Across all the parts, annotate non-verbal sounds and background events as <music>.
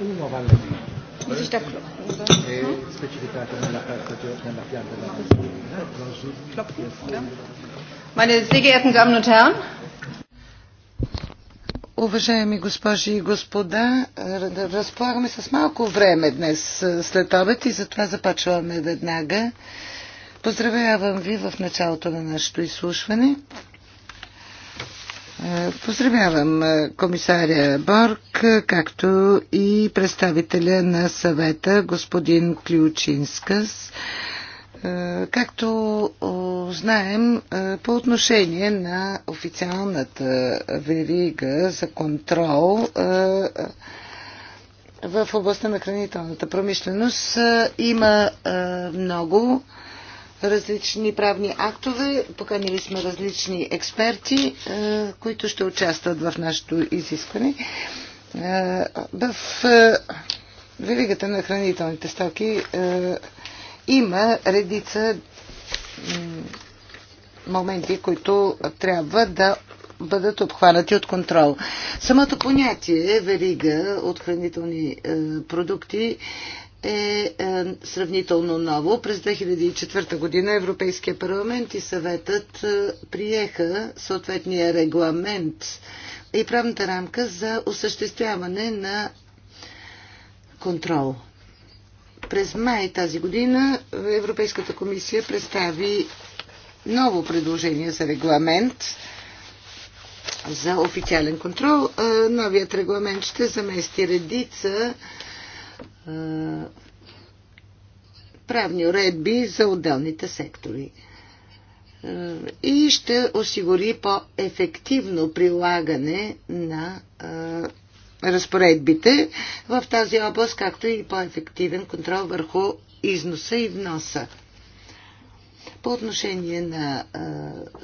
uno vale lì. Si specificato nella carta nella pianta della Meine sehr geehrten Damen und Herren, Уважаеми госпожи и господа, разполагаме с малко време днес е, след обед и затова започваме веднага. Поздравявам ви в началото на нашето изслушване. Е, поздравявам е, комисаря Борг, е, както и представителя на съвета господин Ключинскас. Както знаем, по отношение на официалната верига за контрол в областта на хранителната промишленост има много различни правни актове. Поканили сме различни експерти, е, които ще участват в нашето изискване. Е, в е, веригата на хранителните стоки има редица моменти, които трябва да бъдат обхванати от контрол. Самото понятие верига от хранителни продукти е, е сравнително ново. През 2004 година Европейския парламент и съветът е, приеха съответния регламент и правната рамка за осъществяване на контрол. През май тази година Европейската комисия представи ново предложение за регламент за официален контрол. Е, новият регламент ще замести редица правни уредби за отделните сектори и ще осигури по-ефективно прилагане на разпоредбите в тази област, както и по-ефективен контрол върху износа и вноса. По отношение на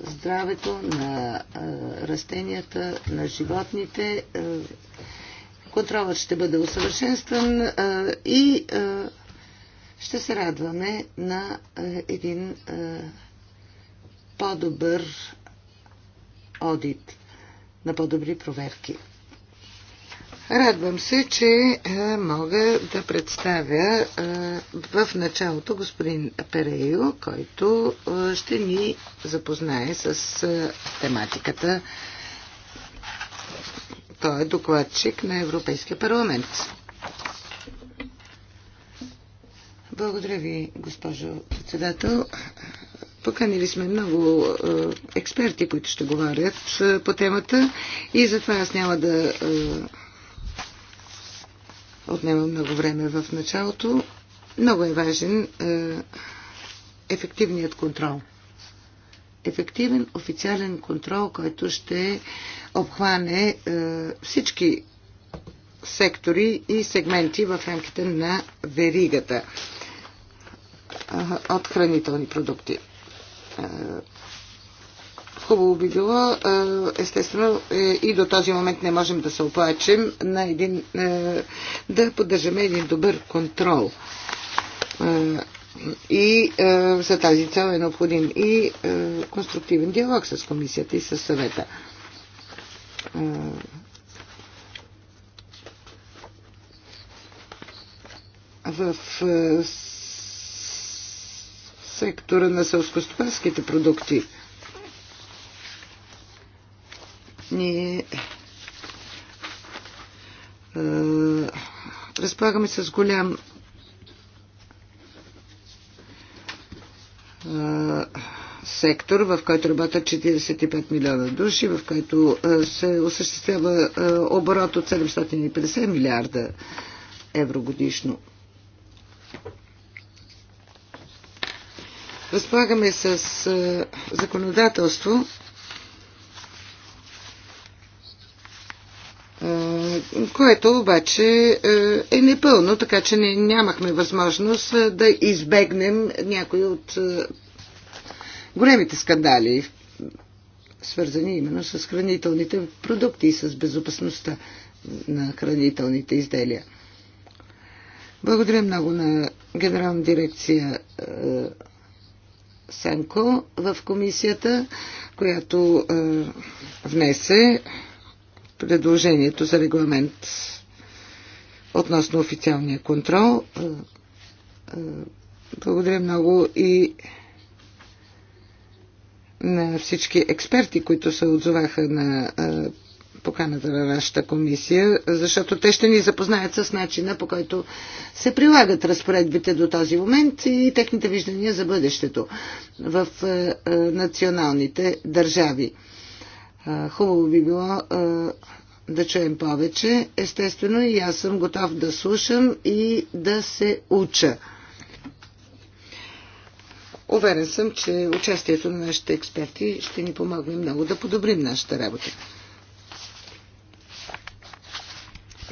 здравето, на растенията, на животните, Контролът ще бъде усъвършенстван и ще се радваме на един по-добър одит, на по-добри проверки. Радвам се, че мога да представя в началото господин Перейо, който ще ни запознае с тематиката. Той е докладчик на Европейския парламент. Благодаря ви, госпожо председател. Поканили сме много е, експерти, които ще говорят е, по темата и затова аз няма да е, отнемам много време в началото. Много е важен ефективният контрол ефективен официален контрол, който ще обхване е, всички сектори и сегменти в рамките на веригата е, от хранителни продукти. Е, хубаво би било, естествено, и до този момент не можем да се оплачем на един, да поддържаме един добър контрол и е, за тази цел е необходим и е, конструктивен диалог с комисията и с съвета. Е, в е, сектора на селскостопанските продукти ние е, разполагаме с голям Е, сектор, в който работят 45 милиона души, в който е, се осъществява е, оборот от 750 милиарда евро годишно. Разполагаме с законодателство, което обаче е, е непълно, така че не, нямахме възможност е, да избегнем някои от е, големите скандали, свързани именно с хранителните продукти и с безопасността на хранителните изделия. Благодаря много на Генерална дирекция Сенко в комисията, която внесе предложението за регламент относно официалния контрол. Благодаря много и на всички експерти, които се отзоваха на поканата на нашата комисия, защото те ще ни запознаят с начина по който се прилагат разпоредбите до този момент и техните виждания за бъдещето в националните държави. Хубаво би било да чуем повече. Естествено и аз съм готов да слушам и да се уча. Уверен съм, че участието на нашите експерти ще ни помогне много да подобрим нашата работа.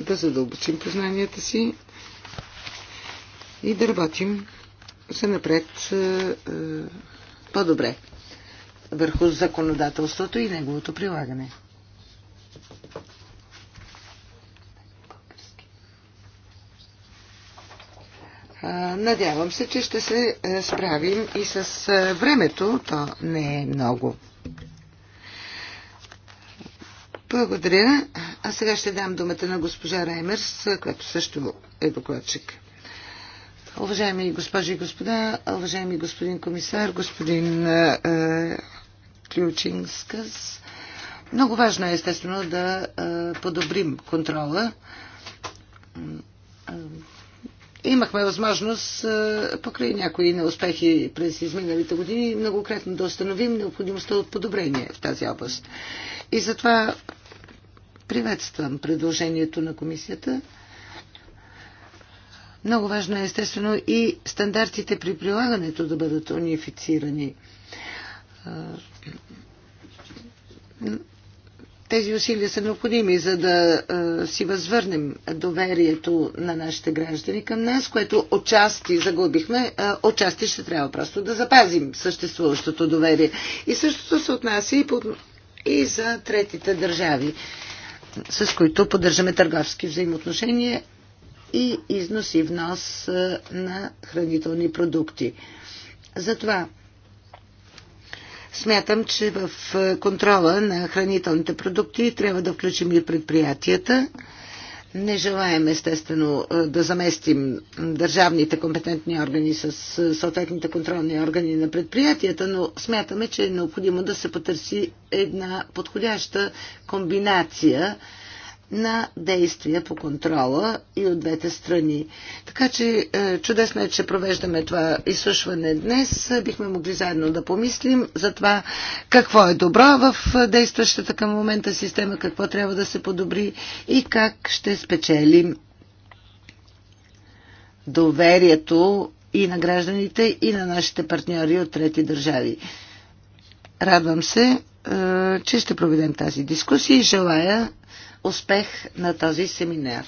Да задълбочим познанията си и да работим за напред по-добре върху законодателството и неговото прилагане. Надявам се, че ще се е, справим и с е, времето. То не е много. Благодаря. А сега ще дам думата на госпожа Раймерс, която също е докладчик. Уважаеми госпожи и господа, уважаеми господин комисар, господин е, Ключингскъс. Много важно е, естествено, да подобрим контрола. Имахме възможност покрай някои неуспехи през изминалите години многократно да установим необходимостта от подобрение в тази област. И затова приветствам предложението на комисията. Много важно е естествено и стандартите при прилагането да бъдат унифицирани. Тези усилия са необходими, за да си възвърнем доверието на нашите граждани към нас, което отчасти загубихме, отчасти ще трябва просто да запазим съществуващото доверие. И същото се отнася и, по, и за третите държави, с които поддържаме търговски взаимоотношения и износ и внос на хранителни продукти. Затова Смятам, че в е, контрола на хранителните продукти трябва да включим и предприятията. Не желаем, естествено, е, да заместим държавните компетентни органи с е, съответните контролни органи на предприятията, но смятаме, че е необходимо да се потърси една подходяща комбинация на действия по контрола и от двете страни. Така че е, чудесно е, че провеждаме това изслушване днес. Бихме могли заедно да помислим за това какво е добро в действащата към момента система, какво трябва да се подобри и как ще спечелим доверието и на гражданите, и на нашите партньори от трети държави. Радвам се, е, че ще проведем тази дискусия и желая успех на този семинар.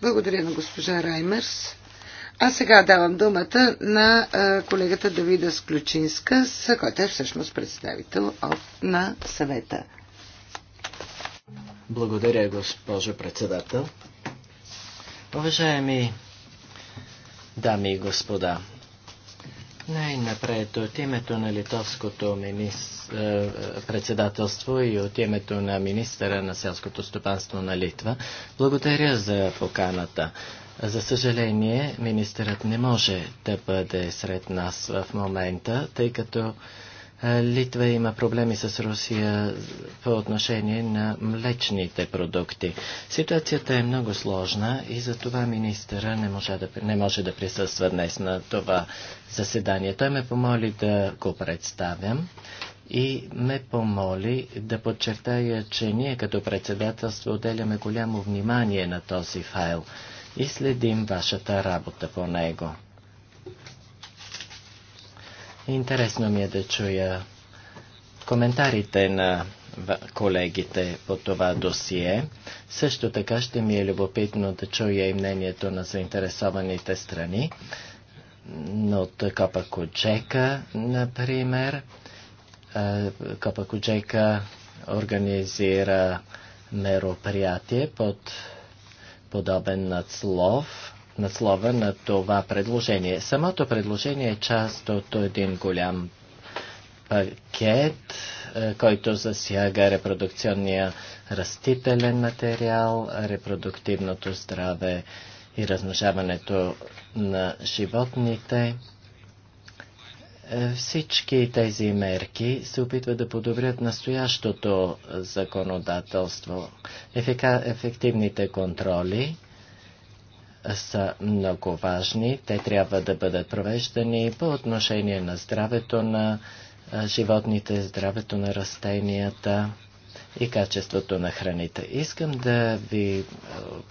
Благодаря на госпожа Раймерс. А сега давам думата на колегата Давида Сключинска, който е всъщност представител на съвета. Благодаря, госпожо председател. Уважаеми дами и господа, най-напред от името на литовското минис... Е, председателство и от името на министъра на селското стопанство на Литва, благодаря за поканата. За съжаление, министърът не може да бъде сред нас в момента, тъй като е, Литва има проблеми с Русия по отношение на млечните продукти. Ситуацията е много сложна и за това министъра не може, да, не може да присъства днес на това заседание. Той ме помоли да го представям и ме помоли да подчертая, че ние като председателство отделяме голямо внимание на този файл и следим вашата работа по него. Интересно ми е да чуя коментарите на колегите по това досие. Също така ще ми е любопитно да чуя и мнението на заинтересованите страни. Но Копа Коджека, например, Копа Коджека организира мероприятие под подобен надслов наслова на това предложение. Самото предложение е част от един голям пакет, е, който засяга репродукционния растителен материал, репродуктивното здраве и размножаването на животните. Е, всички тези мерки се опитват да подобрят настоящото законодателство, ефективните контроли са много важни. Те трябва да бъдат провеждани по отношение на здравето на животните, здравето на растенията и качеството на храните. Искам да ви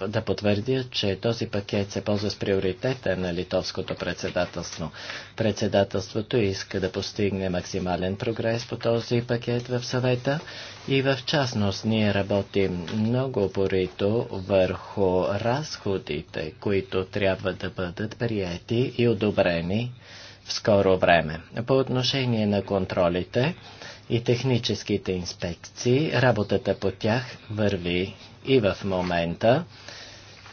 да потвърдя, че този пакет се ползва с приоритета на литовското председателство. Председателството иска да постигне максимален прогрес по този пакет в съвета и в частност ние работим много порито върху разходите, които трябва да бъдат приети и одобрени в скоро време. По отношение на контролите, и техническите инспекции. Работата по тях върви и в момента.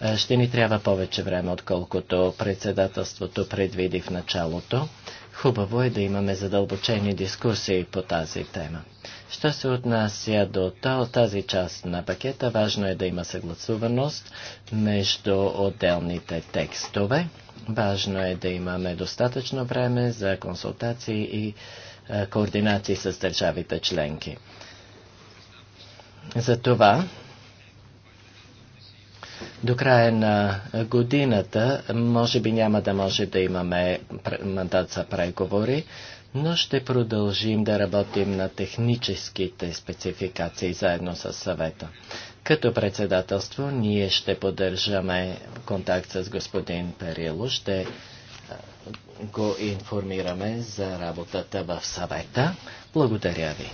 Е, ще ни трябва повече време, отколкото председателството предвиди в началото. Хубаво е да имаме задълбочени дискусии по тази тема. Що се отнася до тази част на пакета, важно е да има съгласуваност между отделните текстове. Важно е да имаме достатъчно време за консултации и е, координации с държавите членки. Затова до края на годината може би няма да може да имаме мандат за преговори, но ще продължим да работим на техническите спецификации заедно с съвета. Като председателство ние ще поддържаме контакт с господин Перило, ще го информираме за работата в съвета. Благодаря ви.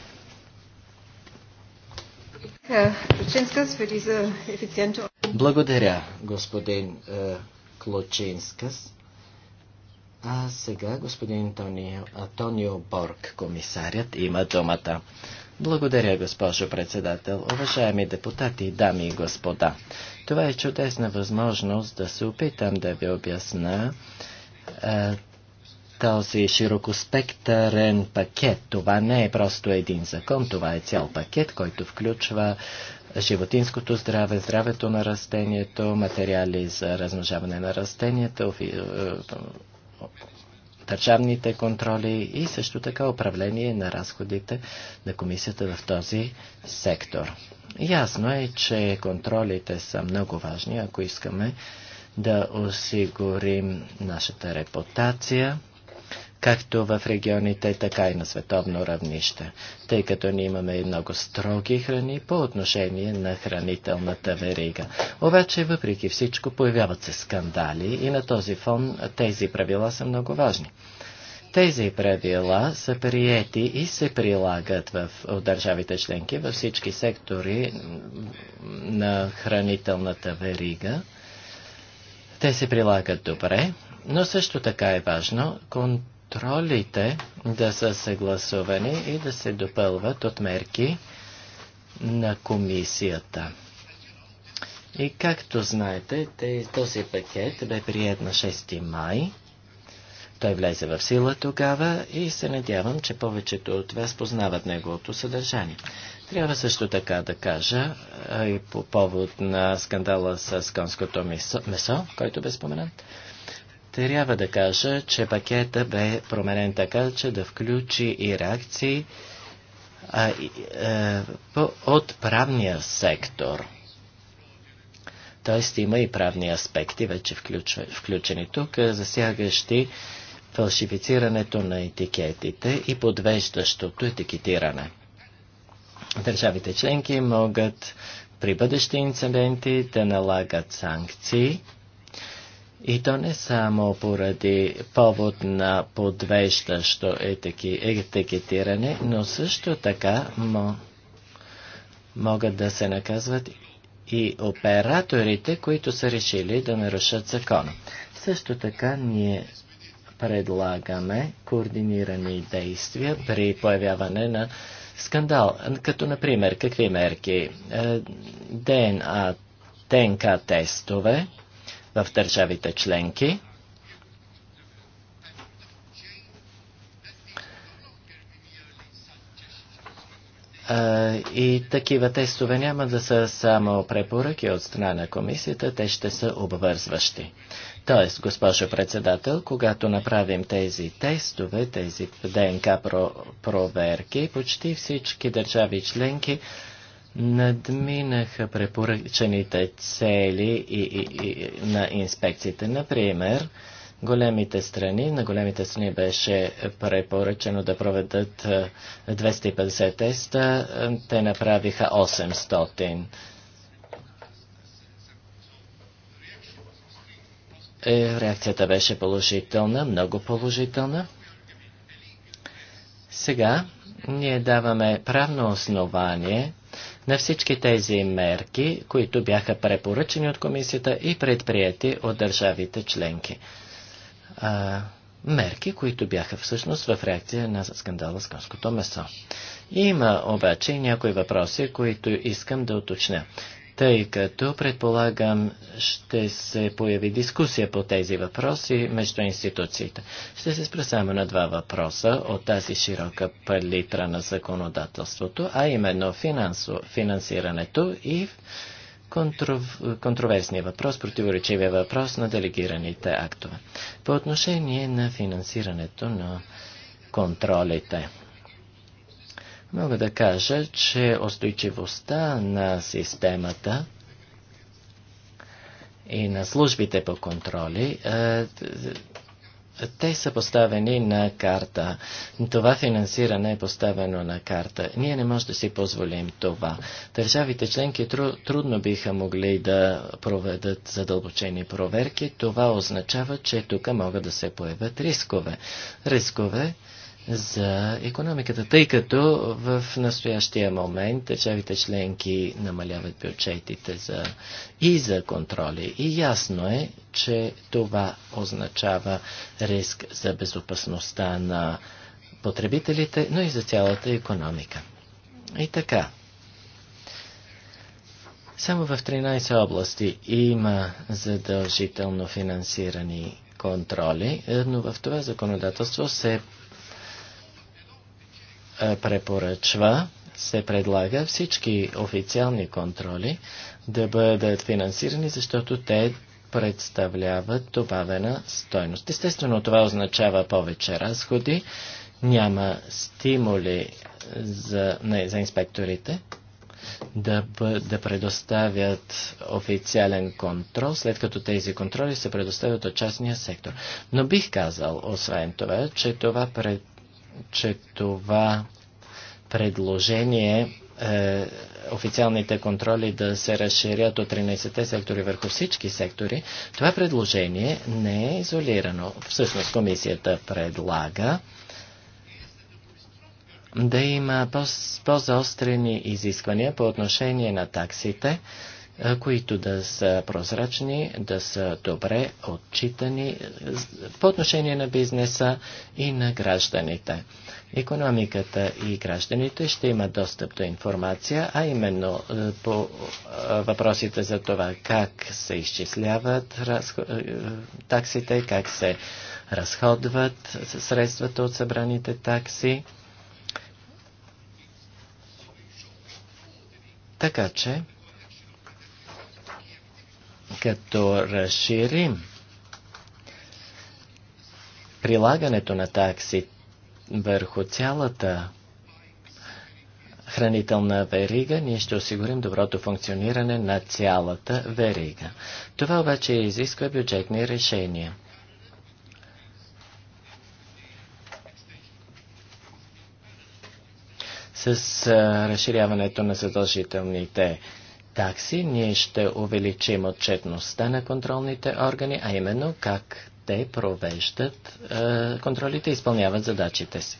Благодаря, господин е, Клочинскас. А сега господин Антонио Борг, комисарят, има думата. Благодаря, госпожо председател, уважаеми депутати, дами и господа. Това е чудесна възможност да се опитам да ви обясна е, този широкоспектърен пакет. Това не е просто един закон, това е цял пакет, който включва животинското здраве, здравето на растението, материали за размножаване на растенията, е, държавните контроли и също така управление на разходите на комисията в този сектор. Ясно е, че контролите са много важни, ако искаме да осигурим нашата репутация, както в регионите, така и на световно равнище, тъй като ние имаме и много строги храни по отношение на хранителната верига. Обаче, въпреки всичко, появяват се скандали и на този фон тези правила са много важни. Тези правила са приети и се прилагат в, в държавите членки във всички сектори на хранителната верига. Те се прилагат добре, но също така е важно контролите да са съгласувани и да се допълват от мерки на комисията. И както знаете, този пакет бе прият на 6 май той влезе в сила тогава и се надявам, че повечето от вас познават неговото съдържание. Трябва също така да кажа и по повод на скандала с конското месо, месо който бе споменат. Трябва да кажа, че пакета бе променен така, че да включи и реакции а, и, а, е, по, от правния сектор. Тоест има и правни аспекти, вече включва, включени тук, засягащи фалшифицирането на етикетите и подвеждащото етикетиране. Държавите членки могат при бъдещи инциденти да налагат санкции и то не само поради повод на подвеждащо етикетиране, но също така могат да се наказват и операторите, които са решили да нарушат закона. Също така ние предлагаме координирани действия при появяване на скандал. Като, например, какви мерки? Е, ДНА, ДНК тестове в държавите членки. Е, и такива тестове няма да са само препоръки от страна на комисията, те ще са обвързващи. Тоест, госпожо председател, когато направим тези тестове, тези ДНК проверки, почти всички държави членки надминаха препоръчените цели и, и, и, на инспекциите. Например, големите страни, на големите страни беше препоръчено да проведат 250 теста, те направиха 800. Е, реакцията беше положителна, много положителна. Сега ние даваме правно основание на всички тези мерки, които бяха препоръчени от комисията и предприяти от държавите членки. А, мерки, които бяха всъщност в реакция на скандала с конското месо. Има обаче някои въпроси, които искам да уточня тъй като предполагам ще се появи дискусия по тези въпроси между институциите. Ще се спра само на два въпроса от тази широка палитра на законодателството, а именно финансо, финансирането и контров, контроверсния въпрос, противоречивия въпрос на делегираните актове. По отношение на финансирането на контролите мога да кажа, че устойчивостта на системата и на службите по контроли, е, те са поставени на карта. Това финансиране е поставено на карта. Ние не можем да си позволим това. Държавите членки трудно биха могли да проведат задълбочени проверки. Това означава, че тук могат да се появят рискове. Рискове, за економиката, тъй като в настоящия момент държавите членки намаляват бюджетите за, и за контроли. И ясно е, че това означава риск за безопасността на потребителите, но и за цялата економика. И така. Само в 13 области има задължително финансирани контроли, но в това законодателство се е, препоръчва, се предлага всички официални контроли да бъдат финансирани, защото те представляват добавена стойност. Естествено, това означава повече разходи, няма стимули за, не, за инспекторите да, да предоставят официален контрол, след като тези контроли се предоставят от частния сектор. Но бих казал, освен това, че това пред че това предложение е, официалните контроли да се разширят от 13-те сектори върху всички сектори, това предложение не е изолирано. Всъщност комисията предлага да има по-заострени изисквания по отношение на таксите, които да са прозрачни, да са добре отчитани по отношение на бизнеса и на гражданите. Економиката и гражданите ще имат достъп до информация, а именно по въпросите за това как се изчисляват таксите, как се разходват средствата от събраните такси. Така че, като разширим прилагането на такси върху цялата хранителна верига, ние ще осигурим доброто функциониране на цялата верига. Това обаче изисква бюджетни решения. С разширяването на задължителните такси, ние ще увеличим отчетността на контролните органи, а именно как те провеждат е, контролите и изпълняват задачите си.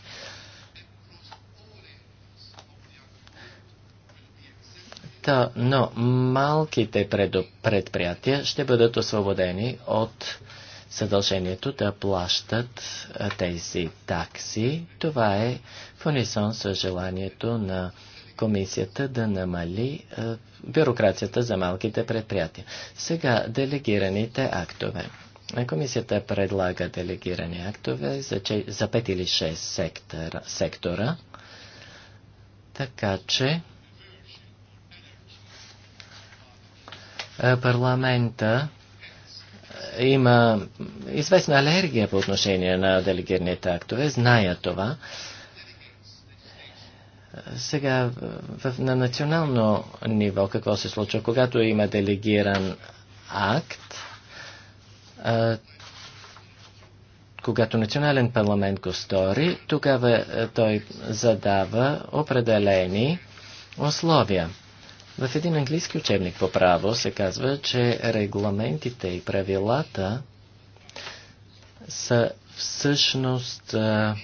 Та, но малките предприятия ще бъдат освободени от съдължението да плащат е, тези такси. Това е в унисон с желанието на комисията да намали е, бюрокрацията за малките предприятия. Сега делегираните актове. Комисията предлага делегирани актове за, че, за 5 или 6 сектора, сектора, така че парламента има известна алергия по отношение на делегираните актове, зная това. Сега в, в, на национално ниво какво се случва? Когато има делегиран акт, а, когато национален парламент го стори, тогава той задава определени условия. В един английски учебник по право се казва, че регламентите и правилата са всъщност а,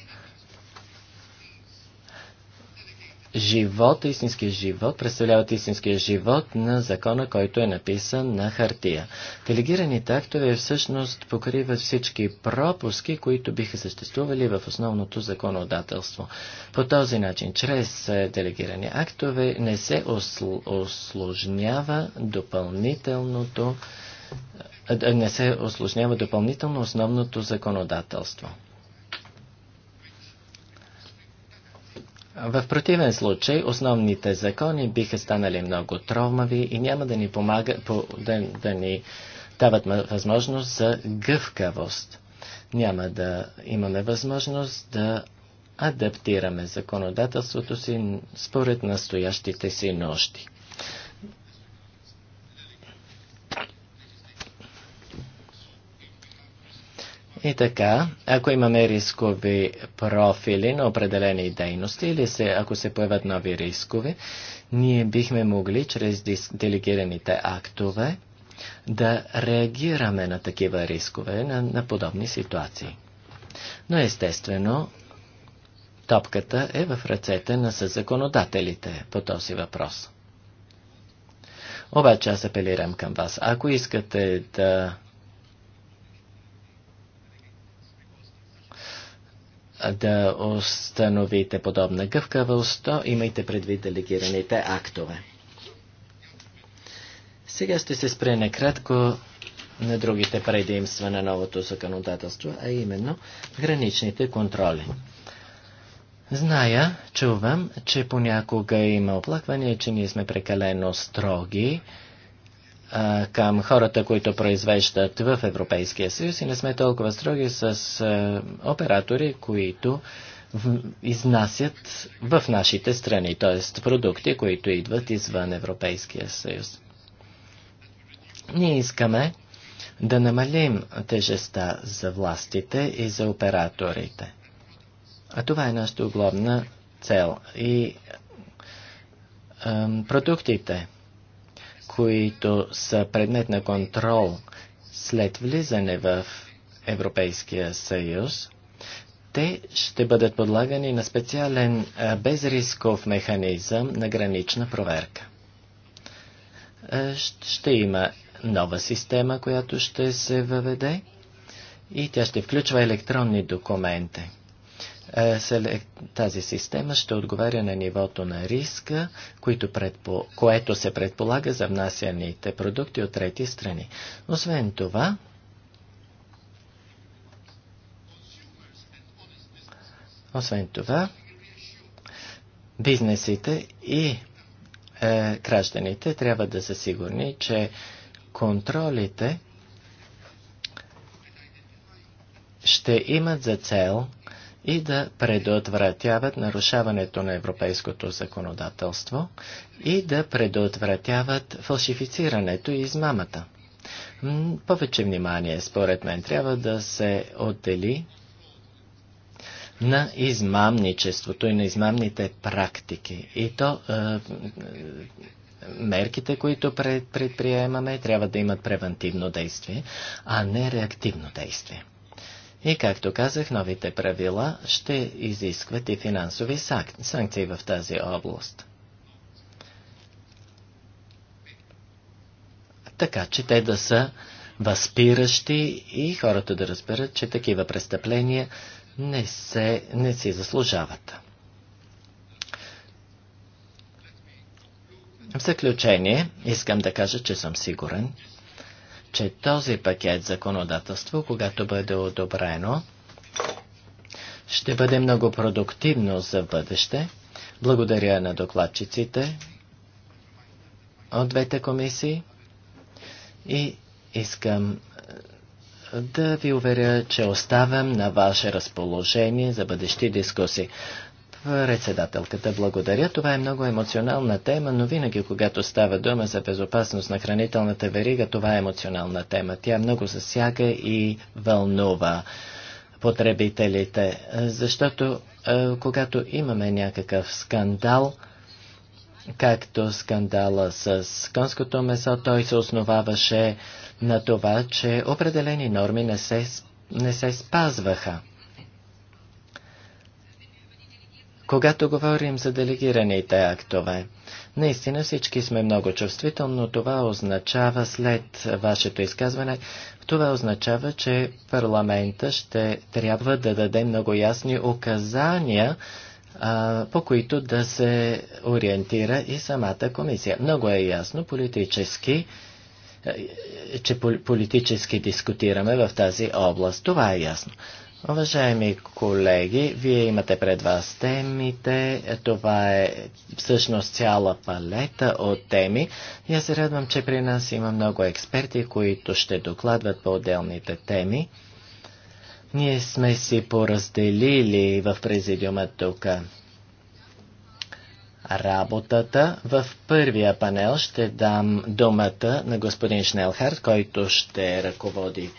живот, истинския живот, представляват истинския живот на закона, който е написан на хартия. Делегираните актове всъщност покриват всички пропуски, които биха съществували в основното законодателство. По този начин, чрез е, делегирани актове, не се осл... осложнява допълнителното е, не се осложнява допълнително основното законодателство. В противен случай основните закони биха станали много тромави и няма да ни помага, по, да, да ни дават възможност за гъвкавост. Няма да имаме възможност да адаптираме законодателството си според настоящите си нощи. И така, ако имаме рискови профили на определени дейности или се, ако се появят нови рискове, ние бихме могли чрез делегираните актове да реагираме на такива рискове, на, на подобни ситуации. Но естествено, топката е в ръцете на съзаконодателите по този въпрос. Обаче аз апелирам към вас. Ако искате да да установите подобна гъвкавост, то имайте предвид делегираните актове. Сега ще се спре накратко на другите предимства на новото законодателство, а именно граничните контроли. Зная, чувам, че понякога има оплаквания, че ние сме прекалено строги към хората, които произвеждат в Европейския съюз и не сме толкова строги с а, оператори, които в, изнасят в нашите страни, т.е. продукти, които идват извън Европейския съюз. Ние искаме да намалим тежеста за властите и за операторите. А това е нашата огромна цел. И продуктите, които са предмет на контрол след влизане в Европейския съюз, те ще бъдат подлагани на специален безрисков механизъм на гранична проверка. Ще има нова система, която ще се въведе и тя ще включва електронни документи. Е, тази система ще отговаря на нивото на риска, предпо... което се предполага за внасяните продукти от трети страни. Освен това, освен това, бизнесите и е, гражданите трябва да са сигурни, че контролите ще имат за цел и да предотвратяват нарушаването на европейското законодателство и да предотвратяват фалшифицирането и измамата. Повече внимание, според мен, трябва да се отдели на измамничеството и на измамните практики. И то е, мерките, които предприемаме, трябва да имат превентивно действие, а не реактивно действие. И както казах, новите правила ще изискват и финансови санкции в тази област. Така че те да са възпиращи и хората да разберат, че такива престъпления не, се, не си заслужават. В заключение искам да кажа, че съм сигурен, че този пакет законодателство, когато бъде одобрено, ще бъде много продуктивно за бъдеще. Благодаря на докладчиците от двете комисии и искам да ви уверя, че оставям на ваше разположение за бъдещи дискусии. Рецедателката, благодаря. Това е много емоционална тема, но винаги, когато става дума за безопасност на хранителната верига, това е емоционална тема. Тя много засяга и вълнува потребителите, защото когато имаме някакъв скандал, както скандала с конското месо, той се основаваше на това, че определени норми не се, не се спазваха. Когато говорим за делегираните актове, наистина всички сме много чувствителни, но това означава след вашето изказване, това означава, че парламента ще трябва да даде много ясни указания, по които да се ориентира и самата комисия. Много е ясно политически, че политически дискутираме в тази област. Това е ясно. Уважаеми колеги, вие имате пред вас темите. Това е всъщност цяла палета от теми. И аз се радвам, че при нас има много експерти, които ще докладват по отделните теми. Ние сме си поразделили в президиума тук работата. В първия панел ще дам думата на господин Шнелхард, който ще ръководи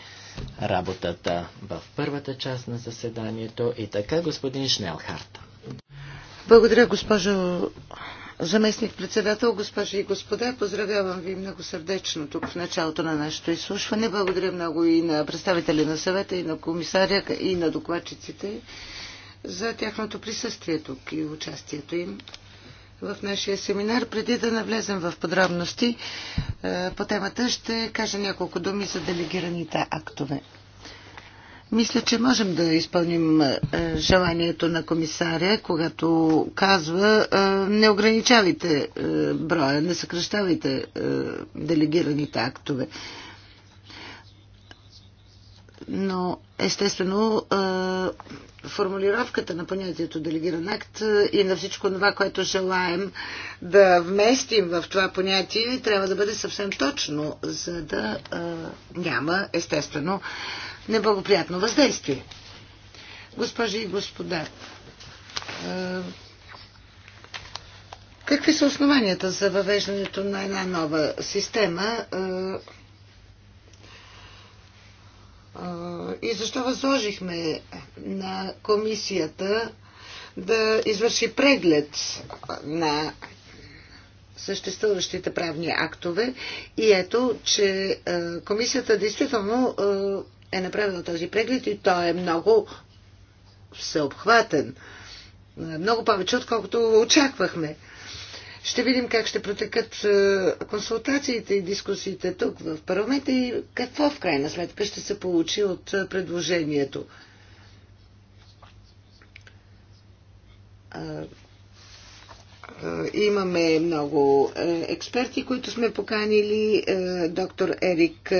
работата в първата част на заседанието. И така, господин Шнелхарт. Благодаря, госпожо заместник-председател, госпожи и господа. Поздравявам ви много сърдечно тук в началото на нашето изслушване. Благодаря много и на представители на съвета, и на комисаря, и на докладчиците за тяхното присъствие тук и участието им в нашия семинар. Преди да навлезем в подробности е, по темата, ще кажа няколко думи за делегираните актове. Мисля, че можем да изпълним е, желанието на комисаря, когато казва е, не ограничавайте броя, не съкръщавайте делегираните актове. Но естествено формулировката на понятието делегиран акт е, и на всичко това, което желаем да вместим в това понятие, трябва да бъде съвсем точно, за да а, е, няма, естествено, неблагоприятно въздействие. Госпожи и господа, а, е, какви са основанията за въвеждането на една нова система? А, и защо възложихме на комисията да извърши преглед на съществуващите правни актове и ето, че комисията действително е направила този преглед и той е много всеобхватен. Много повече, отколкото очаквахме. Ще видим как ще протекат е, консултациите и дискусиите тук в парламента и какво в крайна сметка ще се получи от е, предложението. Е, имаме много експерти, които сме поканили. Доктор Ерик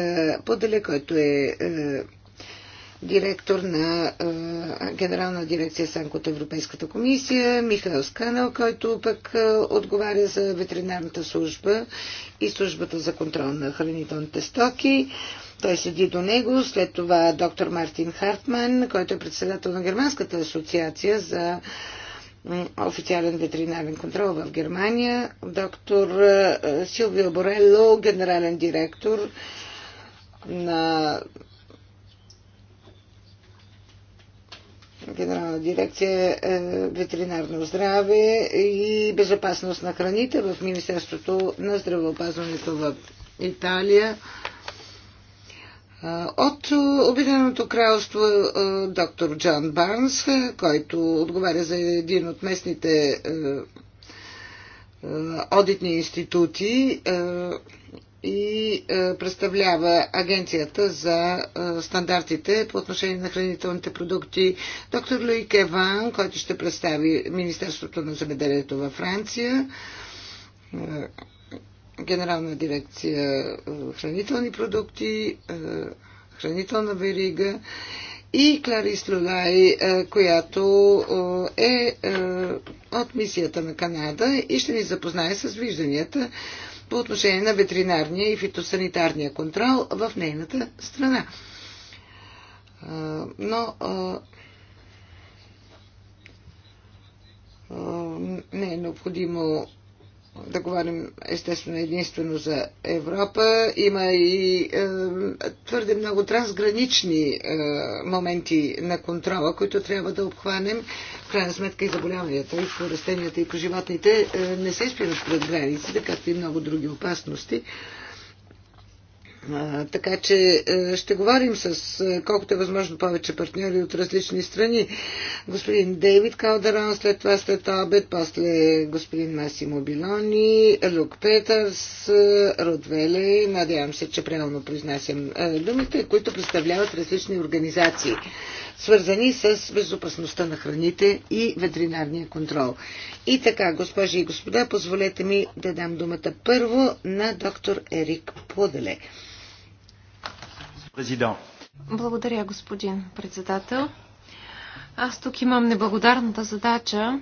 Поделе, който е директор на Генерална дирекция Санко от Европейската комисия, Михаил Сканел, който пък отговаря за ветеринарната служба и службата за контрол на хранителните стоки. Той седи до него, след това доктор Мартин Хартман, който е председател на Германската асоциация за официален ветеринарен контрол в Германия, доктор Силвио Борело, генерален директор на Генерална дирекция е, ветеринарно здраве и безопасност на храните в Министерството на здравеопазването в Италия. Е, от Обединеното кралство е, доктор Джон Барнс, който отговаря за един от местните одитни институти и е, представлява Агенцията за е, стандартите по отношение на хранителните продукти. Доктор Луи Кеван, който ще представи Министерството на земеделието във Франция, е, Генерална дирекция хранителни продукти, хранителна верига и Кларис Люлай, която е от мисията на Канада и ще ни запознае с вижданията по отношение на ветеринарния и фитосанитарния контрол в нейната страна. Но не е необходимо да говорим естествено единствено за Европа. Има и е, твърде много трансгранични е, моменти на контрола, които трябва да обхванем крайна сметка и заболяванията и по растенията и по животните е, не се спират пред границите, както и много други опасности. Така че е, ще говорим с е, колкото е възможно повече партньори от различни страни. Господин Дейвид Калдаран, след това след обед, после господин Масимо Билони, Лук Петърс, е, Родвеле, надявам се, че правилно произнасям думите, които представляват различни организации, свързани с безопасността на храните и ветеринарния контрол. И така, госпожи и господа, позволете ми да дам думата първо на доктор Ерик Поделе. Благодаря, господин председател. Аз тук имам неблагодарната задача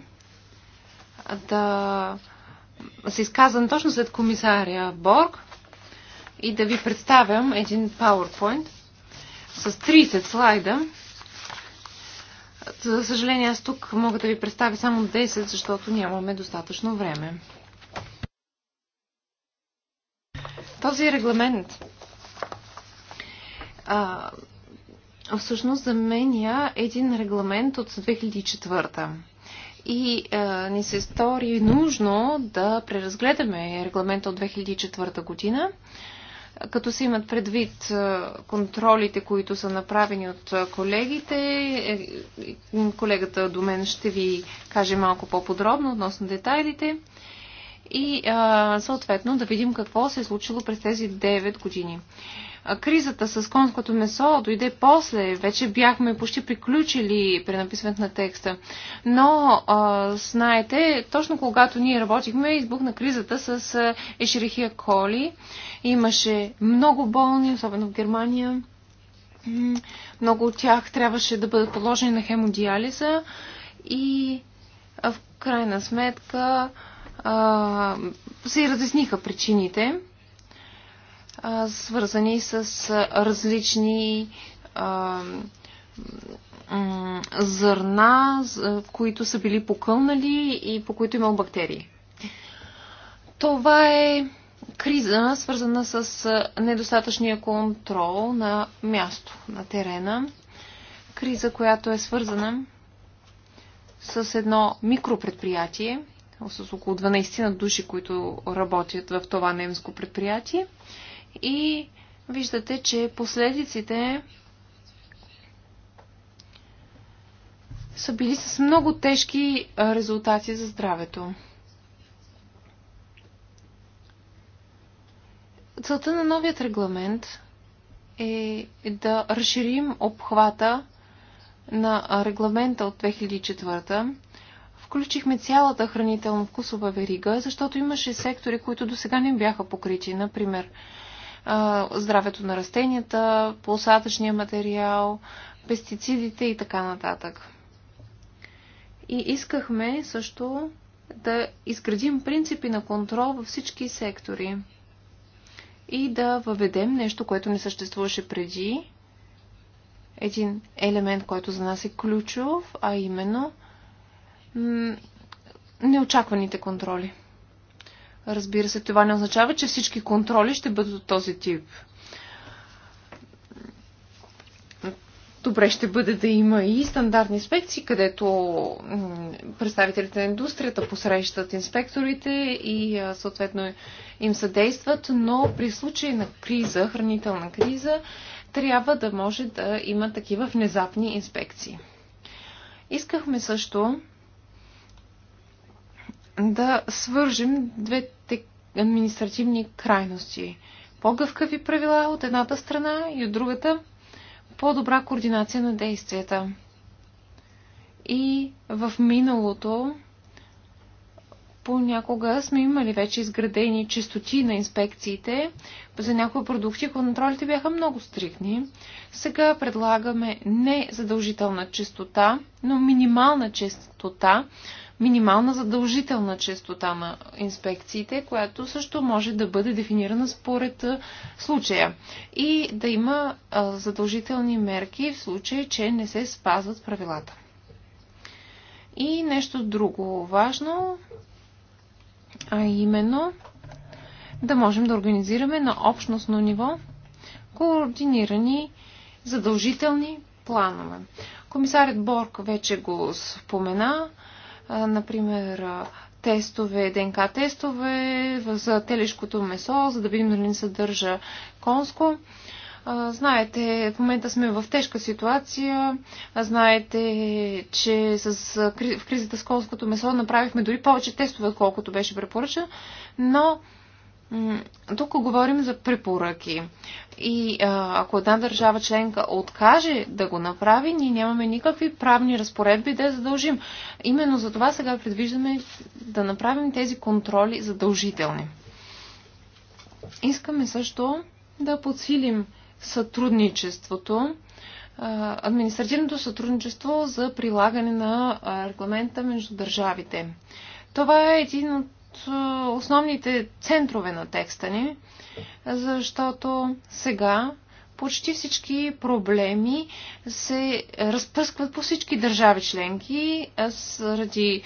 да се изказвам точно след комисаря Борг и да ви представям един PowerPoint с 30 слайда. За съжаление, аз тук мога да ви представя само 10, защото нямаме достатъчно време. Този регламент а, всъщност заменя един регламент от 2004 и а, ни се стори нужно да преразгледаме регламента от 2004 година, като се имат предвид контролите, които са направени от колегите. Е, колегата до мен ще ви каже малко по-подробно относно детайлите. И а, съответно да видим какво се е случило през тези 9 години кризата с конското месо дойде после. Вече бяхме почти приключили пренаписването на текста. Но, а, знаете, точно когато ние работихме, избухна кризата с Ешерихия Коли. Имаше много болни, особено в Германия. Много от тях трябваше да бъдат подложени на хемодиализа и в крайна сметка а, се и разясниха причините свързани с различни зърна, които са били покълнали и по които е имал бактерии. Това е криза, свързана с недостатъчния контрол на място, на терена. Криза, която е свързана с едно микропредприятие, с около 12 на души, които работят в това немско предприятие и виждате, че последиците са били с много тежки резултати за здравето. Целта на новият регламент е да разширим обхвата на регламента от 2004. Включихме цялата хранително-вкусова верига, защото имаше сектори, които до сега не бяха покрити. Например, здравето на растенията, посадъчния материал, пестицидите и така нататък. И искахме също да изградим принципи на контрол във всички сектори и да въведем нещо, което не съществуваше преди. Един елемент, който за нас е ключов, а именно неочакваните контроли. Разбира се, това не означава, че всички контроли ще бъдат от този тип. Добре ще бъде да има и стандартни инспекции, където представителите на индустрията посрещат инспекторите и съответно им съдействат, но при случай на криза, хранителна криза, трябва да може да има такива внезапни инспекции. Искахме също да свържим двете административни крайности. По-гъвкави правила от едната страна и от другата по-добра координация на действията. И в миналото понякога сме имали вече изградени чистоти на инспекциите. За някои продукти контролите бяха много стрикни. Сега предлагаме не задължителна чистота, но минимална чистота минимална задължителна честота на инспекциите, която също може да бъде дефинирана според случая. И да има задължителни мерки в случай, че не се спазват правилата. И нещо друго важно, а именно да можем да организираме на общностно ниво координирани задължителни планове. Комисарят Борг вече го спомена например, тестове, ДНК тестове за телешкото месо, за да видим дали не съдържа конско. Знаете, в момента сме в тежка ситуация. Знаете, че с, в кризата с конското месо направихме дори повече тестове, отколкото беше препоръчено, но тук говорим за препоръки. И а, ако една държава членка откаже да го направи, ние нямаме никакви правни разпоредби да я задължим. Именно за това сега предвиждаме да направим тези контроли задължителни. Искаме също да подсилим сътрудничеството, административното сътрудничество за прилагане на регламента между държавите. Това е един от от е, основните центрове на текста ни, защото сега почти всички проблеми се разпръскват по всички държави членки заради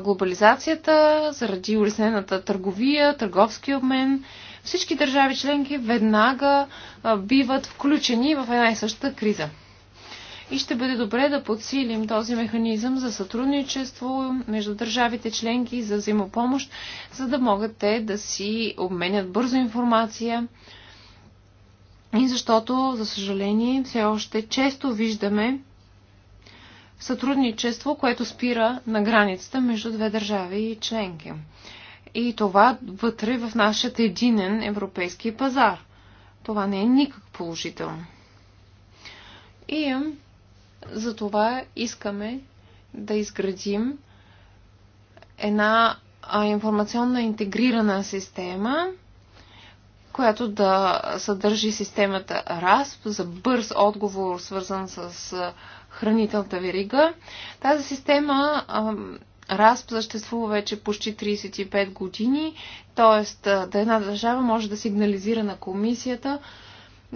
глобализацията, заради улеснената търговия, търговски обмен. Всички държави членки веднага биват включени в една и съща криза и ще бъде добре да подсилим този механизъм за сътрудничество между държавите членки за взаимопомощ, за да могат те да си обменят бързо информация. И защото, за съжаление, все още често виждаме сътрудничество, което спира на границата между две държави и членки. И това вътре в нашия единен европейски пазар. Това не е никак положително. И затова искаме да изградим една информационна интегрирана система, която да съдържи системата RASP за бърз отговор, свързан с хранителната верига. Тази система РАСП съществува вече почти 35 години, т.е. да е една държава може да сигнализира на комисията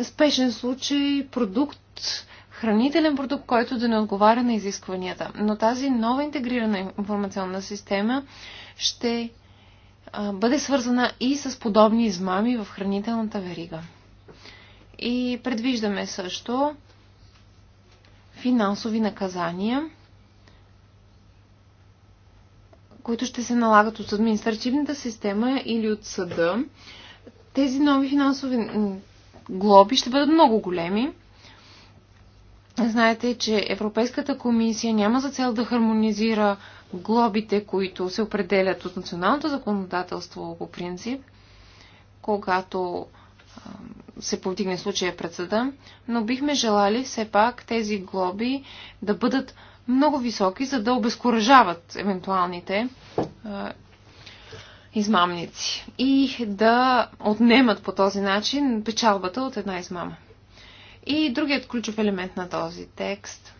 спешен случай, продукт хранителен продукт, който да не отговаря на изискванията. Но тази нова интегрирана информационна система ще бъде свързана и с подобни измами в хранителната верига. И предвиждаме също финансови наказания, които ще се налагат от административната система или от съда. Тези нови финансови глоби ще бъдат много големи Знаете, че Европейската комисия няма за цел да хармонизира глобите, които се определят от националното законодателство по принцип, когато се повдигне случая пред съда, но бихме желали все пак тези глоби да бъдат много високи, за да обезкуражават евентуалните измамници и да отнемат по този начин печалбата от една измама. И другият ключов елемент на този текст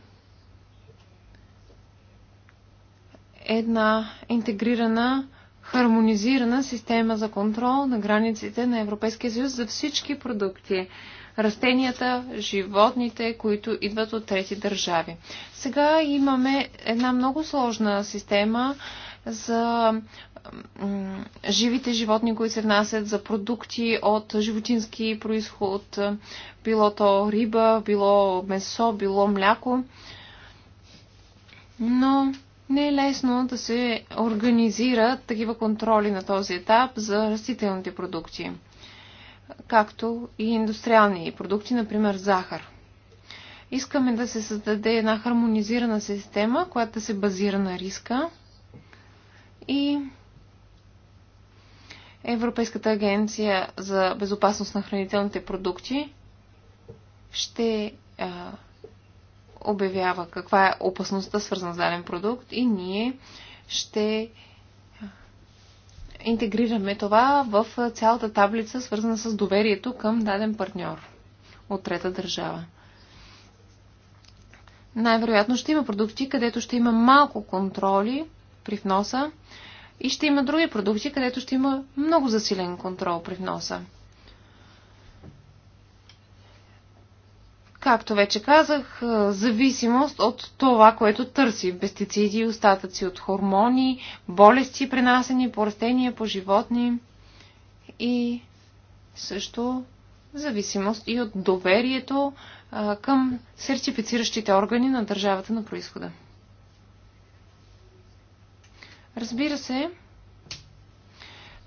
е една интегрирана, хармонизирана система за контрол на границите на Европейския съюз за всички продукти растенията, животните, които идват от трети държави. Сега имаме една много сложна система за живите животни, които се внасят за продукти от животински происход, било то риба, било месо, било мляко. Но не е лесно да се организират такива контроли на този етап за растителните продукти, както и индустриални продукти, например захар. Искаме да се създаде една хармонизирана система, която да се базира на риска и Европейската агенция за безопасност на хранителните продукти ще а, обявява каква е опасността свързана с даден продукт и ние ще интегрираме това в цялата таблица, свързана с доверието към даден партньор от трета държава. Най-вероятно ще има продукти, където ще има малко контроли при вноса, и ще има други продукти, където ще има много засилен контрол при вноса. Както вече казах, зависимост от това, което търси. Пестициди, остатъци от хормони, болести, пренасени по растения, по животни и също зависимост и от доверието към сертифициращите органи на държавата на происхода. Разбира се,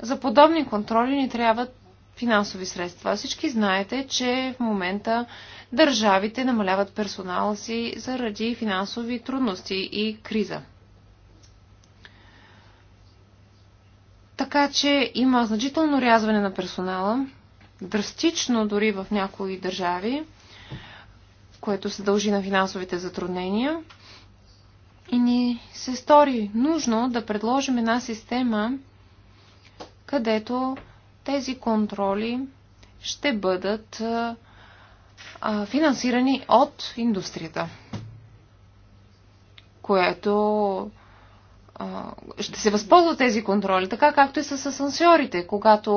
за подобни контроли ни трябват финансови средства. Всички знаете, че в момента държавите намаляват персонала си заради финансови трудности и криза. Така че има значително рязване на персонала, драстично дори в някои държави, което се дължи на финансовите затруднения. И ни се стори нужно да предложим една система, където тези контроли ще бъдат а, финансирани от индустрията, Което ще се възползва тези контроли, така както и с асансьорите. Когато,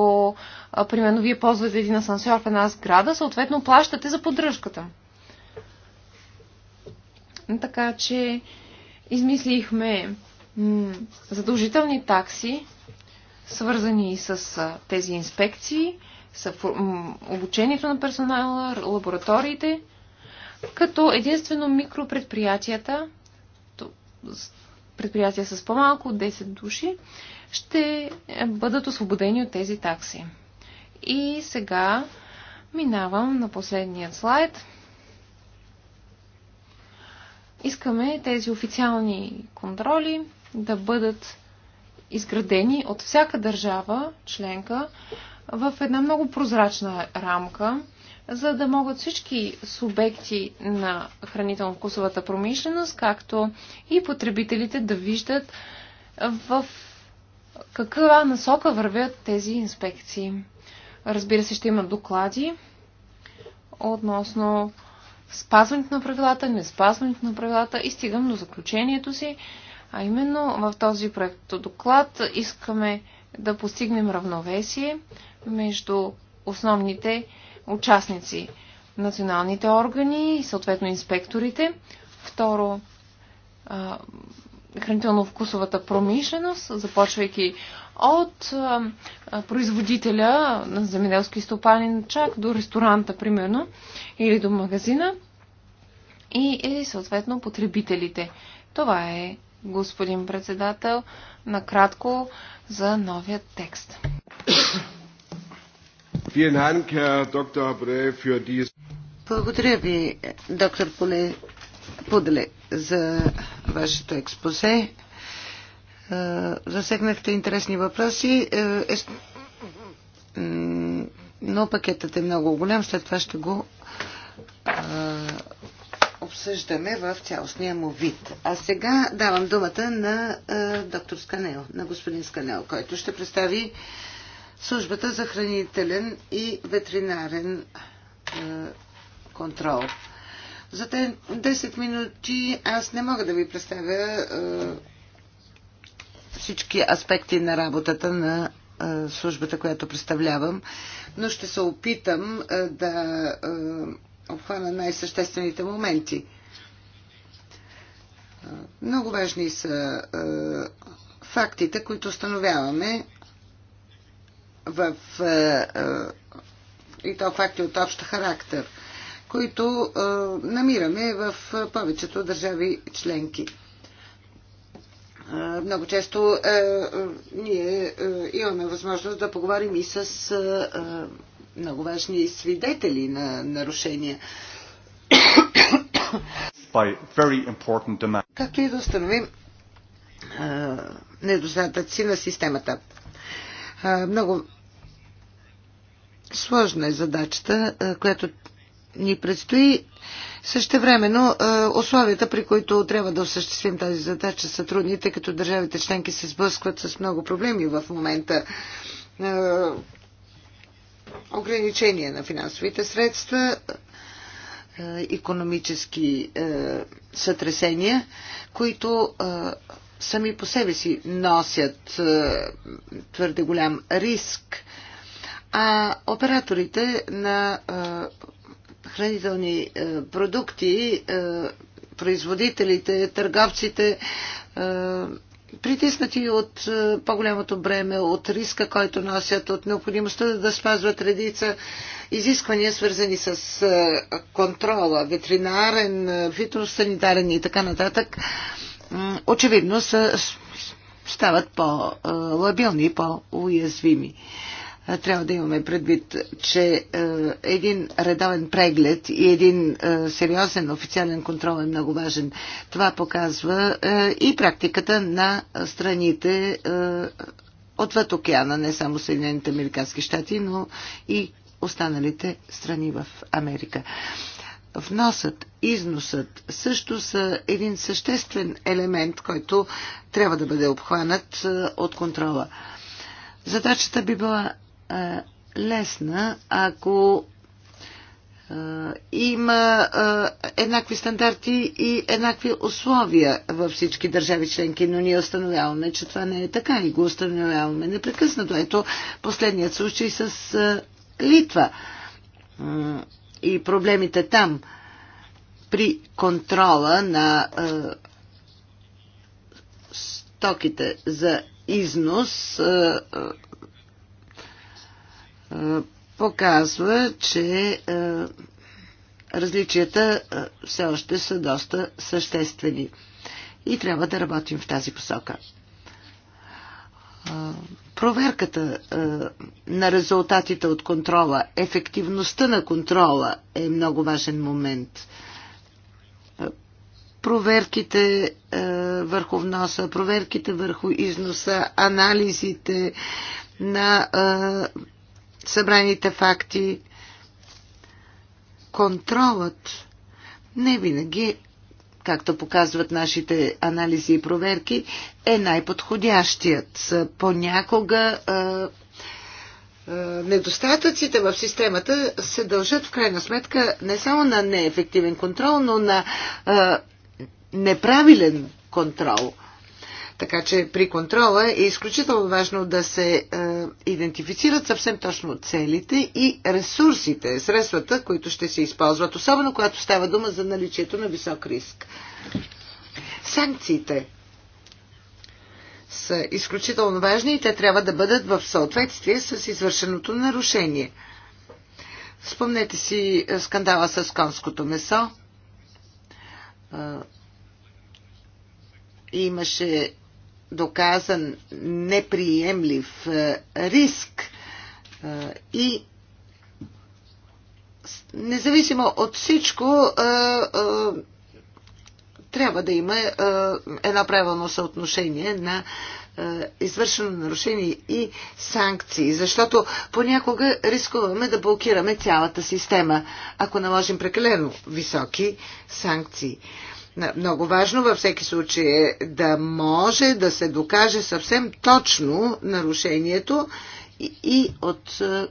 а, примерно, вие ползвате един асансьор в една сграда, съответно плащате за поддръжката. Така че Измислихме задължителни такси, свързани с тези инспекции, с обучението на персонала, лабораториите, като единствено микропредприятията, предприятия с по-малко от 10 души, ще е, бъдат освободени от тези такси. И сега минавам на последния слайд – Искаме тези официални контроли да бъдат изградени от всяка държава членка в една много прозрачна рамка, за да могат всички субекти на хранително-вкусовата промишленост, както и потребителите да виждат в каква насока вървят тези инспекции. Разбира се, ще има доклади относно спазването на правилата, не спазването на правилата и стигам до заключението си, а именно в този проект доклад искаме да постигнем равновесие между основните участници националните органи и съответно инспекторите. Второ, хранително-вкусовата промишленост, започвайки от производителя на земеделски стопанин чак до ресторанта, примерно, или до магазина и, и съответно потребителите. Това е, господин председател, накратко за новия текст. Благодаря ви, доктор Поле Пуделе, за вашето експозе. Е, засегнахте интересни въпроси, е, е но пакетът е много голям. След това ще го е, обсъждаме в цялостния му вид. А сега давам думата на е, доктор Сканел, на господин Сканел, който ще представи службата за хранителен и ветеринарен е, контрол. За 10 минути аз не мога да ви представя всички аспекти на работата на службата, която представлявам, но ще се опитам да обхвана най-съществените моменти. Много важни са фактите, които установяваме в и то факти от общ характер, които намираме в повечето държави членки много често е, е, ние е, имаме възможност да поговорим и с е, е, много важни свидетели на нарушения. By very important demand. Както и да установим е, недостатъци на системата. Е, много сложна е задачата, е, която ни предстои. Същевременно е, условията, при които трябва да осъществим тази задача са трудни, тъй като държавите членки се сблъскват с много проблеми в момента. Е, ограничения на финансовите средства, економически е, сътресения, които сами по себе си носят твърде голям риск. А операторите на хранителни е, продукти е, производителите, търговците е, притиснати от по-голямото бреме, от риска, който носят, от необходимостта да спазват редица изисквания, свързани с контрола, ветеринарен, фитосанитарен и така нататък, очевидно са, стават по-лабилни и по-уязвими трябва да имаме предвид, че един редовен преглед и един сериозен официален контрол е много важен. Това показва и практиката на страните отвъд океана, не само Съединените Американски щати, но и останалите страни в Америка. Вносът, износът също са един съществен елемент, който трябва да бъде обхванат от контрола. Задачата би била е, лесна, ако е, има е, еднакви стандарти и еднакви условия във всички държави членки, но ние установяваме, че това не е така и го установяваме непрекъснато. Ето последният случай с Литва и проблемите там при контрола на стоките за износ показва, че различията все още са доста съществени и трябва да работим в тази посока. Проверката на резултатите от контрола, ефективността на контрола е много важен момент. Проверките върху вноса, проверките върху износа, анализите на събраните факти. Контролът не винаги, както показват нашите анализи и проверки, е най-подходящият. Понякога недостатъците в системата се дължат в крайна сметка не само на неефективен контрол, но на неправилен контрол. Така че при контрола е изключително важно да се е, идентифицират съвсем точно целите и ресурсите, средствата, които ще се използват, особено когато става дума за наличието на висок риск. Санкциите са изключително важни и те трябва да бъдат в съответствие с извършеното нарушение. Спомнете си е, скандала с конското месо. Е, имаше доказан неприемлив е, риск е, и независимо от всичко е, трябва да има едно правилно съотношение на извършено нарушение и санкции, защото понякога рискуваме да блокираме цялата система, ако наложим прекалено високи санкции. Много важно във всеки случай е да може да се докаже съвсем точно нарушението и, и от е,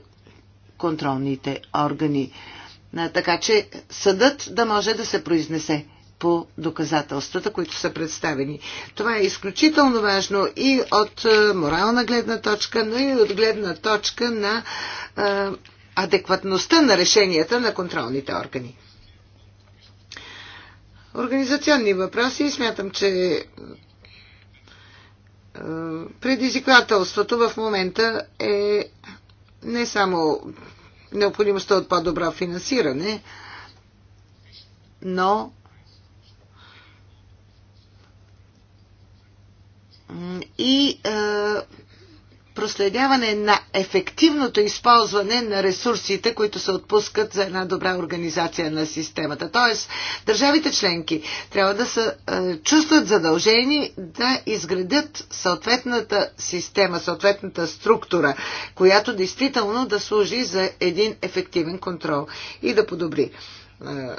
контролните органи. Така че съдът да може да се произнесе по доказателствата, които са представени. Това е изключително важно и от е, морална гледна точка, но и от гледна точка на е, адекватността на решенията на контролните органи организационни въпроси и смятам, че е, предизвикателството в момента е не само необходимостта от по-добро финансиране, но и е, проследяване на ефективното използване на ресурсите, които се отпускат за една добра организация на системата. Тоест, държавите членки трябва да се чувстват задължени да изградят съответната система, съответната структура, която действително да служи за един ефективен контрол и да подобри е, е,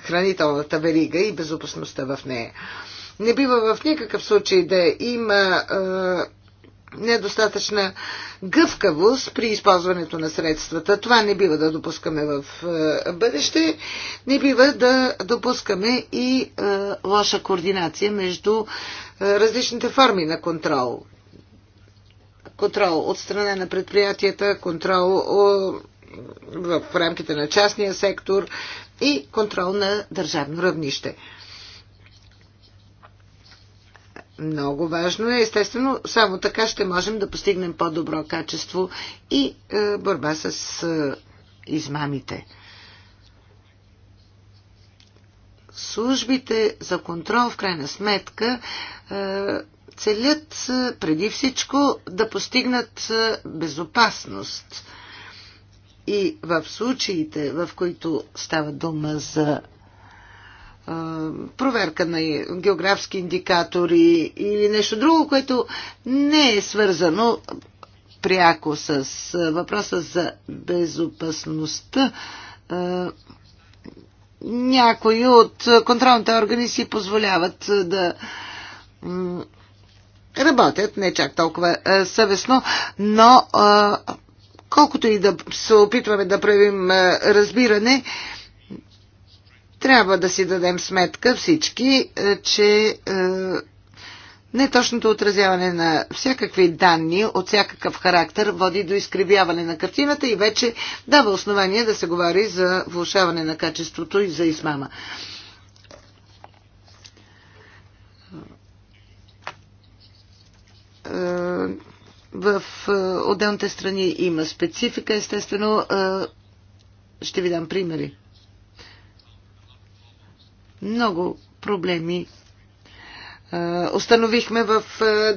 хранителната верига и безопасността в нея. Не бива в никакъв случай да има е, недостатъчна гъвкавост при използването на средствата. Това не бива да допускаме в е, бъдеще. Не бива да допускаме и е, лоша координация между е, различните форми на контрол. Контрол от страна на предприятията, контрол в рамките на частния сектор и контрол на държавно равнище много важно е. Естествено, само така ще можем да постигнем по-добро качество и е, борба с е, измамите. Службите за контрол, в крайна сметка, е, целят е, преди всичко да постигнат е, безопасност. И в случаите, в които става дума за проверка на географски индикатори или нещо друго, което не е свързано пряко с въпроса за безопасността. Някои от контролните органи си позволяват да работят не чак толкова съвестно, но колкото и да се опитваме да правим разбиране, трябва да си дадем сметка всички, е, че е, Неточното отразяване на всякакви данни от всякакъв характер води до изкривяване на картината и вече дава основание да се говори за влушаване на качеството и за измама. Е, в отделните страни има специфика, естествено. Ще ви дам примери. Много проблеми установихме в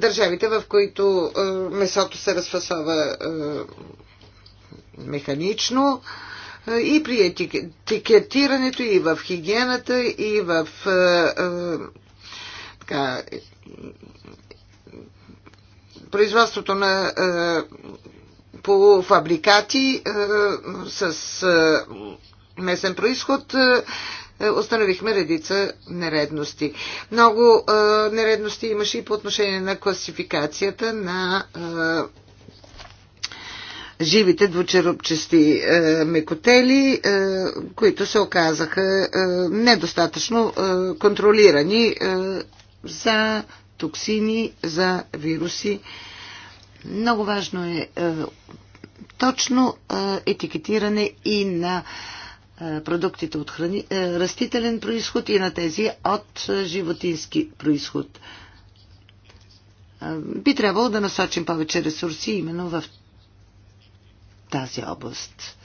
държавите, в които месото се разфасова механично и при етикетирането, и в хигиената, и в така, производството на полуфабрикати с месен происход е, установихме редица нередности. Много е, нередности имаше и по отношение на класификацията на е, живите двучерупчести е, мекотели, е, които се оказаха е, недостатъчно е, контролирани е, за токсини, за вируси. Много важно е, е точно е, етикетиране и на е, е, продуктите от храни, е, растителен происход и на тези от е, животински происход. Би трябвало да насочим повече ресурси именно в тази област.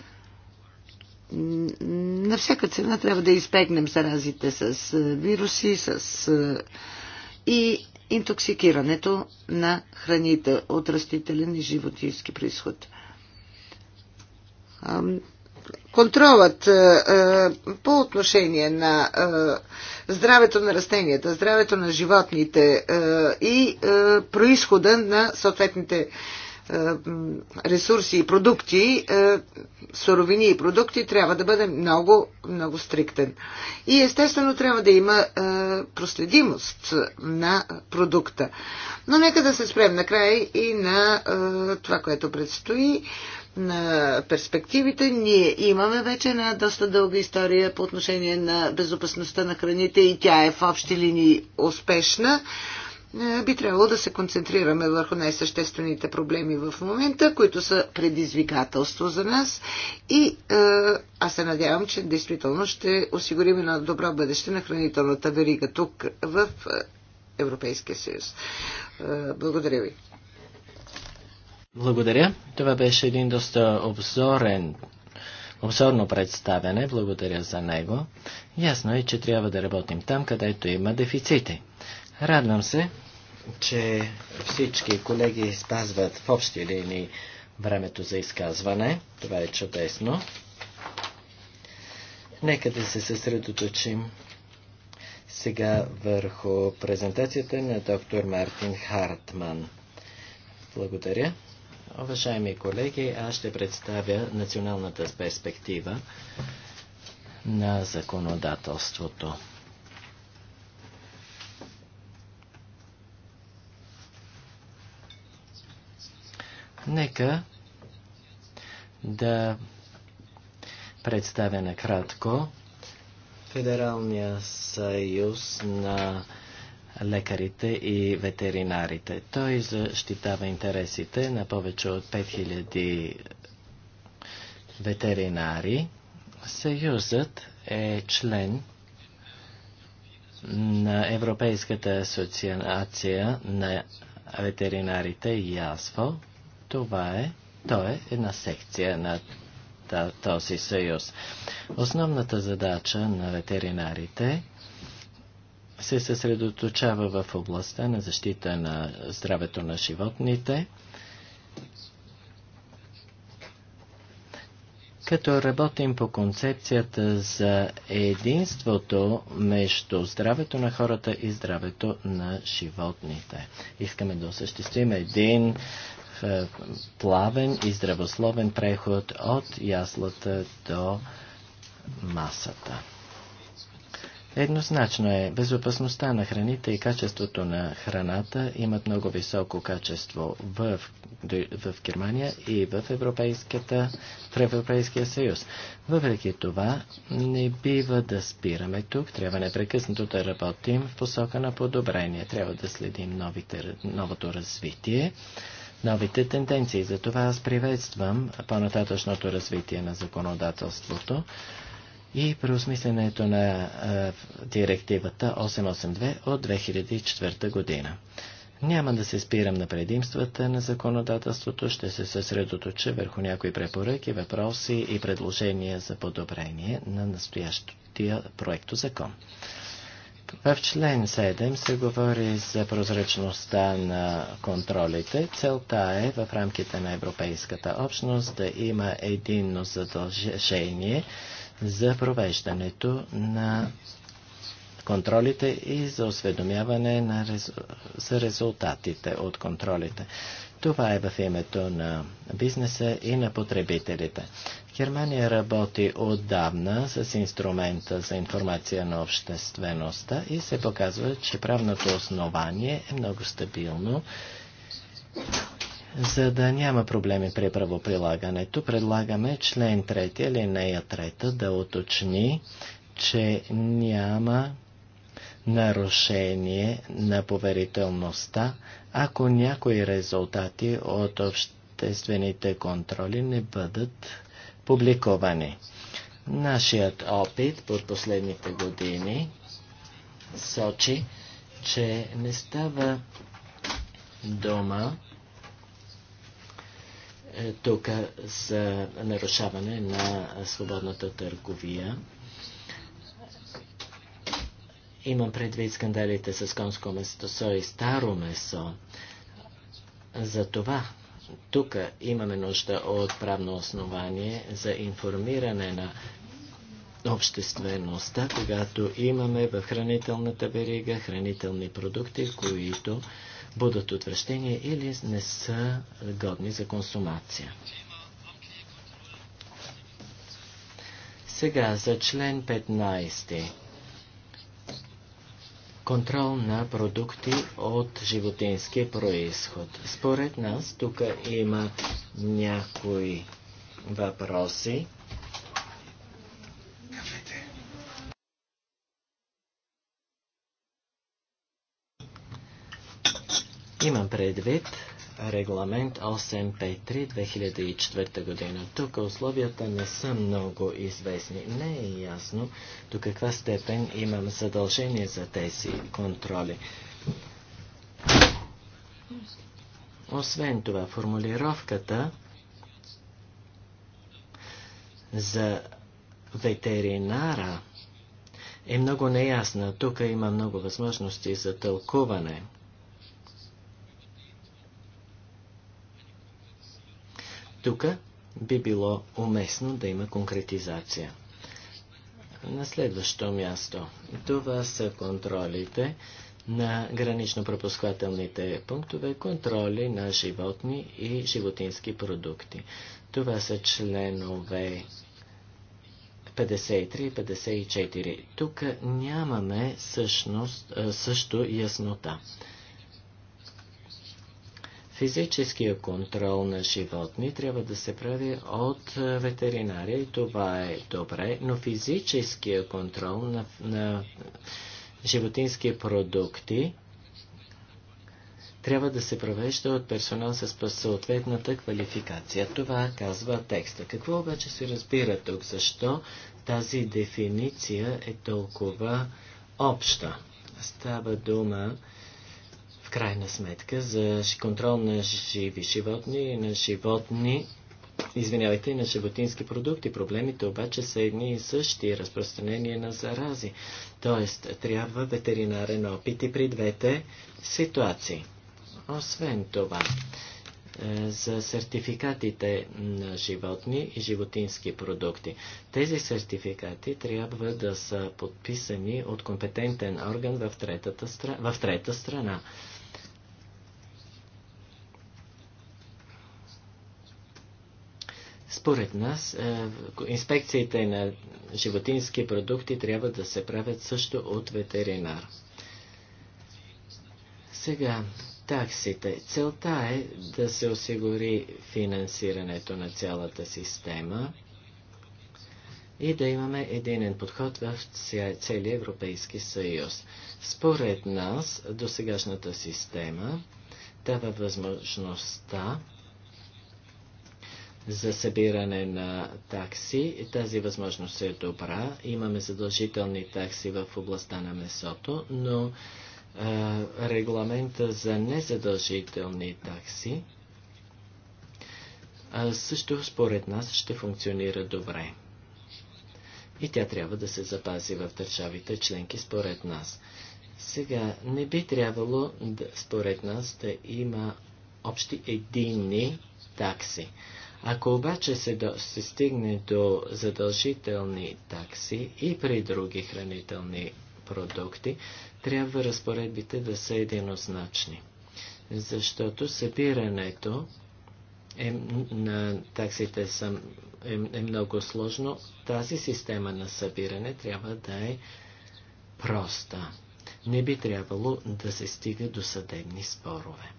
На всяка цена трябва да избегнем заразите с вируси, с и интоксикирането на храните от растителен и животински происход контролът е, е, по отношение на е, здравето на растенията, здравето на животните и происхода на съответните ресурси и продукти, суровини и продукти, трябва да бъде много, много стриктен. И естествено трябва да има проследимост на продукта. Но нека да се спрем накрая и на това, което предстои на перспективите. Ние имаме вече една доста дълга история по отношение на безопасността на храните и тя е в общи линии успешна. Е, би трябвало да се концентрираме върху най-съществените проблеми в момента, които са предизвикателство за нас и е, аз се надявам, че действително ще осигурим едно добро бъдеще на хранителната верига тук в е, Европейския съюз. благодаря ви. Благодаря. Това беше един доста обзорен, обзорно представяне. Благодаря за него. Ясно е, че трябва да работим там, където има дефицити. Радвам се, че всички колеги спазват в общи линии времето за изказване. Това е чудесно. Нека да се съсредоточим сега върху презентацията на доктор Мартин Хартман. Благодаря. Уважаеми колеги, аз ще представя националната перспектива на законодателството. Нека да представя накратко Федералния съюз на лекарите и ветеринарите. Той защитава интересите на повече от 5000 ветеринари. Съюзът е член на Европейската асоциация на ветеринарите ЯСВО. Това е, то е една секция на този съюз. Основната задача на ветеринарите е се съсредоточава в областта на защита на здравето на животните, като работим по концепцията за единството между здравето на хората и здравето на животните. Искаме да осъществим един е, плавен и здравословен преход от яслата до масата. Еднозначно е, безопасността на храните и качеството на храната имат много високо качество в, в Германия и в, Европейската, в Европейския съюз. Въпреки това, не бива да спираме тук, трябва непрекъснато да работим в посока на подобрение, трябва да следим новите, новото развитие новите тенденции. Затова аз приветствам по-нататъчното развитие на законодателството и преосмисленето на директивата 882 от 2004 година. Няма да се спирам на предимствата на законодателството, ще се съсредоточа върху някои препоръки, въпроси и предложения за подобрение на настоящия проекто закон. В член 7 се говори за прозрачността на контролите. Целта е в рамките на Европейската общност да има единно задължение за провеждането на контролите и за осведомяване на рез... за резултатите от контролите. Това е в името на бизнеса и на потребителите. Германия работи отдавна с инструмента за информация на обществеността и се показва, че правното основание е много стабилно за да няма проблеми при правоприлагането, предлагаме член 3 или нея 3 да уточни, че няма нарушение на поверителността, ако някои резултати от обществените контроли не бъдат публиковани. Нашият опит под последните години сочи, че не става дума е, тук за нарушаване на свободната търговия. Имам предвид скандалите с конско месо и старо месо. За това тук имаме нужда от правно основание за информиране на обществеността, когато имаме в хранителната берега хранителни продукти, които бъдат отвращени или не са годни за консумация. Сега за член 15. Контрол на продукти от животински происход. Според нас тук има някои въпроси Имам предвид регламент 853-2004 година. Тук условията не са много известни. Не е ясно до каква степен имам задължение за тези контроли. Освен това, формулировката за ветеринара е много неясна. Тук има много възможности за тълкуване – Тук би било уместно да има конкретизация. На следващо място. Това са контролите на гранично-пропускателните пунктове, контроли на животни и животински продукти. Това са членове 53 и 54. Тук нямаме също яснота. Физическия контрол на животни трябва да се прави от е, ветеринария и това е добре, но физическия контрол на, на животински продукти трябва да се провежда от персонал с съответната квалификация. Това казва текста. Какво обаче се разбира тук? Защо тази дефиниция е толкова обща? Става дума крайна сметка за контрол на живи животни и на животни, извинявайте, на животински продукти. Проблемите обаче са едни и същи, разпространение на зарази. Тоест, трябва ветеринарен опит и при двете ситуации. Освен това, е, за сертификатите на животни и животински продукти. Тези сертификати трябва да са подписани от компетентен орган в, стра... в трета страна. Според нас, е, инспекциите на животински продукти трябва да се правят също от ветеринар. Сега, таксите. Целта е да се осигури финансирането на цялата система и да имаме единен подход в целия Европейски съюз. Според нас, досегашната система дава възможността за събиране на такси. Тази възможност е добра. Имаме задължителни такси в областта на месото, но а, регламента за незадължителни такси а, също според нас ще функционира добре. И тя трябва да се запази в държавите членки според нас. Сега не би трябвало да, според нас да има общи единни такси. Ако обаче се, до, се стигне до задължителни такси и при други хранителни продукти, трябва разпоредбите да са единозначни. Защото събирането е, на таксите са, е, е много сложно. Тази система на събиране трябва да е проста. Не би трябвало да се стига до съдебни спорове.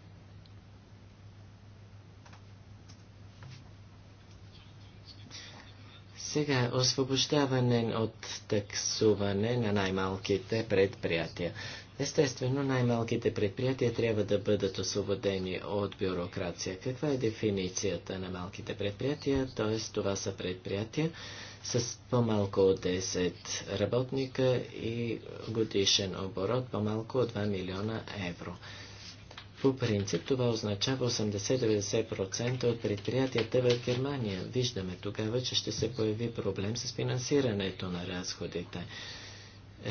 Сега, освобождаване от таксуване на най-малките предприятия. Естествено, най-малките предприятия трябва да бъдат освободени от бюрокрация. Каква е дефиницията на малките предприятия? Т.е. това са предприятия с по-малко от 10 работника и годишен оборот по-малко от 2 милиона евро. По принцип това означава 80-90% от предприятията в Германия. Виждаме тогава, че ще се появи проблем с финансирането на разходите.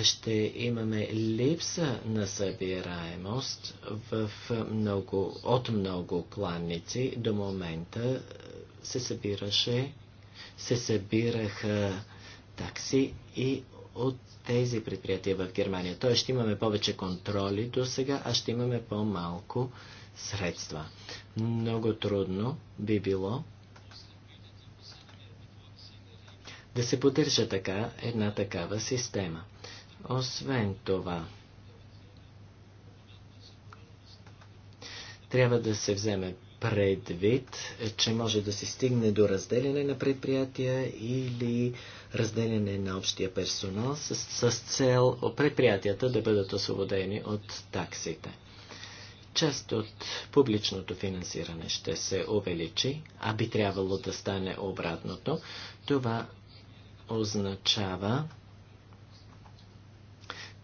Ще имаме липса на събираемост в много, от много кланници. До момента е, се събираше, се събираха такси и от тези предприятия в Германия. Тоест ще имаме повече контроли до сега, а ще имаме по-малко средства. Много трудно би било да се поддържа така една такава система. Освен това, трябва да се вземе предвид, че може да се стигне до разделяне на предприятия или разделяне на общия персонал с, с цел предприятията да бъдат освободени от таксите. Част от публичното финансиране ще се увеличи, а би трябвало да стане обратното. Това означава,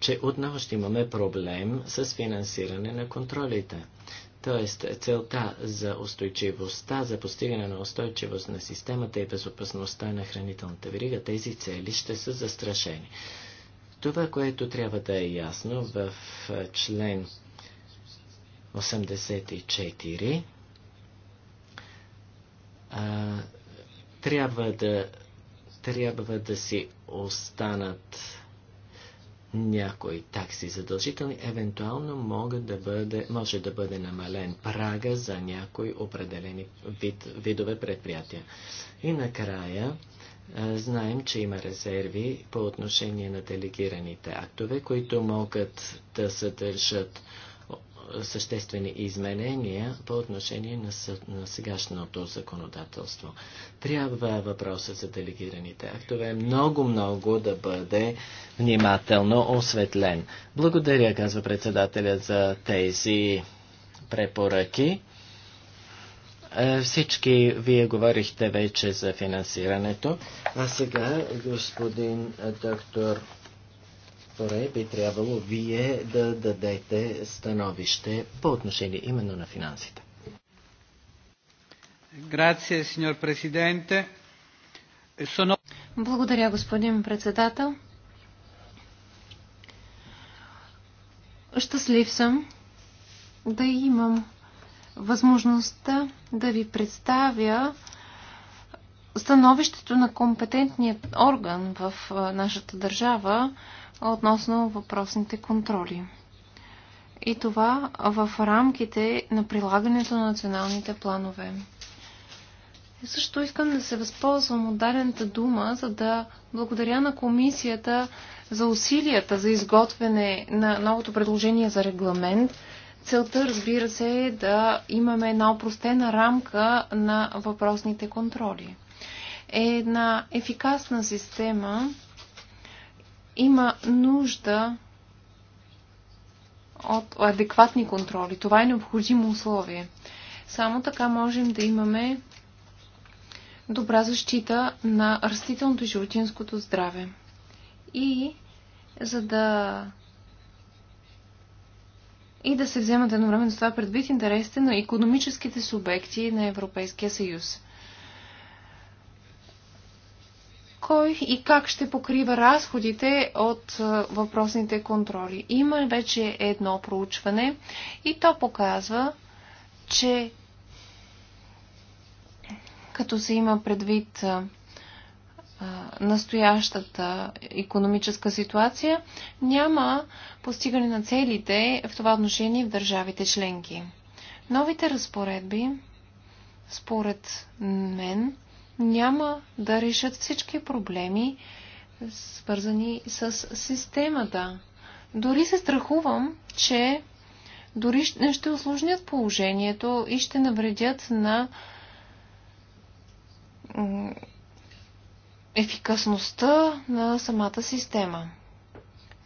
че отново ще имаме проблем с финансиране на контролите. Тоест, целта за устойчивостта, за постигане на устойчивост на системата и безопасността на хранителната верига, тези цели ще са застрашени. Това, което трябва да е ясно в член 84, а, трябва да, трябва да си останат някои такси задължителни, евентуално могат да бъде, може да бъде намален прага за някои определени вид, видове предприятия. И накрая, знаем, че има резерви по отношение на делегираните актове, които могат да съдържат съществени изменения по отношение на, съ, на сегашното законодателство. Трябва въпроса за делегираните актове много-много да бъде внимателно осветлен. Благодаря, казва председателя, за тези препоръки. Е, всички вие говорихте вече за финансирането, а сега господин доктор Добре, би трябвало вие да дадете становище по отношение именно на финансите. Грация, сеньор президенте. Благодаря, господин председател. Щастлив съм да имам възможността да ви представя становището на компетентният орган в нашата държава относно въпросните контроли. И това в рамките на прилагането на националните планове. И също искам да се възползвам от дадената дума, за да благодаря на комисията за усилията за изготвяне на новото предложение за регламент. Целта, разбира се, е да имаме една опростена рамка на въпросните контроли е една ефикасна система, има нужда от адекватни контроли. Това е необходимо условие. Само така можем да имаме добра защита на растителното и животинското здраве. И за да и да се вземат едновременно с това предвид интересите на економическите субекти на Европейския съюз. кой и как ще покрива разходите от е, въпросните контроли. Има вече едно проучване и то показва, че като се има предвид е, е, настоящата економическа ситуация, няма постигане на целите в това отношение в държавите членки. Новите разпоредби, според мен, няма да решат всички проблеми, свързани с системата. Дори се страхувам, че дори ще осложнят положението и ще навредят на ефикасността на самата система.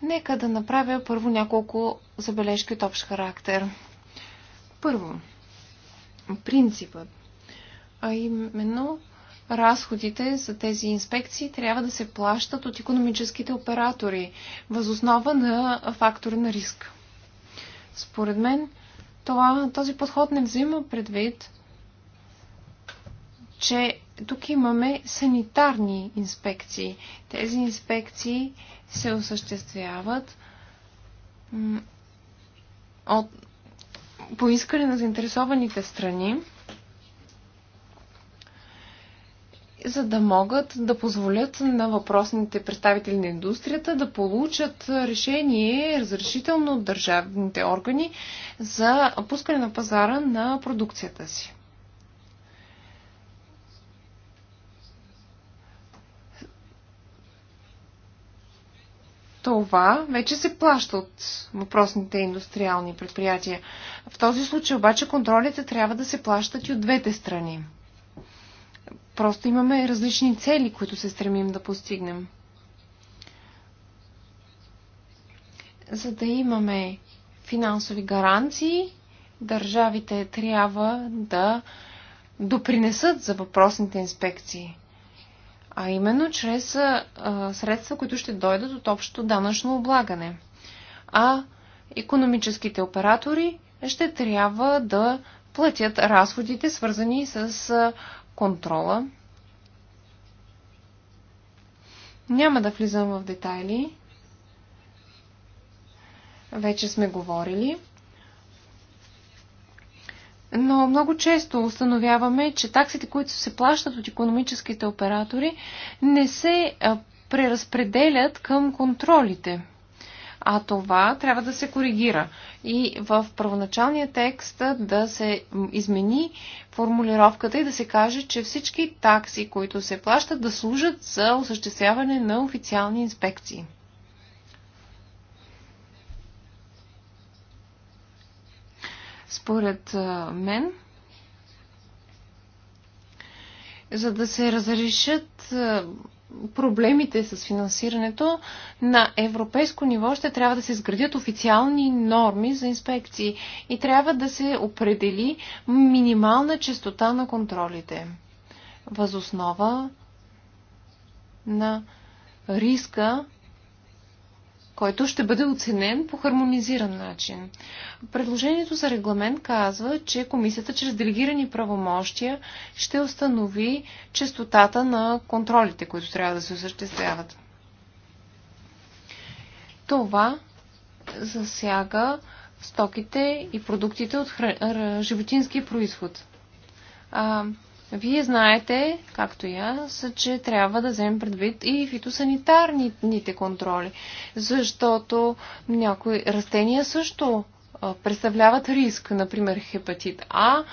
Нека да направя първо няколко забележки от общ характер. Първо, принципът, а именно разходите за тези инспекции трябва да се плащат от економическите оператори, възоснова на фактори на риск. Според мен, това, този подход не взима предвид, че тук имаме санитарни инспекции. Тези инспекции се осъществяват от поискане на заинтересованите страни за да могат да позволят на въпросните представители на индустрията да получат решение, разрешително от държавните органи за пускане на пазара на продукцията си. това вече се плаща от въпросните индустриални предприятия. В този случай обаче контролите трябва да се плащат и от двете страни. Просто имаме различни цели, които се стремим да постигнем. За да имаме финансови гаранции, държавите трябва да допринесат за въпросните инспекции. А именно чрез средства, които ще дойдат от общото данъчно облагане. А економическите оператори ще трябва да платят разходите, свързани с контрола. Няма да влизам в детайли. Вече сме говорили. Но много често установяваме, че таксите, които се плащат от економическите оператори, не се преразпределят към контролите. А това трябва да се коригира и в първоначалния текст да се измени формулировката и да се каже, че всички такси, които се плащат, да служат за осъществяване на официални инспекции. Според мен, за да се разрешат проблемите с финансирането на европейско ниво ще трябва да се изградят официални норми за инспекции и трябва да се определи минимална частота на контролите. Възоснова на риска който ще бъде оценен по хармонизиран начин. Предложението за регламент казва, че комисията чрез делегирани правомощия ще установи частотата на контролите, които трябва да се осъществяват. Това засяга стоките и продуктите от хра... животински происход. А, вие знаете, както и аз, че трябва да вземем предвид и фитосанитарните контроли, защото някои растения също представляват риск, например хепатит А,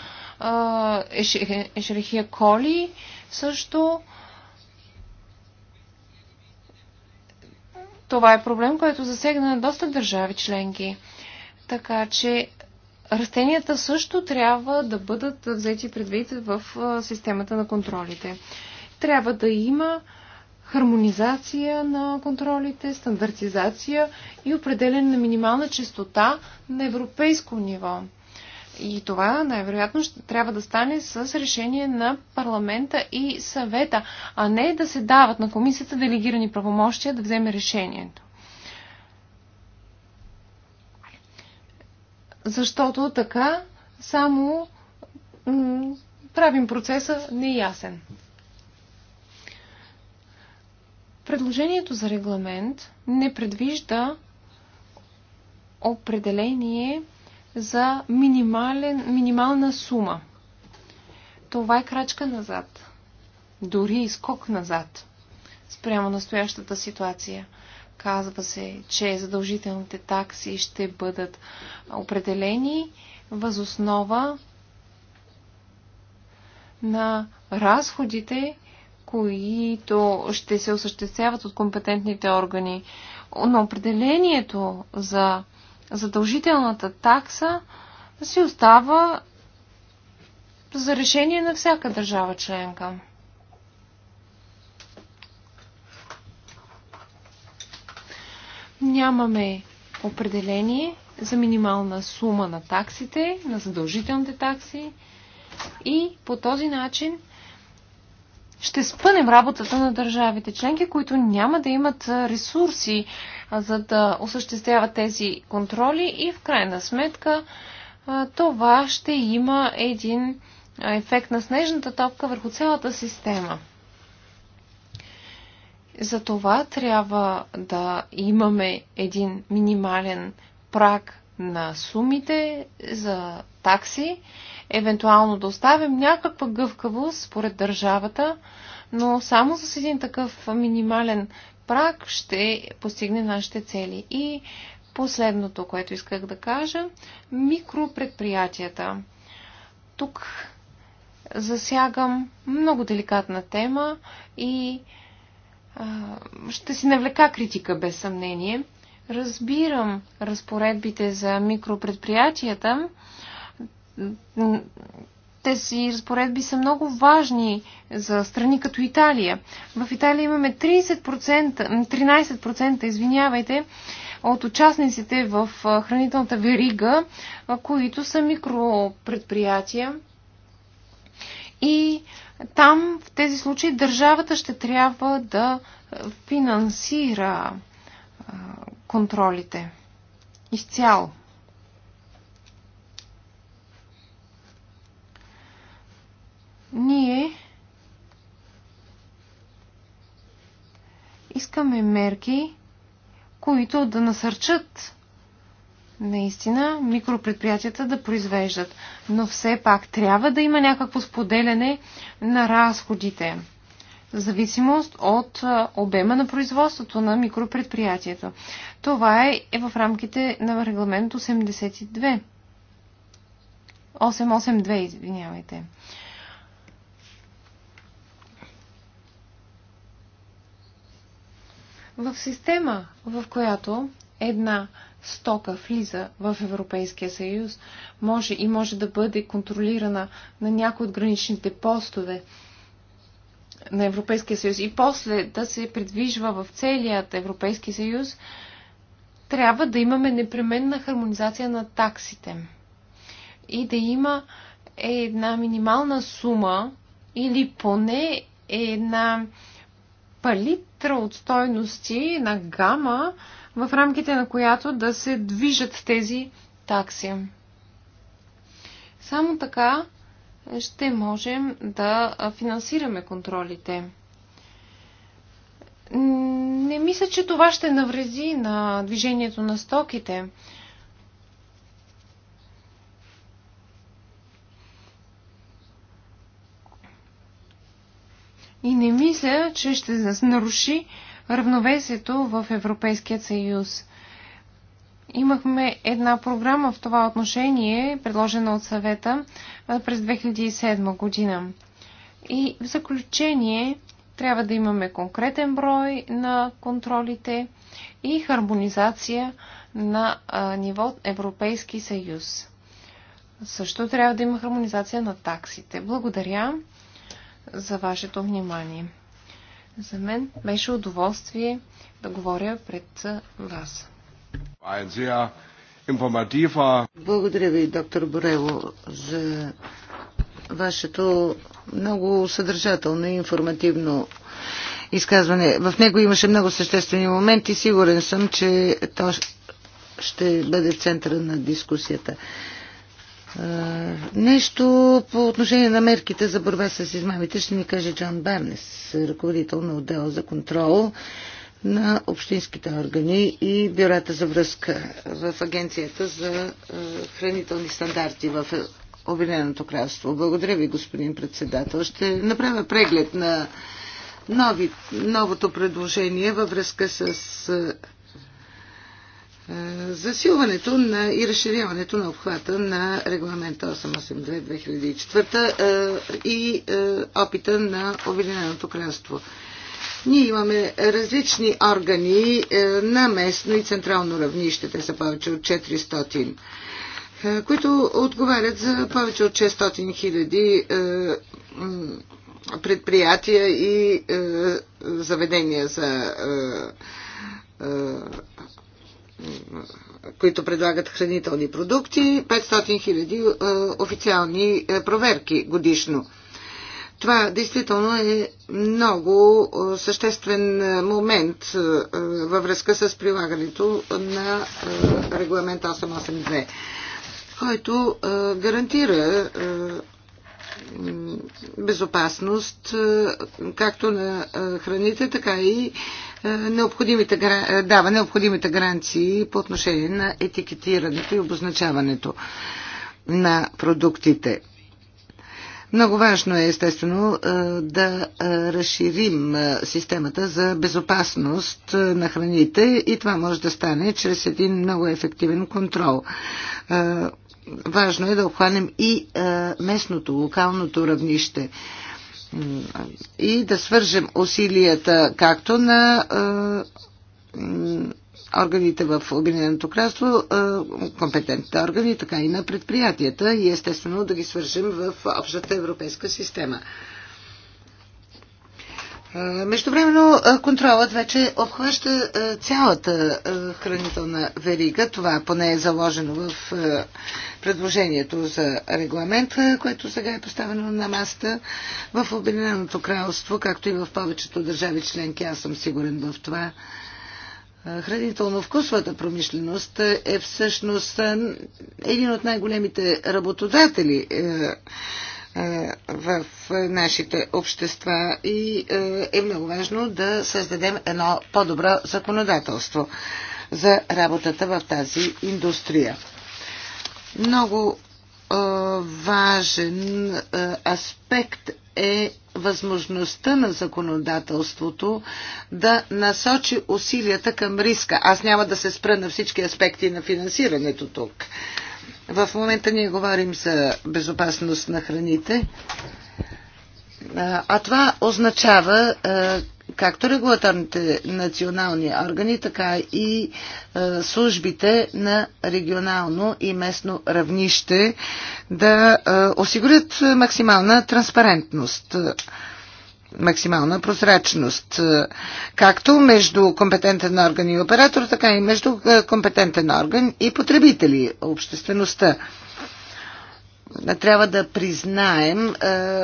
ешерихия коли също. Това е проблем, който засегна доста държави членки. Така че растенията също трябва да бъдат взети предвид в системата на контролите. Трябва да има хармонизация на контролите, стандартизация и определене на минимална частота на европейско ниво. И това най-вероятно ще трябва да стане с решение на парламента и съвета, а не да се дават на комисията делегирани правомощия да вземе решението. защото така само правим процеса неясен. Предложението за регламент не предвижда определение за минимална сума. Това е крачка назад. Дори и скок назад спрямо настоящата ситуация – Казва се, че задължителните такси ще бъдат определени възоснова на разходите, които ще се осъществяват от компетентните органи. Но определението за задължителната такса си остава за решение на всяка държава членка. нямаме определение за минимална сума на таксите, на задължителните такси и по този начин ще спънем работата на държавите членки, които няма да имат ресурси за да осъществяват тези контроли и в крайна сметка това ще има един ефект на снежната топка върху цялата система. За това трябва да имаме един минимален праг на сумите за такси, евентуално да оставим някаква гъвкавост според държавата, но само с един такъв минимален праг ще постигне нашите цели. И последното, което исках да кажа, микропредприятията. Тук засягам много деликатна тема и ще си навлека критика, без съмнение. Разбирам разпоредбите за микропредприятията. Тези разпоредби са много важни за страни като Италия. В Италия имаме 30%, 13% извинявайте, от участниците в хранителната верига, които са микропредприятия и там в тези случаи държавата ще трябва да финансира контролите. Изцяло. Ние искаме мерки, които да насърчат наистина микропредприятията да произвеждат. Но все пак трябва да има някакво споделяне на разходите. В зависимост от обема на производството на микропредприятието. Това е, е в рамките на регламент 82. 882, извинявайте. В система, в която една стока влиза в Европейския съюз, може и може да бъде контролирана на някои от граничните постове на Европейския съюз и после да се придвижва в целият Европейски съюз, трябва да имаме непременна хармонизация на таксите и да има една минимална сума или поне една палит, спектър от стойности на гама, в рамките на която да се движат тези такси. Само така ще можем да финансираме контролите. Не мисля, че това ще навреди на движението на стоките, и не мисля, че ще наруши равновесието в Европейския съюз. Имахме една програма в това отношение, предложена от съвета през 2007 година. И в заключение трябва да имаме конкретен брой на контролите и хармонизация на ниво Европейски съюз. Също трябва да има хармонизация на таксите. Благодаря за вашето внимание. За мен беше удоволствие да говоря пред вас. Благодаря ви, доктор Борело, за вашето много съдържателно и информативно изказване. В него имаше много съществени моменти. Сигурен съм, че то ще бъде центъра на дискусията. Е, нещо по отношение на мерките за борба с измамите ще ми каже Джон Барнес, ръководител на отдел за контрол на общинските органи и бюрата за връзка в Агенцията за е, хранителни стандарти в Обединеното кралство. Благодаря ви, господин председател. Ще направя преглед на нови, новото предложение във връзка с е, е, засилването на и разширяването на обхвата на регламента 882-2004 и е, е, опита на Обединеното кралство. Ние имаме различни органи на местно и централно равнище, те са повече от 400, които отговарят за повече от 600 хиляди предприятия и заведения за които предлагат хранителни продукти, 500 хиляди е, официални е, проверки годишно. Това действително е много е, съществен момент във връзка с прилагането на регламент 882, който гарантира безопасност както на храните, така и е, необходимите, е, дава необходимите гаранции по отношение на етикетирането и обозначаването на продуктите. Много важно е, естествено, е, да разширим системата за безопасност на храните и това може да стане чрез един много ефективен контрол. Важно е да обхванем и местното, локалното равнище и да свържем усилията както на органите в Обединеното кралство, компетентните органи, така и на предприятията и естествено да ги свържем в общата европейска система. Е, междувременно е, контролът вече обхваща е, цялата хранителна верига. Това поне е заложено в предложението за регламент, което сега е поставено на маста в Обединеното кралство, както и в повечето държави членки. Аз съм сигурен в това. Хранително-вкусовата промишленост е всъщност един от най-големите работодатели в нашите общества и е много важно да създадем едно по-добро законодателство за работата в тази индустрия. Много важен аспект е възможността на законодателството да насочи усилията към риска. Аз няма да се спра на всички аспекти на финансирането тук. В момента ние говорим за безопасност на храните, а това означава както регулаторните национални органи, така и службите на регионално и местно равнище да осигурят максимална транспарентност максимална прозрачност, е, както между компетентен орган и оператор, така и между е, компетентен орган и потребители, обществеността. Е, трябва да признаем е, е,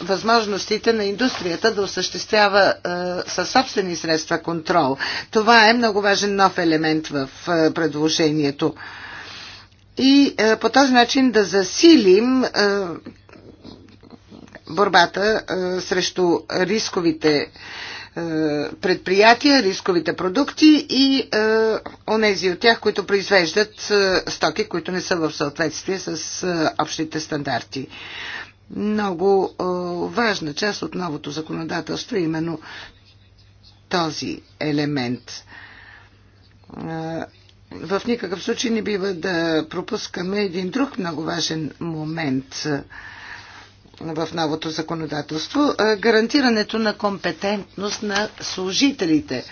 възможностите на индустрията да осъществява е, със собствени средства контрол. Това е много важен нов елемент в е, предложението. И е, по този начин да засилим е, борбата е, срещу рисковите е, предприятия, рисковите продукти и е, онези от тях, които произвеждат стоки, които не са в съответствие с общите стандарти. Много важна част от новото законодателство е именно този елемент. В никакъв случай не бива да пропускаме един друг много важен момент – в новото законодателство. Гарантирането на компетентност на служителите.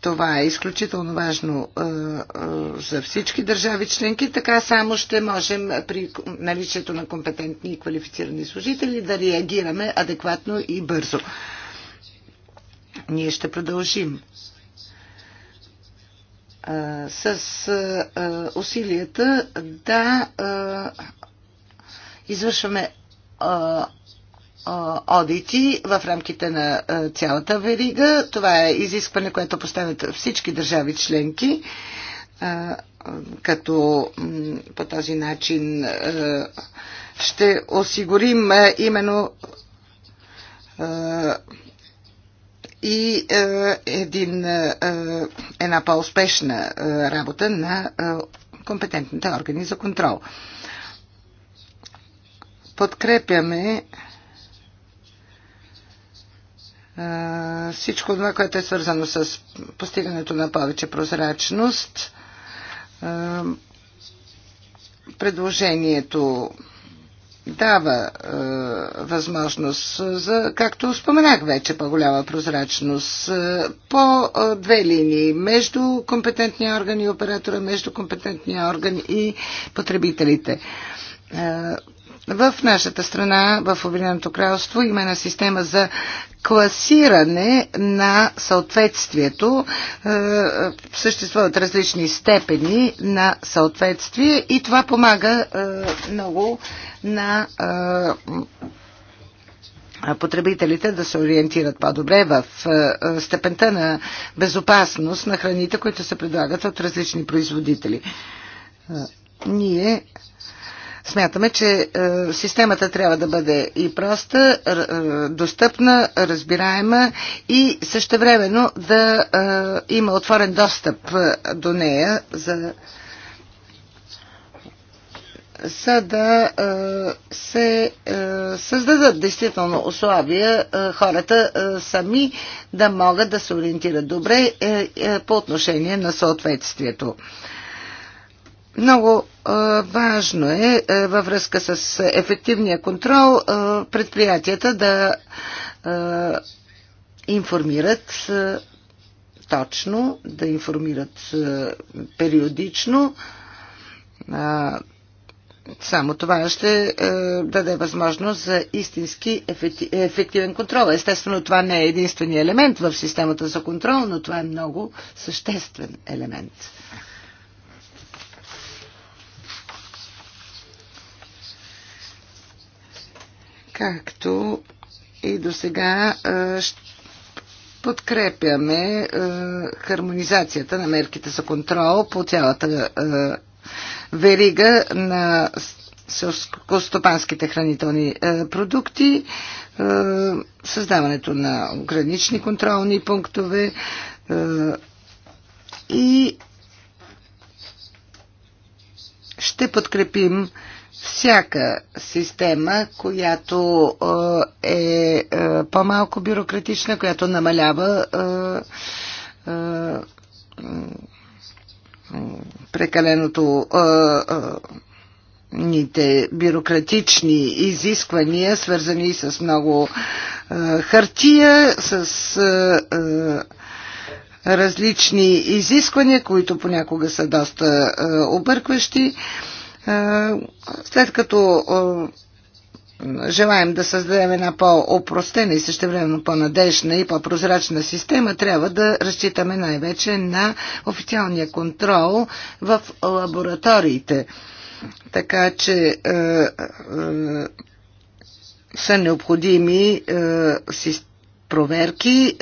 Това е изключително важно за всички държави членки. Така само ще можем при наличието на компетентни и квалифицирани служители да реагираме адекватно и бързо. Ние ще продължим с усилията да извършваме одити в рамките на цялата верига. Това е изискване, което поставят всички държави членки, като по този начин ще осигурим именно и един, една по-успешна работа на компетентните органи за контрол подкрепяме всичко това, което е свързано с постигането на повече прозрачност. Предложението дава е, възможност за, както споменах вече, по-голяма прозрачност е, по е, две линии между компетентния орган и оператора, между компетентния орган и потребителите. Е, в нашата страна, в Обединеното кралство, има една система за класиране на съответствието. Е, е, съществуват различни степени на съответствие и това помага е, много на потребителите да се ориентират по-добре в степента на безопасност на храните, които се предлагат от различни производители. Ние Смятаме, че е, системата трябва да бъде и проста, е, достъпна, разбираема и същевременно да е, има отворен достъп до нея за за да се създадат действително условия хората сами да могат да се ориентират добре по отношение на съответствието. Много важно е във връзка с ефективния контрол предприятията да информират точно, да информират периодично. Само това ще даде възможност за истински ефективен контрол. Естествено, това не е единствения елемент в системата за контрол, но това е много съществен елемент. Както и до сега подкрепяме хармонизацията на мерките за контрол по цялата верига на селскостопанските хранителни продукти, създаването на гранични контролни пунктове и ще подкрепим всяка система, която е по-малко бюрократична, която намалява прекаленото ните бюрократични изисквания, свързани с много хартия, с различни изисквания, които понякога са доста объркващи. След като желаем да създадем една по-опростена и същевременно по-надежна и по-прозрачна система, трябва да разчитаме най-вече на официалния контрол в лабораториите. Така че са необходими проверки,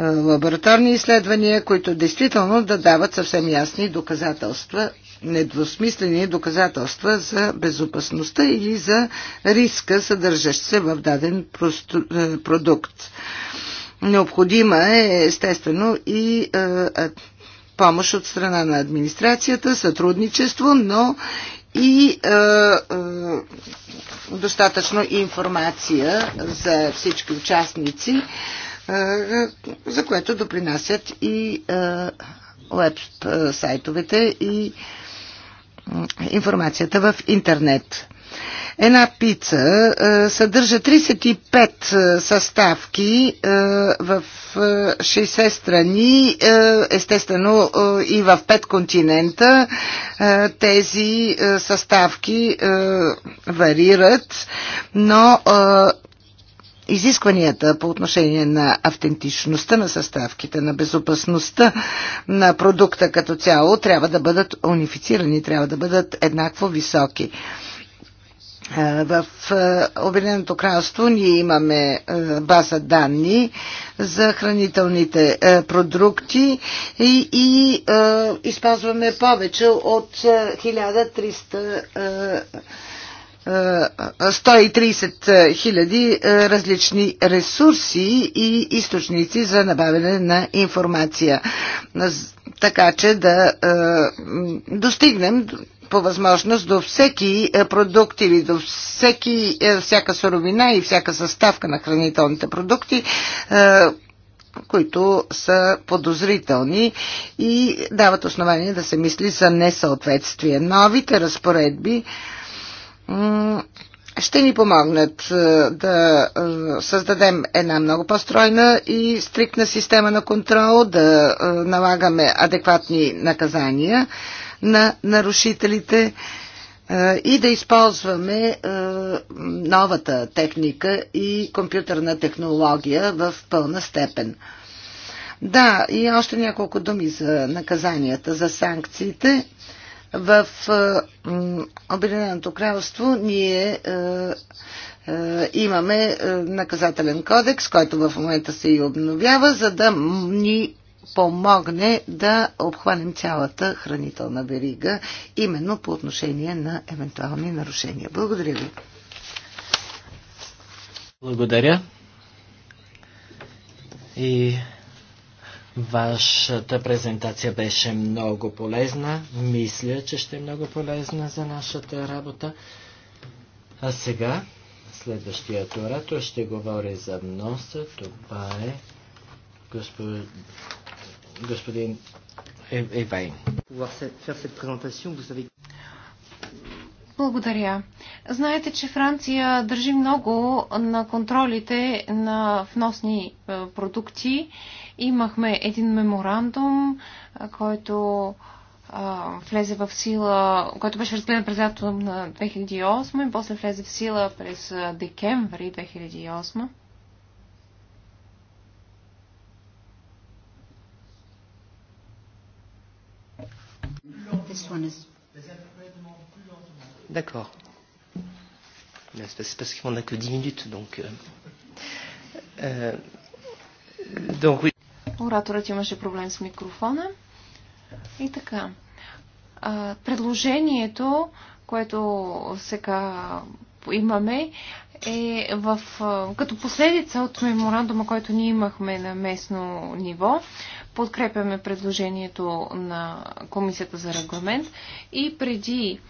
лабораторни изследвания, които действително да дават съвсем ясни доказателства недвусмислени доказателства за безопасността или за риска, съдържащ се в даден е, продукт. Необходима е естествено и е, е, помощ от страна на администрацията, сътрудничество, но и е, е, достатъчно информация за всички участници, е, за което допринасят и е, веб сайтовете и информацията в интернет. Една пица е, съдържа 35 е, съставки е, в 60 е, страни, е, естествено е, и в 5 континента. Е, тези е, съставки е, варират, но е, изискванията по отношение на автентичността на съставките, на безопасността на продукта като цяло трябва да бъдат унифицирани, трябва да бъдат еднакво високи. Е, в е, Обединеното кралство ние имаме е, база данни за хранителните продукти и, и използваме повече от 1300 130 хиляди е, различни ресурси и източници за набавяне на информация, така че да е, достигнем по възможност до всеки е, продукт или до всеки, всяка суровина и всяка съставка на хранителните продукти, които са подозрителни и дават основание да се мисли за несъответствие. Новите разпоредби ще ни помогнат е, да е, създадем една много по-стройна и стриктна система на контрол, да е, налагаме адекватни наказания на нарушителите и да използваме новата техника и компютърна технология в пълна степен. Да, и още няколко думи за наказанията, за санкциите. В Обединеното кралство ние имаме наказателен кодекс, който в момента се и обновява, за да ни помогне да обхванем цялата хранителна верига, именно по отношение на евентуални нарушения. Благодаря ви. Благодаря. И Вашата презентация беше много полезна. Мисля, че ще е много полезна за нашата работа. А сега следващият оратор ще говори за вноса. Това е господин Евайн. Благодаря. Знаете, че Франция държи много на контролите на вносни е, продукти Имахме един меморандум, който а, влезе в сила, който беше разгледан през лятото на 2008 и после влезе в сила през декември 2008. D'accord. C'est parce qu'on n'a que 10 minutes, donc. Euh, euh, donc oui. Ораторът имаше проблем с микрофона. И така. А, предложението, което сега имаме, е в, като последица от меморандума, който ние имахме на местно ниво. Подкрепяме предложението на Комисията за регламент и преди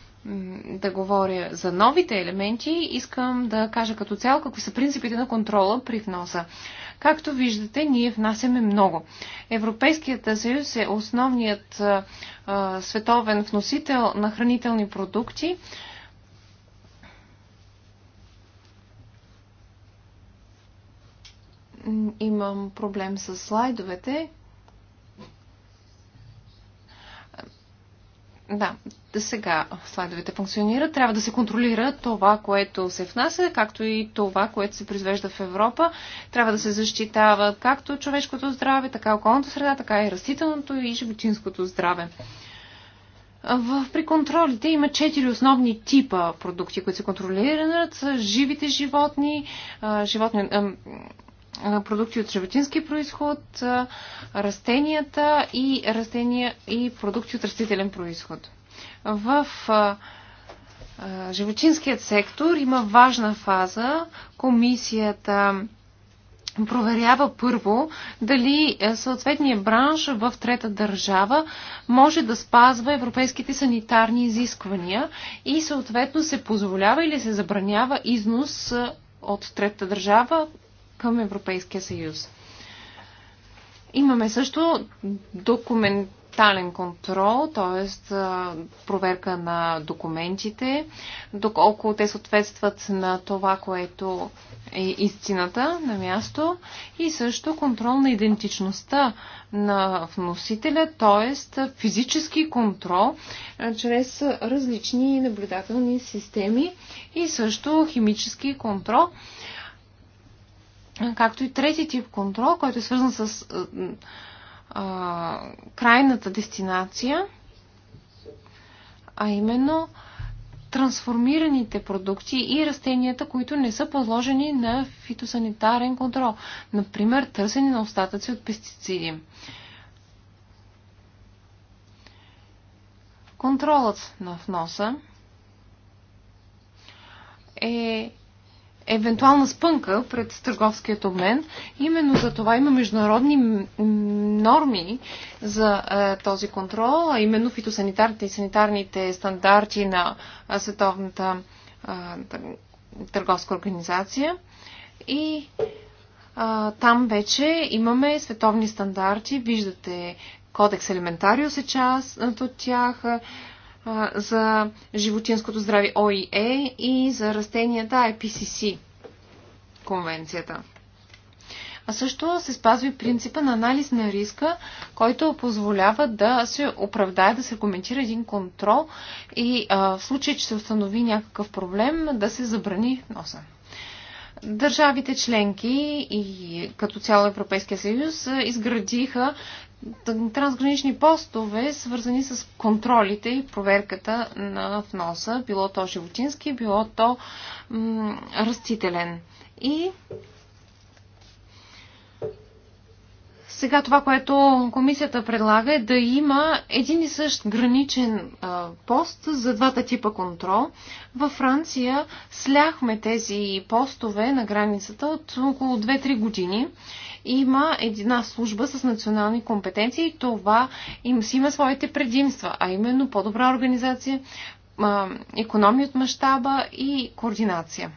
да говоря за новите елементи, искам да кажа като цяло какви са принципите на контрола при вноса. Както виждате, ние внасяме много. Европейският съюз е основният а, световен вносител на хранителни продукти. Имам проблем с слайдовете. Да, да сега слайдовете функционират. Трябва да се контролира това, което се внася, както и това, което се произвежда в Европа. Трябва да се защитава както човешкото здраве, така и околната среда, така и растителното и животинското здраве. В, при контролите има четири основни типа продукти, които се контролират. Живите животни, животни продукти от животински происход, растенията и, растения, и продукти от растителен происход. В животинският сектор има важна фаза. Комисията проверява първо дали съответният бранш в трета държава може да спазва европейските санитарни изисквания и съответно се позволява или се забранява износ от трета държава към Европейския съюз. Имаме също документален контрол, т.е. проверка на документите, доколко те съответстват на това, което е истината на място и също контрол на идентичността на вносителя, т.е. физически контрол чрез различни наблюдателни системи и също химически контрол както и трети тип контрол, който е свързан с а, а, крайната дестинация, а именно трансформираните продукти и растенията, които не са подложени на фитосанитарен контрол. Например, търсене на остатъци от пестициди. Контролът на вноса е евентуална спънка пред търговският обмен. Именно за това има международни норми за е, този контрол, а именно фитосанитарните и санитарните стандарти на Световната търговска организация. И а, там вече имаме световни стандарти. Виждате Кодекс Елементариус е част от тях, за животинското здраве ОИЕ и за растенията IPCC конвенцията. А също се спазва и принципа на анализ на риска, който позволява да се оправдае, да се коментира един контрол и а, в случай, че се установи някакъв проблем, да се забрани носа. Държавите членки и като цяло Европейския съюз изградиха трансгранични постове, свързани с контролите и проверката на вноса, било то животински, било то растителен. И сега това, което комисията предлага е да има един и същ граничен пост за двата типа контрол. Във Франция сляхме тези постове на границата от около 2-3 години има една служба с национални компетенции и това им си има своите предимства, а именно по-добра организация, економия от мащаба и координация.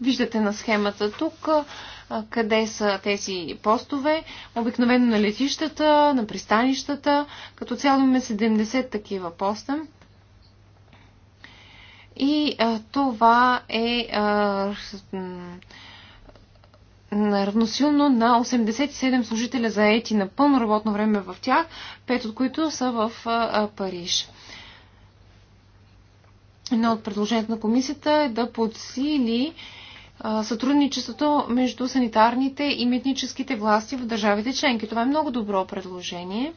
Виждате на схемата тук къде са тези постове. Обикновено на летищата, на пристанищата. Като цяло имаме 70 такива поста. И а, това е а, равносилно на 87 служителя заети на пълно работно време в тях, пет от които са в Париж. Едно от предложението на комисията е да подсили сътрудничеството между санитарните и митническите власти в държавите членки. Това е много добро предложение.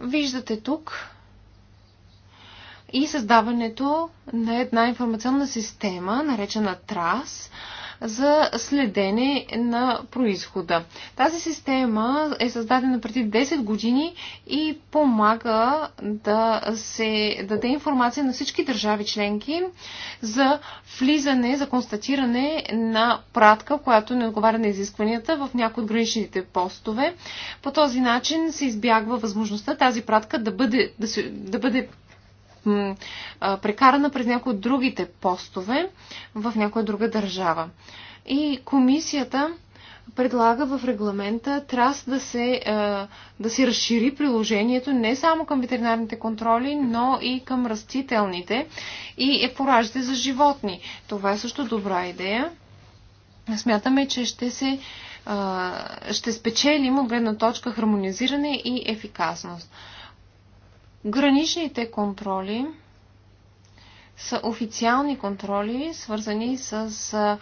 Виждате тук и създаването на една информационна система, наречена ТРАС, за следене на происхода. Тази система е създадена преди 10 години и помага да се даде информация на всички държави членки за влизане, за констатиране на пратка, която не отговаря на изискванията в някои от граничните постове. По този начин се избягва възможността тази пратка да бъде, да се, да бъде прекарана през някои от другите постове в някоя друга държава. И комисията предлага в регламента ТРАС да се, да се разшири приложението не само към ветеринарните контроли, но и към растителните и е поражите за животни. Това е също добра идея. Смятаме, че ще се ще спечелим от гледна точка хармонизиране и ефикасност. Граничните контроли са официални контроли, свързани с а,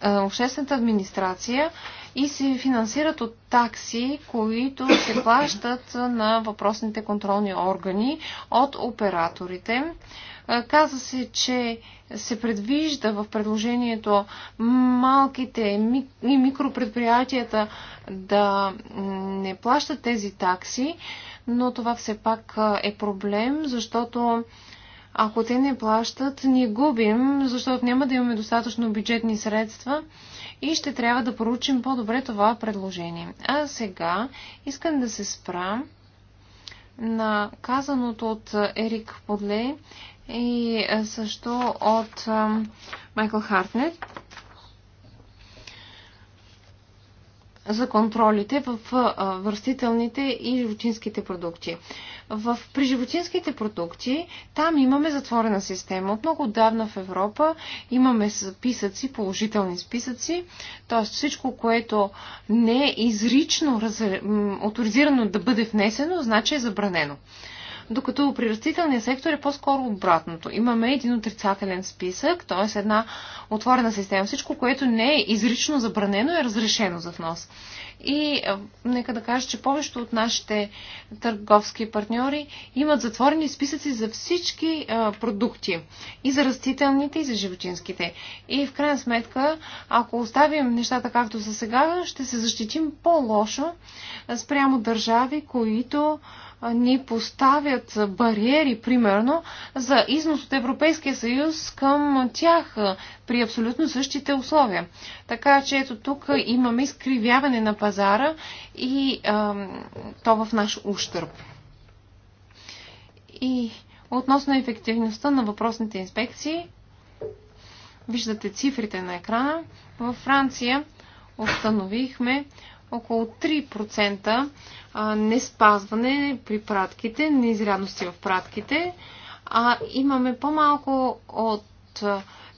а, обществената администрация и се финансират от такси, които се плащат на въпросните контролни органи от операторите. Каза се, че се предвижда в предложението малките и микропредприятията да не плащат тези такси, но това все пак е проблем, защото ако те не плащат, ние губим, защото няма да имаме достатъчно бюджетни средства и ще трябва да поручим по-добре това предложение. А сега искам да се спра на казаното от Ерик Подле, и е, също от е, Майкъл Хартнет за контролите в е, върстителните и животинските продукти. В, при животинските продукти там имаме затворена система. От много отдавна в Европа имаме списъци, положителни списъци, т.е. всичко, което не е изрично раз, авторизирано да бъде внесено, значи е забранено. Докато при растителния сектор е по-скоро обратното. Имаме един отрицателен списък, т.е. една отворена система. Всичко, което не е изрично забранено, е разрешено за внос. И нека да кажа, че повечето от нашите търговски партньори имат затворени списъци за всички а, продукти. И за растителните, и за животинските. И в крайна сметка, ако оставим нещата както са сега, ще се защитим по-лошо спрямо държави, които ни поставят бариери, примерно, за износ от Европейския съюз към тях при абсолютно същите условия. Така че ето тук имаме изкривяване на пазара и а, то в наш ущърп. И относно ефективността на въпросните инспекции, виждате цифрите на екрана. Във Франция установихме около 3% не спазване при пратките, неизрядности в пратките, а имаме по-малко от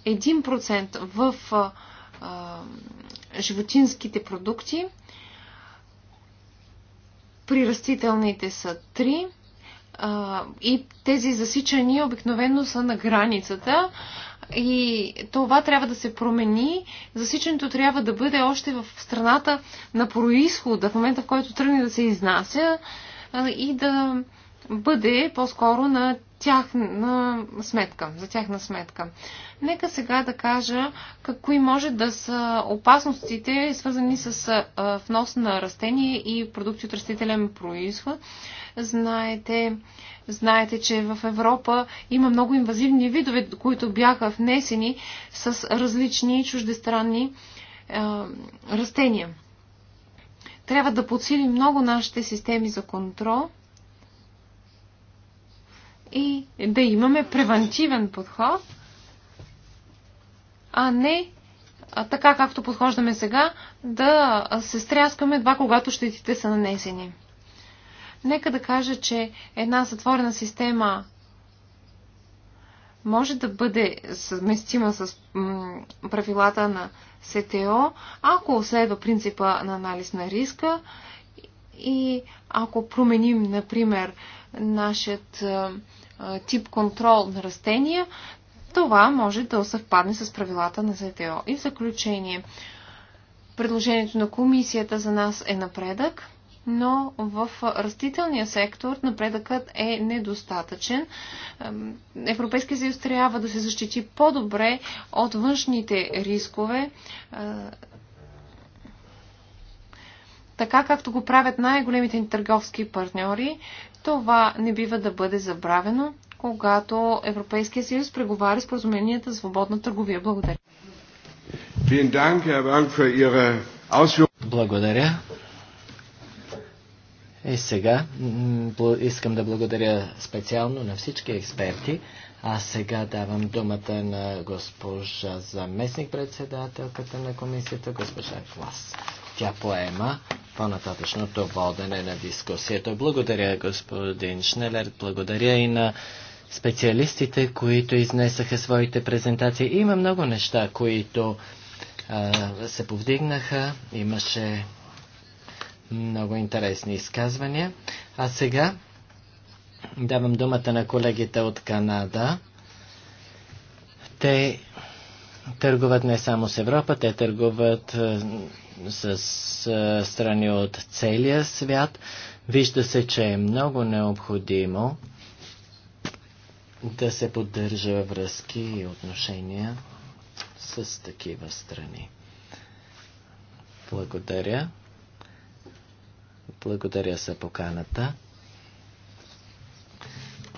1% в животинските продукти, при растителните са 3% и тези засичания обикновено са на границата и това трябва да се промени. Засичането трябва да бъде още в страната на происхода, в момента в който тръгне да се изнася и да бъде по-скоро на тяхна сметка, за тяхна сметка. Нека сега да кажа какви може да са опасностите, свързани с внос на растения и продукти от растителен происход. Знаете, Знаете, че в Европа има много инвазивни видове, които бяха внесени с различни чуждестранни е, растения. Трябва да подсилим много нашите системи за контрол и да имаме превентивен подход, а не а така както подхождаме сега, да се стряскаме два, когато щетите са нанесени. Нека да кажа, че една затворена система може да бъде съвместима с правилата на СТО, ако следва принципа на анализ на риска и ако променим, например, нашият тип контрол на растения, това може да съвпадне с правилата на СТО. И в заключение, предложението на комисията за нас е напредък но в растителния сектор напредъкът е недостатъчен. Европейския съюз трябва да се защити по-добре от външните рискове, така както го правят най-големите ни търговски партньори. Това не бива да бъде забравено, когато Европейския съюз преговаря с поразуменията за свободна търговия. Благодаря. Благодаря, и е, сега искам да благодаря специално на всички експерти. А сега давам думата на госпожа заместник-председателката на комисията, госпожа Клас. Тя поема по-нататъчното водене на дискусията. Благодаря, господин Шнелер. Благодаря и на специалистите, които изнесаха своите презентации. Има много неща, които а, се повдигнаха. Имаше много интересни изказвания. А сега давам думата на колегите от Канада. Те търгуват не само с Европа, те търгуват е, с е, страни от целия свят. Вижда се, че е много необходимо да се поддържа връзки и отношения с такива страни. Благодаря. Благодаря за поканата.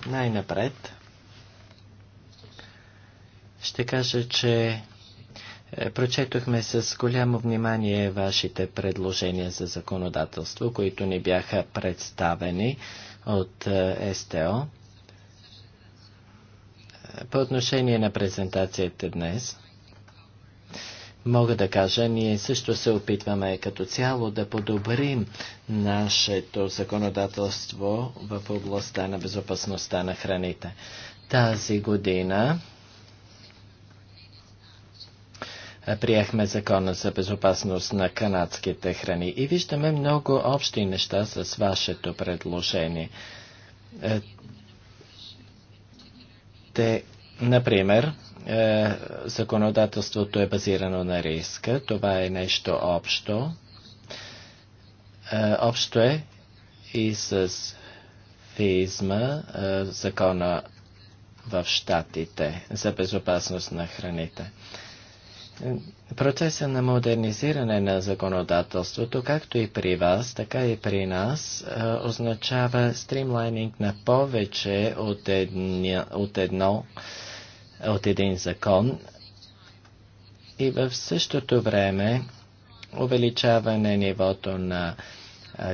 Най-напред ще кажа, че е, прочетохме с голямо внимание вашите предложения за законодателство, които ни бяха представени от е, СТО. Е, по отношение на презентацията днес – Мога да кажа, ние също се опитваме като цяло да подобрим нашето законодателство в областта на безопасността на храните. Тази година приехме закона за безопасност на канадските храни и виждаме много общи неща с вашето предложение. Е, те, например, е, законодателството е базирано на риска. Това е нещо общо. Е, общо е и с физма, е, закона в щатите за безопасност на храните. Процесът на модернизиране на законодателството, както и при вас, така и при нас, означава стримлайнинг на повече от, едно, от едно от един закон и в същото време увеличаване нивото на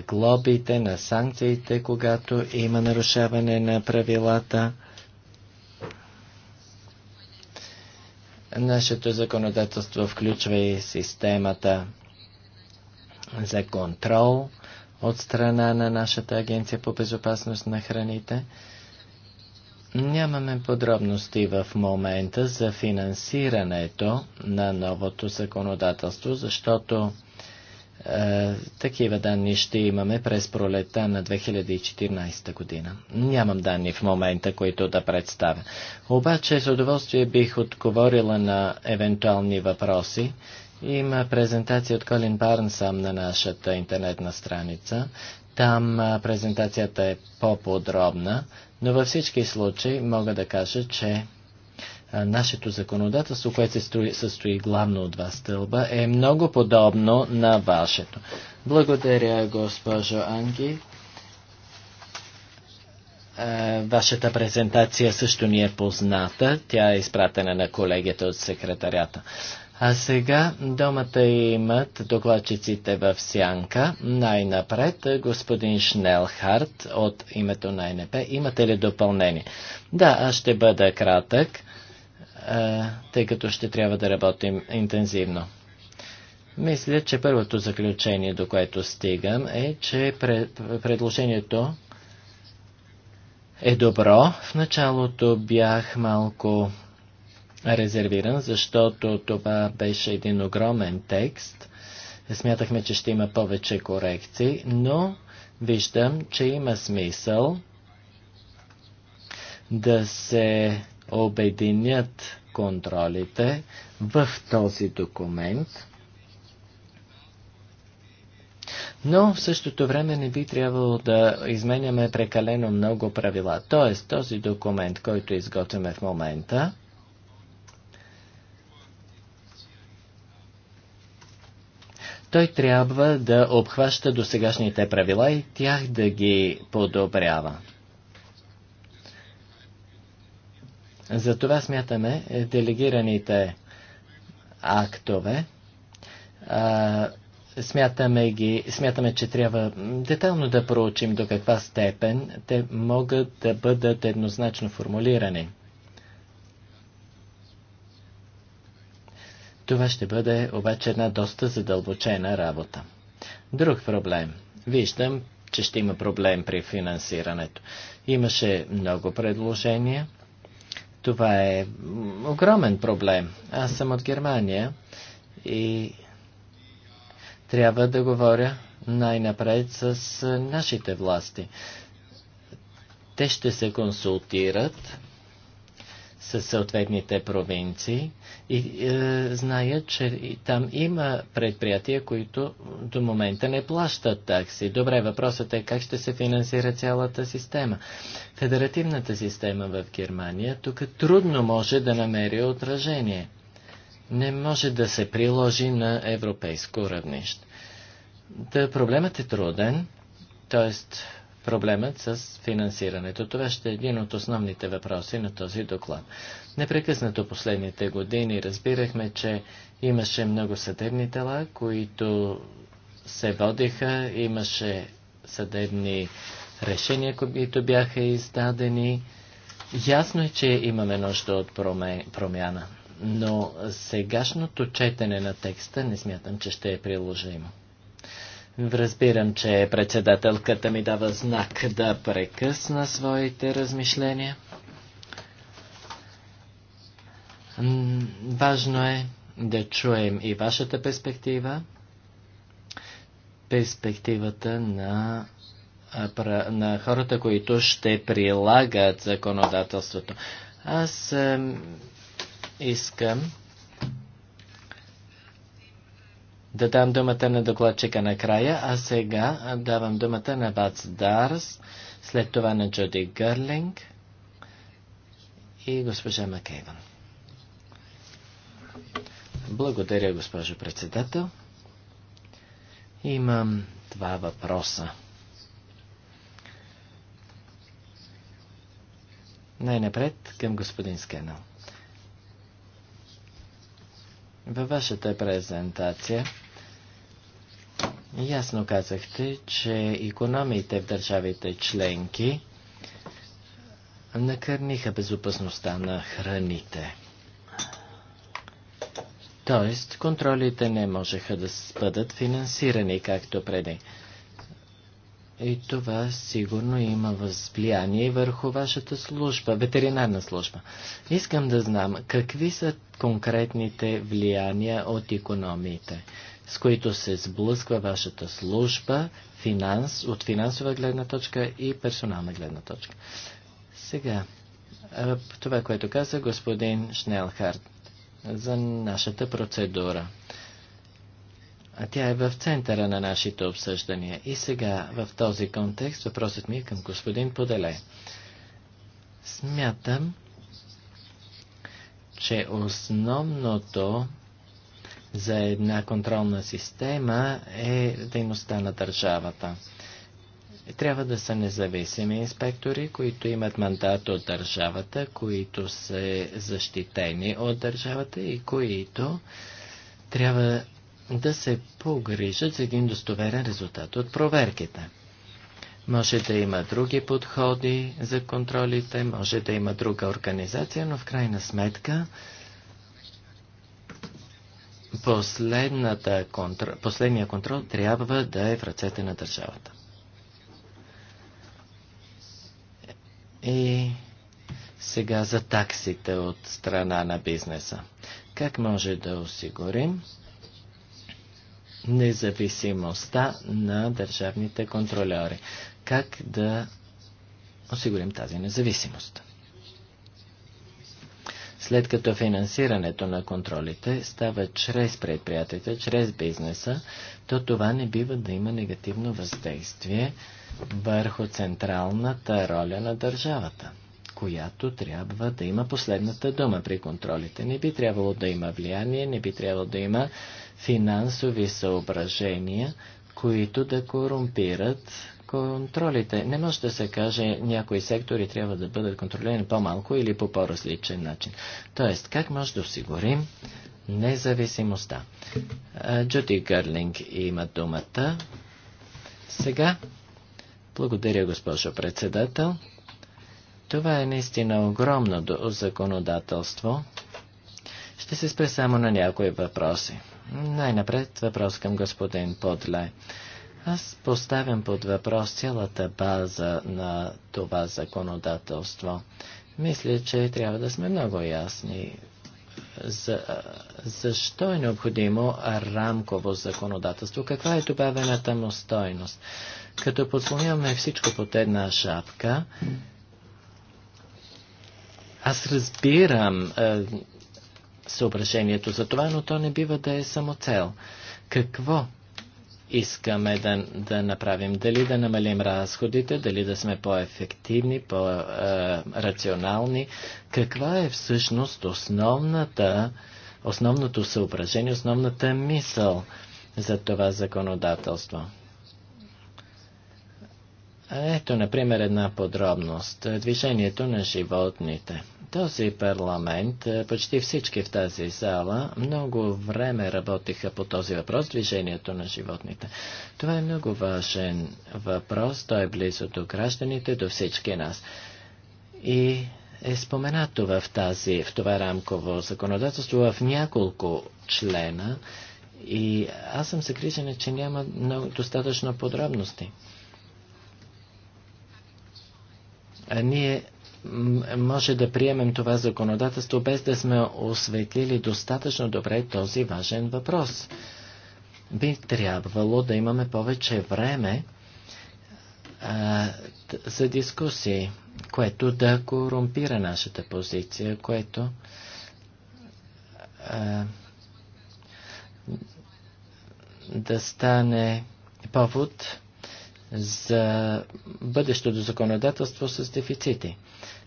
глобите, на санкциите, когато има нарушаване на правилата. Нашето законодателство включва и системата за контрол от страна на нашата агенция по безопасност на храните. Нямаме подробности в момента за финансирането на новото законодателство, защото е, такива данни ще имаме през пролета на 2014 година. Нямам данни в момента, които да представя. Обаче с удоволствие бих отговорила на евентуални въпроси. Има презентация от Колин Барнсам на нашата интернетна страница. Там презентацията е по-подробна. Но във всички случаи мога да кажа, че нашето законодателство, което се състои, състои главно от два стълба, е много подобно на вашето. Благодаря, госпожо Анги. Вашата презентация също ни е позната. Тя е изпратена на колегията от секретарята. А сега думата имат докладчиците в сянка. Най-напред е, господин Шнелхарт от името на НП. Имате ли допълнение? Да, аз ще бъда кратък, е, тъй като ще трябва да работим интензивно. Мисля, че първото заключение, до което стигам, е, че предложението е добро. В началото бях малко резервиран, защото това беше един огромен текст. Смятахме, че ще има повече корекции, но виждам, че има смисъл да се обединят контролите в този документ. Но в същото време не би трябвало да изменяме прекалено много правила. Тоест, този документ, който изготвяме в момента, той трябва да обхваща досегашните правила и тях да ги подобрява. Затова смятаме е, делегираните актове. А, смятаме, ги, смятаме, че трябва детално да проучим до каква степен те могат да бъдат еднозначно формулирани. Това ще бъде обаче една доста задълбочена работа. Друг проблем. Виждам, че ще има проблем при финансирането. Имаше много предложения. Това е огромен проблем. Аз съм от Германия и трябва да говоря най-напред с нашите власти. Те ще се консултират с съответните провинции и е, зная, че там има предприятия, които до момента не плащат такси. Добре, въпросът е как ще се финансира цялата система. Федеративната система в Германия тук трудно може да намери отражение. Не може да се приложи на европейско равнище. Да, проблемът е труден, т.е. проблемът с финансирането. Това ще е един от основните въпроси на този доклад. Непрекъснато последните години разбирахме, че имаше много съдебни тела, които се водиха, имаше съдебни решения, които бяха издадени. Ясно е, че имаме нужда от промяна, но сегашното четене на текста не смятам, че ще е приложимо. Разбирам, че председателката ми дава знак да прекъсна своите размишления. Важно е да чуем и вашата перспектива, перспективата на, на хората, които ще прилагат законодателството. Аз искам да дам думата на докладчика накрая, а сега давам думата на Бац Дарс, след това на Джоди Гърлинг и госпожа Макейван. Благодаря, госпожо председател. Имам два въпроса. Най-напред към господин Скенъл. Във вашата презентация ясно казахте, че економиите в държавите членки накърниха безопасността на храните. Тоест, контролите не можеха да бъдат финансирани както преди. И това сигурно има възплияние върху вашата служба, ветеринарна служба. Искам да знам какви са конкретните влияния от економиите, с които се сблъсква вашата служба финанс, от финансова гледна точка и персонална гледна точка. Сега, това, което каза господин Шнелхард за нашата процедура. А тя е в центъра на нашите обсъждания. И сега, в този контекст, въпросът ми е към господин Поделе. Смятам, че основното за една контролна система е дейността на държавата. Трябва да са независими инспектори, които имат мандат от държавата, които са защитени от държавата и които трябва да се погрижат за един достоверен резултат от проверките. Може да има други подходи за контролите, може да има друга организация, но в крайна сметка последния контрол трябва да е в ръцете на държавата. И сега за таксите от страна на бизнеса. Как може да осигурим независимостта на държавните контролери? Как да осигурим тази независимост? След като финансирането на контролите става чрез предприятията, чрез бизнеса, то това не бива да има негативно въздействие върху централната роля на държавата, която трябва да има последната дума при контролите. Не би трябвало да има влияние, не би трябвало да има финансови съображения, които да корумпират контролите. Не може да се каже, някои сектори трябва да бъдат контролирани по-малко или по по-различен начин. Тоест, как може да осигурим независимостта? Е, Джуди Гърлинг има думата. Сега благодаря, госпожо председател. Това е наистина огромно законодателство. Ще се спре само на някои въпроси. Най-напред въпрос към господин Подле. Аз поставям под въпрос цялата база на това законодателство. Мисля, че трябва да сме много ясни. За, защо е необходимо рамково законодателство? Каква е добавената му стойност? Като подслоняваме всичко под една шапка, аз разбирам е, съображението за това, но то не бива да е само цел. Какво искаме да, да направим. Дали да намалим разходите, дали да сме по-ефективни, по-рационални. Каква е всъщност основната, основното съображение, основната мисъл за това законодателство? Ето, например, една подробност. Движението на животните. Този парламент, е, почти всички в тази зала, много време работиха по този въпрос, движението на животните. Това е много важен въпрос, той е близо до гражданите, до всички нас. И е споменато в, тази, в това рамково законодателство в няколко члена и аз съм загрижена, че няма много достатъчно подробности. ние може да приемем това законодателство, без да сме осветлили достатъчно добре този важен въпрос. Би трябвало да имаме повече време а, за дискусии, което да корумпира нашата позиция, което а, да стане повод за бъдещото законодателство с дефицити.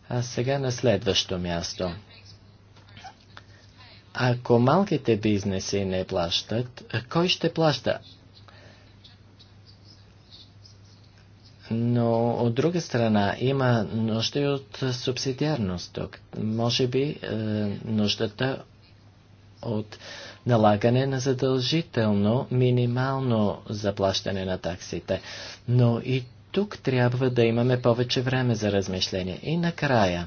А сега на следващо място. Ако малките бизнеси не плащат, кой ще плаща? Но от друга страна има нужда и от субсидиарност тук. Може би е, нуждата от е, налагане на задължително минимално заплащане на таксите. Но и тук трябва да имаме повече време за размишление. И накрая,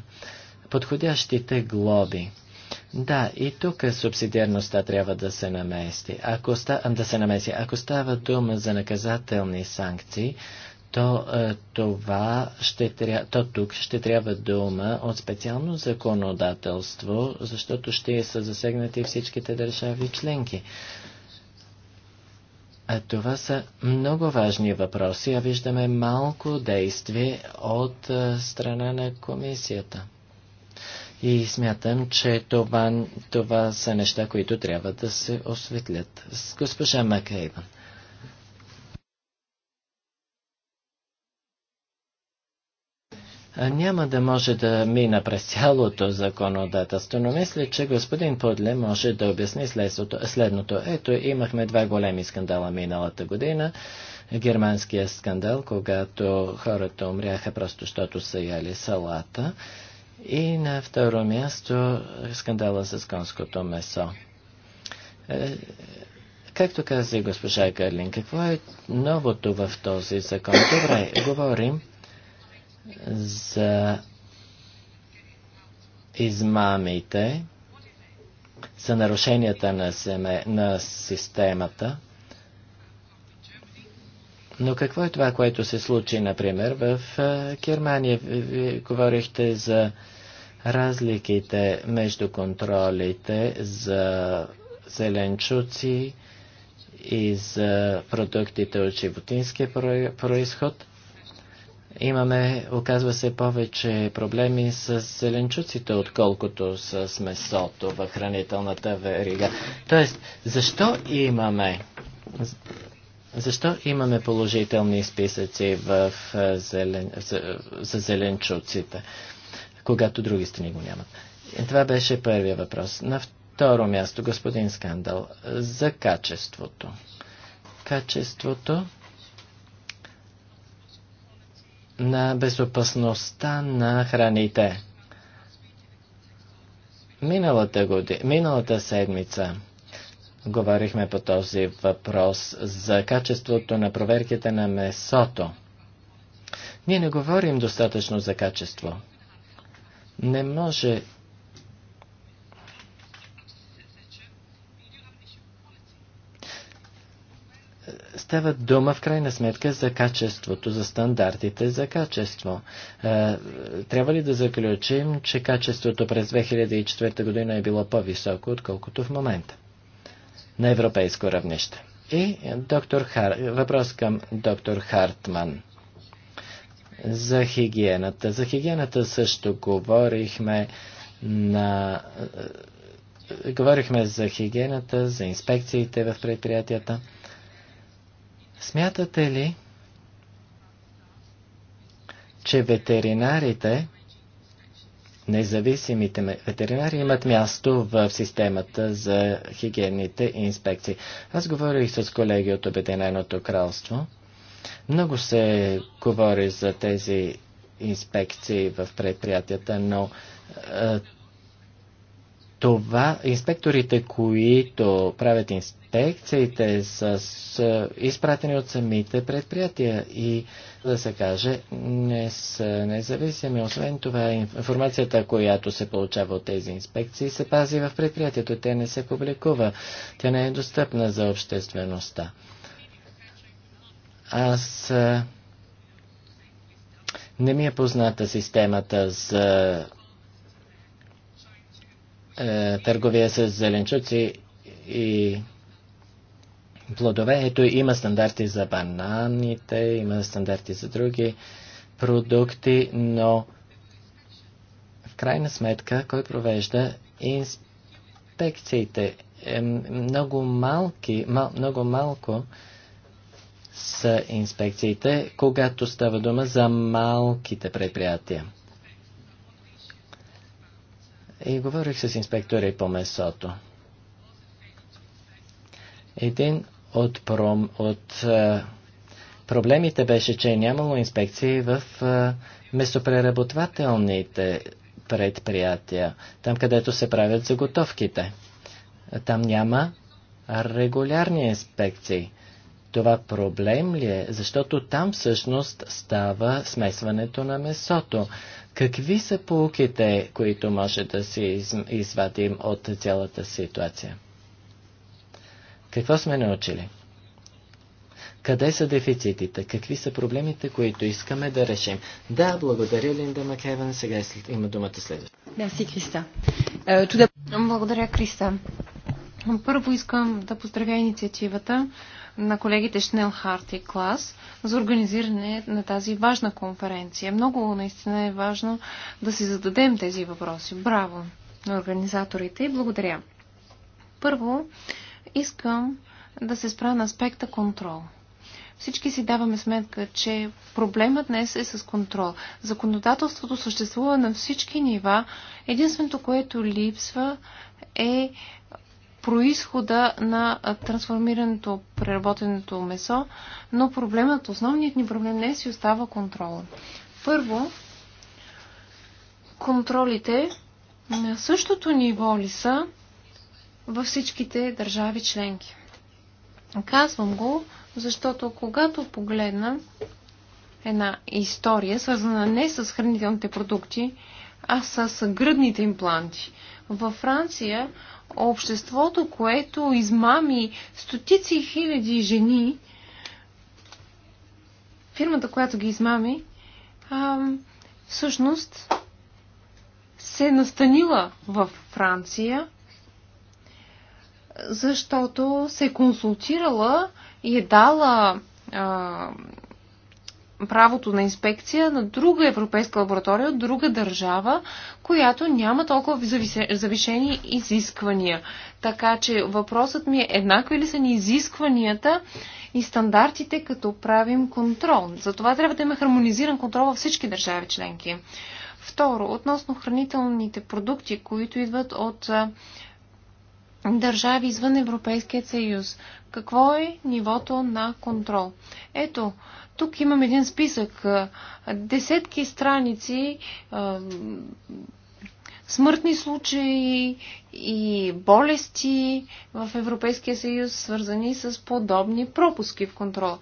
подходящите глоби. Да, и тук субсидиарността трябва да се намести. Ако, ста, да се намеси. Ако става дума за наказателни санкции, то, е, това ще тря... то тук ще трябва дума от специално законодателство, защото ще са засегнати всичките държави членки. А е, това са много важни въпроси, а виждаме малко действие от е, страна на комисията. И смятам, че това, това са неща, които трябва да се осветлят. С госпожа Макейван. няма да може да мина през цялото законодателство, но мисля, че господин Подле може да обясни следното. Ето, имахме два големи скандала миналата година. Германския скандал, когато хората умряха просто, защото са яли салата. И на второ място скандала с конското месо. Е, както каза госпожа Гърлин, какво е новото в този закон? Добре, говорим за измамите, за нарушенията на, семе, на системата. Но какво е това, което се случи, например, в Германия? Вие говорихте за разликите между контролите за зеленчуци и за продуктите от животинския происход – Имаме, оказва се, повече проблеми с зеленчуците, отколкото с месото в хранителната верига. Тоест, защо имаме защо имаме положителни списъци в е, зелен... за... Е, за зеленчуците, когато други страни го нямат? Това беше първия въпрос. На второ място, господин Скандал, за качеството. Качеството на безопасността на храните. Миналата, година, миналата седмица говорихме по този въпрос за качеството на проверките на месото. Ние не говорим достатъчно за качество. Не може Става дума в крайна сметка за качеството, за стандартите за качество. Е, трябва ли да заключим, че качеството през 2004 година е било по-високо, отколкото в момента? На европейско равнище. И доктор Хар... въпрос към доктор Хартман. За хигиената. За хигиената също говорихме на е, говорихме за хигиената, за инспекциите в предприятията. Смятате ли, че ветеринарите, независимите ветеринари имат място в системата за хигиенните инспекции. Аз говорих с колеги от Обединеното кралство. Много се говори за тези инспекции в предприятията, но това инспекторите, които правят инспекциите, са, са е, изпратени от самите предприятия и, да се каже, не са независими. Освен това, информацията, която се получава от тези инспекции, се пази в предприятието. Тя не се публикува. Тя не е достъпна за обществеността. Аз е, не ми е позната системата за е, търговия с зеленчуци и плодове. Ето има стандарти за бананите, има стандарти за други продукти, но в крайна сметка кой провежда инспекциите? Е, много, малки, мал, много малко са инспекциите, когато става дума за малките предприятия и говорих с инспектори по месото. Един от, пром, от е, проблемите беше, че нямало инспекции в е, месопреработвателните предприятия, там където се правят заготовките. Там няма регулярни инспекции. Това проблем ли е? Защото там всъщност става смесването на месото. Какви са полуките, които може да си извадим от цялата ситуация? Какво сме научили? Къде са дефицитите? Какви са проблемите, които искаме да решим? Да, благодаря Линда Макеван, Сега е има думата следващо. Да, си Криста. Е, благодаря, Криста. Първо искам да поздравя инициативата на колегите Шнелхарт и Клас за организиране на тази важна конференция. Много наистина е важно да си зададем тези въпроси. Браво на организаторите и благодаря. Първо, искам да се спра на аспекта контрол. Всички си даваме сметка, че проблемът днес е с контрол. Законодателството съществува на всички нива. Единственото, което липсва е происхода на трансформирането, преработеното месо, но проблемът, основният ни проблем не си остава контрола. Първо, контролите на същото ниво ли са във всичките държави членки? Казвам го, защото когато погледна една история, свързана не с хранителните продукти, а с гръдните импланти – във Франция обществото, което измами стотици хиляди жени, фирмата, която ги измами, а, всъщност се е настанила в Франция, защото се е консултирала и е дала правото на инспекция на друга европейска лаборатория от друга държава, която няма толкова завишени изисквания. Така че въпросът ми е еднакви ли са ни изискванията и стандартите, като правим контрол. Затова трябва да има хармонизиран контрол във всички държави членки. Второ, относно хранителните продукти, които идват от държави извън Европейския съюз. Какво е нивото на контрол? Ето, тук имам един списък. Десетки страници смъртни случаи и болести в Европейския съюз, свързани с подобни пропуски в контрол.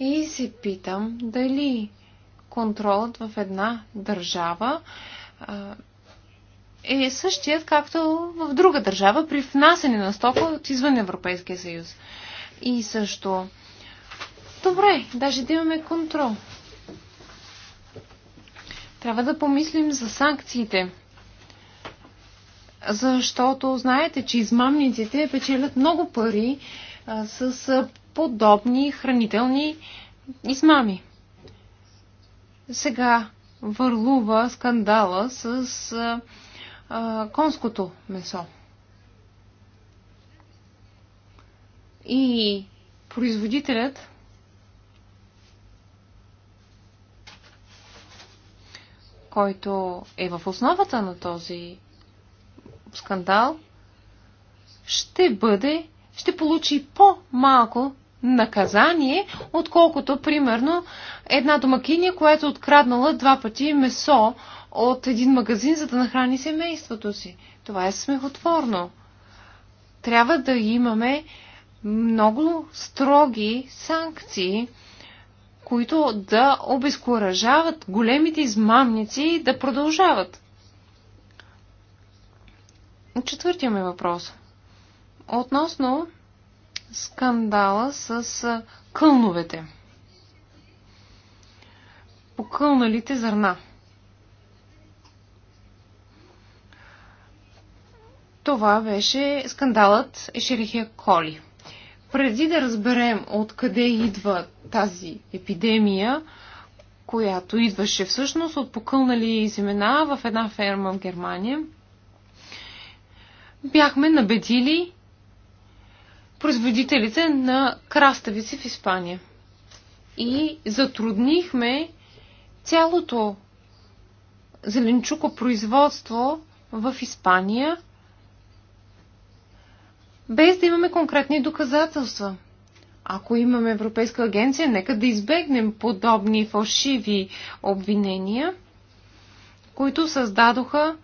И се питам дали контролът в една държава е същият, както в друга държава при внасене на стока от извън Европейския съюз. И също Добре, даже да имаме контрол. Трябва да помислим за санкциите. Защото знаете, че измамниците печелят много пари а, с подобни хранителни измами. Сега върлува скандала с а, а, конското месо. И производителят който е в основата на този скандал, ще бъде, ще получи по-малко наказание, отколкото, примерно, една домакиня, която е откраднала два пъти месо от един магазин, за да нахрани семейството си. Това е смехотворно. Трябва да имаме много строги санкции, които да обезкуражават големите измамници да продължават. Четвъртия ми въпрос. Относно скандала с кълновете. Покълналите зърна. Това беше скандалът Ешерихия Коли преди да разберем откъде идва тази епидемия, която идваше всъщност от покълнали земена в една ферма в Германия, бяхме набедили производителите на краставици в Испания. И затруднихме цялото зеленчукопроизводство в Испания без да имаме конкретни доказателства. Ако имаме Европейска агенция, нека да избегнем подобни фалшиви обвинения, които създадоха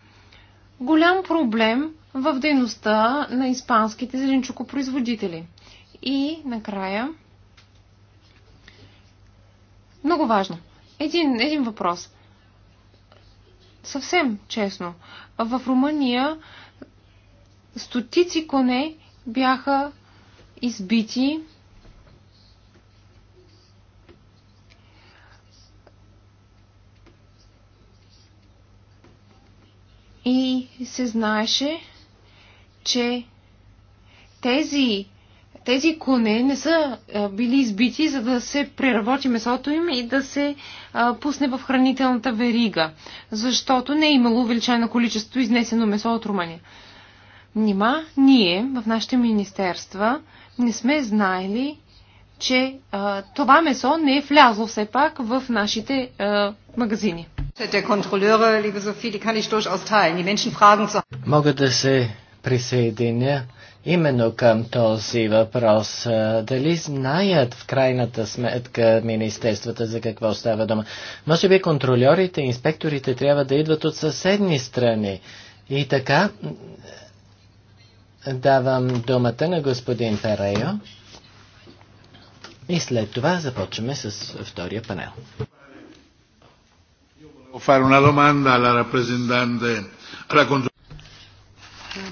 голям проблем в дейността на испанските зеленчукопроизводители. И накрая, много важно, един, един въпрос. Съвсем честно, в Румъния стотици коне бяха избити и се знаеше, че тези, тези коне не са а, били избити, за да се преработи месото им и да се а, пусне в хранителната верига, защото не е имало увеличено количество изнесено месо от Румъния. Нима ние в нашите министерства не сме знаели, че а, това месо не е влязло все пак в нашите а, магазини. Мога да се присъединя именно към този въпрос. Дали знаят в крайната сметка министерствата за какво става дома? Може би контролерите, инспекторите трябва да идват от съседни страни. И така Давам думата на господин Ферейо и след това започваме с втория панел.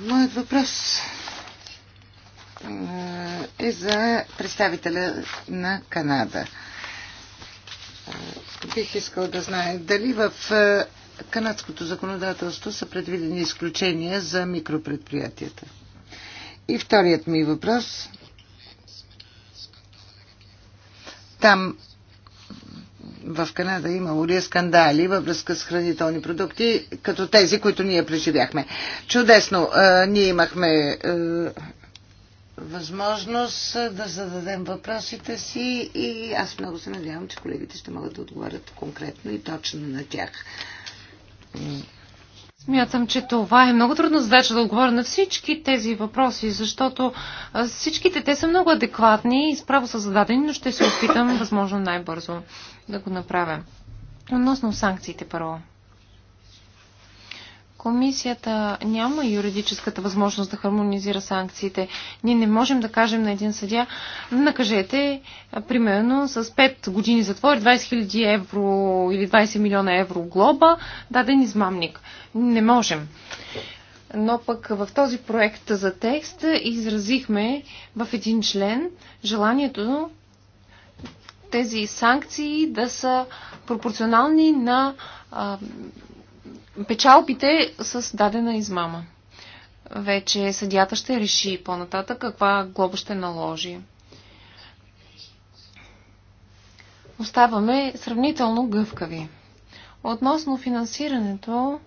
Моят въпрос е, е за представителя на Канада. Бих искал да знае дали в е, канадското законодателство са предвидени изключения за микропредприятията. И вторият ми въпрос. Там в Канада има ли скандали във връзка с хранителни продукти, като тези, които ние преживяхме. Чудесно, а, ние имахме а, възможност да зададем въпросите си и аз много се надявам, че колегите ще могат да отговарят конкретно и точно на тях. Смятам, че това е много трудна задача да отговоря на всички тези въпроси, защото всичките те са много адекватни и справо са зададени, но ще се опитам възможно най-бързо да го направя. Относно санкциите първо. Комисията няма юридическата възможност да хармонизира санкциите. Ние не можем да кажем на един съдя, накажете, примерно, с 5 години затвор, 20 000 евро или 20 милиона евро глоба, даден измамник. Не можем. Но пък в този проект за текст изразихме в един член желанието тези санкции да са пропорционални на печалбите с дадена измама. Вече съдята ще реши по-нататък каква глоба ще наложи. Оставаме сравнително гъвкави. Относно финансирането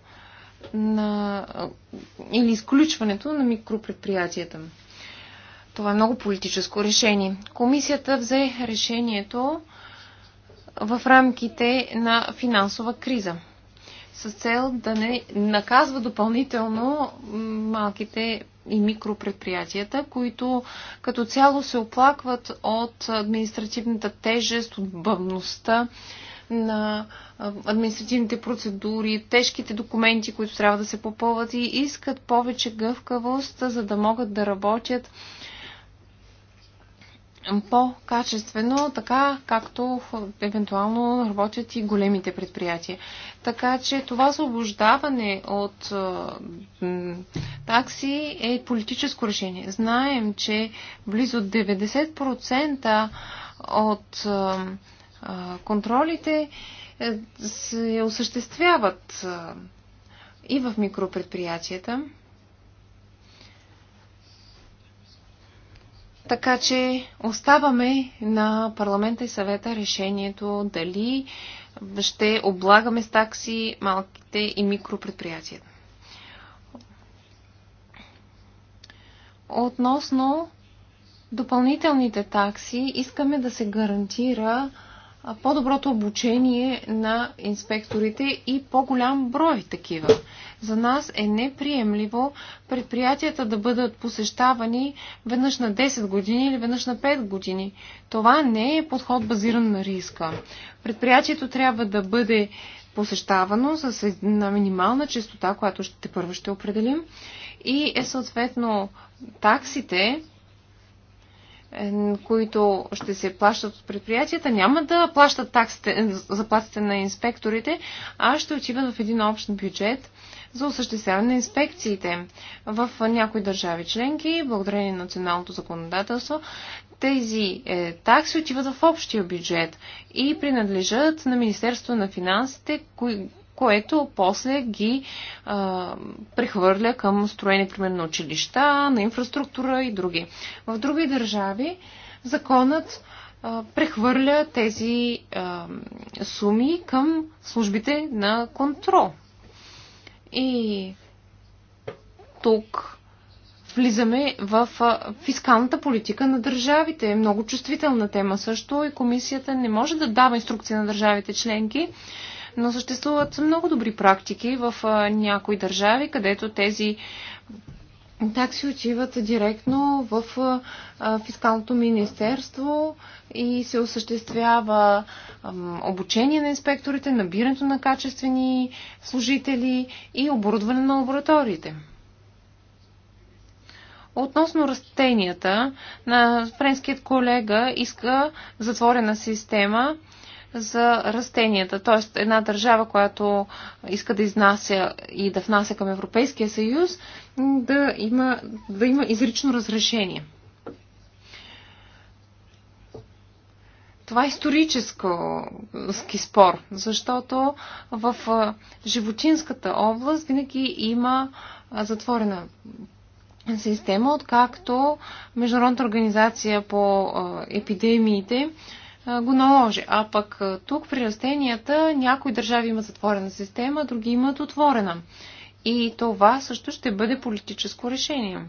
на, или изключването на микропредприятията. Това е много политическо решение. Комисията взе решението в рамките на финансова криза с цел да не наказва допълнително малките и микропредприятията, които като цяло се оплакват от административната тежест, от бъвността на административните процедури, тежките документи, които трябва да се попълват и искат повече гъвкавост, за да могат да работят по-качествено, така както евентуално работят и големите предприятия. Така че това освобождаване от такси е политическо решение. Знаем, че близо 90% от контролите е, се осъществяват и в микропредприятията. Така че оставаме на парламента и съвета решението дали ще облагаме с такси малките и микропредприятията. Относно допълнителните такси, искаме да се гарантира по-доброто обучение на инспекторите и по-голям брой такива. За нас е неприемливо предприятията да бъдат посещавани веднъж на 10 години или веднъж на 5 години. Това не е подход базиран на риска. Предприятието трябва да бъде посещавано с една минимална частота, която ще първо ще определим. И е съответно таксите, е, които ще се плащат от предприятията, няма да плащат таксите, заплатите на инспекторите, а ще отиват в един общ бюджет за осъществяване на инспекциите в някои държави членки, благодарение на националното законодателство. Тези е, такси отиват в общия бюджет и принадлежат на Министерство на финансите, кои, което после ги а, прехвърля към строени, примерно, на училища, на инфраструктура и други. В други държави законът а, прехвърля тези а, суми към службите на контрол. И тук влизаме в фискалната политика на държавите. Е много чувствителна тема също и комисията не може да дава инструкция на държавите членки, но съществуват много добри практики в някои държави, където тези такси отиват директно в фискалното министерство и се осъществява обучение на инспекторите, набирането на качествени служители и оборудване на лабораториите. Относно растенията, на френският колега иска затворена система за растенията. Т.е. една държава, която иска да изнася и да внася към Европейския съюз, да има, да има изрично разрешение. Това е исторически спор, защото в животинската област винаги има затворена система, откакто Международната организация по епидемиите го наложи. А пък тук при растенията някои държави имат затворена система, други имат отворена. И това също ще бъде политическо решение.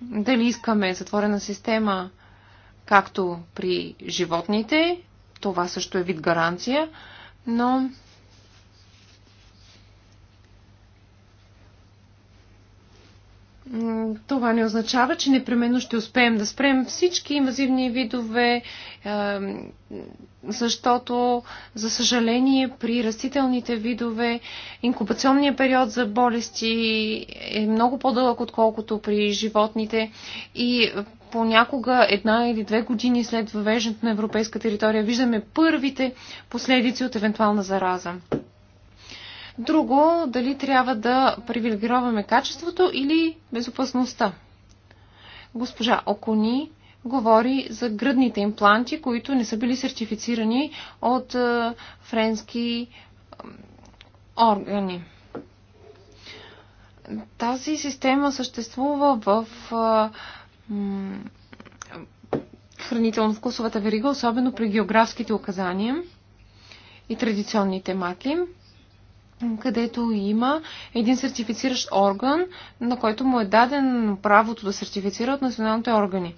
Дали искаме затворена система, както при животните, това също е вид гаранция, но това не означава, че непременно ще успеем да спрем всички инвазивни видове, защото, за съжаление, при растителните видове инкубационният период за болести е много по-дълъг, отколкото при животните и понякога една или две години след въвеждането на европейска територия виждаме първите последици от евентуална зараза. Друго, дали трябва да привилегироваме качеството или безопасността. Госпожа Окони говори за гръдните импланти, които не са били сертифицирани от е, френски органи. Тази система съществува в е, хранително-вкусовата верига, особено при географските указания и традиционните маки където има един сертифициращ орган, на който му е даден правото да сертифицира от националните органи.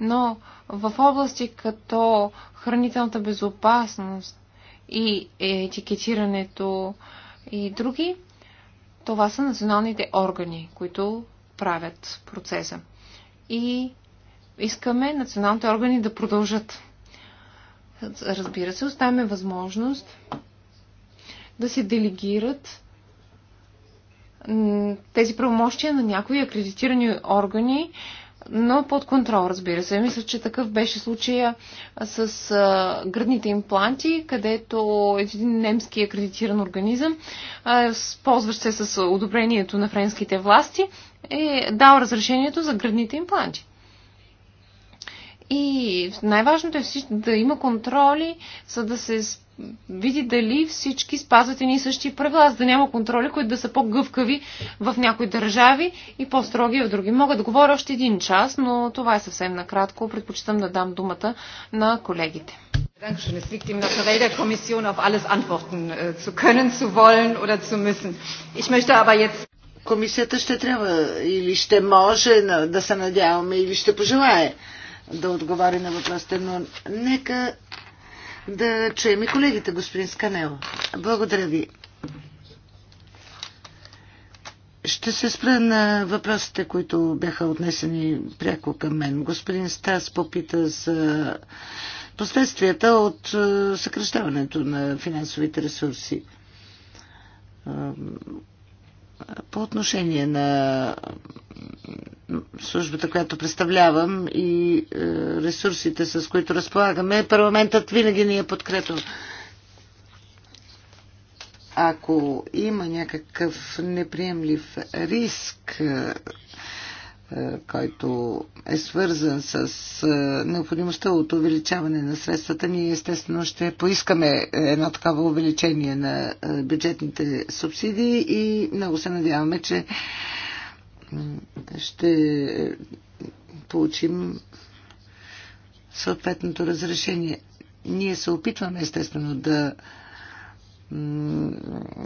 Но в области като хранителната безопасност и етикетирането и други, това са националните органи, които правят процеса. И искаме националните органи да продължат. Разбира се, оставяме възможност да се делегират тези правомощия на някои акредитирани органи, но под контрол, разбира се. Мисля, че такъв беше случая с а, гръдните импланти, където един немски акредитиран организъм, ползващ се с одобрението на френските власти, е дал разрешението за гръдните импланти. И най-важното е да има контроли, за да се види дали всички спазват едни и същи правила, за да няма контроли, които да са по-гъвкави в някои държави и по-строги в други. Мога да говоря още един час, но това е съвсем накратко. Предпочитам да дам думата на колегите. Dankeschön. Es liegt im Naturell der Kommission, auf alles antworten äh, zu können, zu wollen oder zu müssen. Ich möchte aber jetzt. Комисията ще трябва или ще може да се надяваме или ще пожелае да отговаря на въпросите, но нека да чуем и колегите, господин Сканел. Благодаря ви. Ще се спра на въпросите, които бяха отнесени пряко към мен. Господин Стас попита за последствията от е, съкръщаването на финансовите ресурси. По отношение на службата, която представлявам и е, ресурсите, с които разполагаме, парламентът винаги ни е подкрепил. Ако има някакъв неприемлив риск е, е, който е свързан с е, необходимостта от увеличаване на средствата, ние естествено ще поискаме едно такова увеличение на е, бюджетните субсидии и много се надяваме, че ще получим съответното разрешение. Ние се опитваме естествено да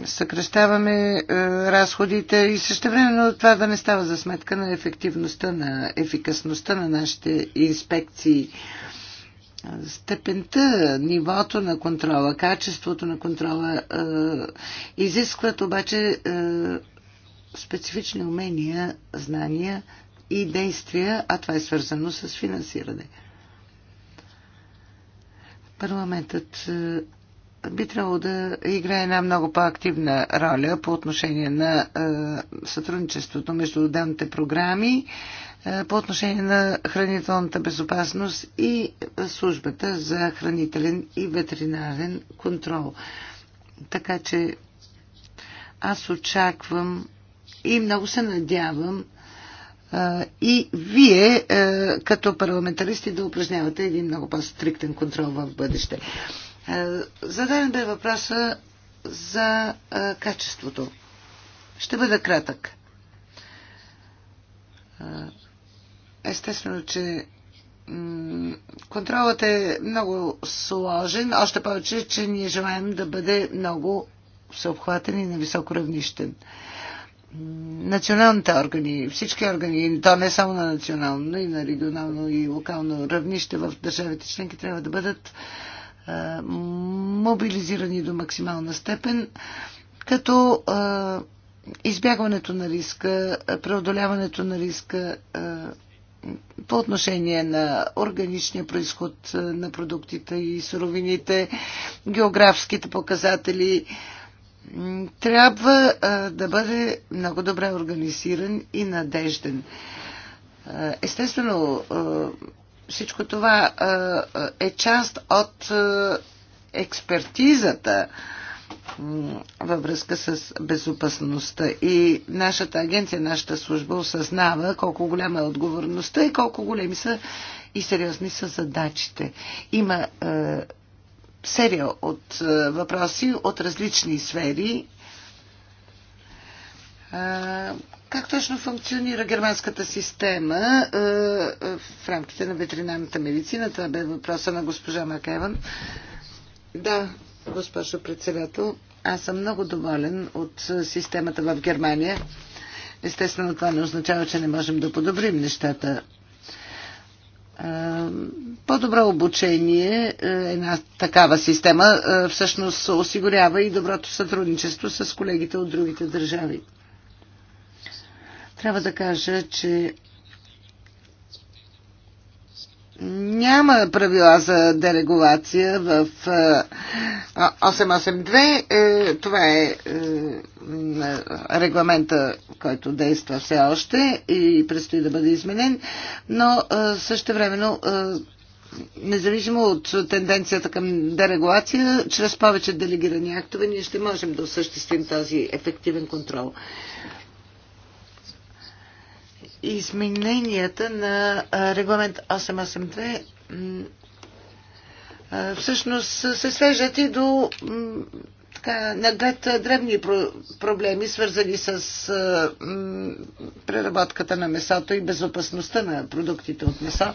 съкръщаваме е, разходите и същевременно това да не става за сметка на ефективността, на ефикасността на нашите инспекции. Степента, нивото на контрола, качеството на контрола е, изискват обаче е, специфични умения, знания и действия, а това е свързано с финансиране. Парламентът е, би трябвало да играе една много по-активна роля по отношение на е, сътрудничеството между отделните програми, е, по отношение на хранителната безопасност и службата за хранителен и ветеринарен контрол. Така че аз очаквам и много се надявам е, и вие като парламентаристи да упражнявате един много по-стриктен контрол в бъдеще. Е, зададен бе въпроса за е, качеството. Ще бъда кратък. Е, естествено, че контролът е много сложен, още повече, че ние желаем да бъде много съобхватен и на високо равнищен. Националните органи, всички органи, то не само на национално, но и на регионално и локално равнище в държавите членки трябва да бъдат е, мобилизирани до максимална степен, като е, избягването на риска, преодоляването на риска е, по отношение на органичния происход на продуктите и суровините, географските показатели, трябва да бъде много добре организиран и надежден. Естествено, всичко това е част от експертизата във връзка с безопасността. И нашата агенция, нашата служба осъзнава колко голяма е отговорността и колко големи са и сериозни са задачите. Има е, серия от е, въпроси от различни сфери, как точно функционира германската система в рамките на ветеринарната медицина? Това бе въпроса на госпожа Макеван. Да, госпожо председател, аз съм много доволен от системата в Германия. Естествено, това не означава, че не можем да подобрим нещата. По-добро обучение, една такава система всъщност осигурява и доброто сътрудничество с колегите от другите държави. Трябва да кажа, че няма правила за дерегулация в 882. Е, това е, е регламента, който действа все още и предстои да бъде изменен, но също времено независимо от тенденцията към дерегулация, чрез повече делегирани актове ние ще можем да осъществим този ефективен контрол измененията на регламент 882 всъщност се свеждат и до така, наглед древни проблеми, свързани с преработката на месото и безопасността на продуктите от месо.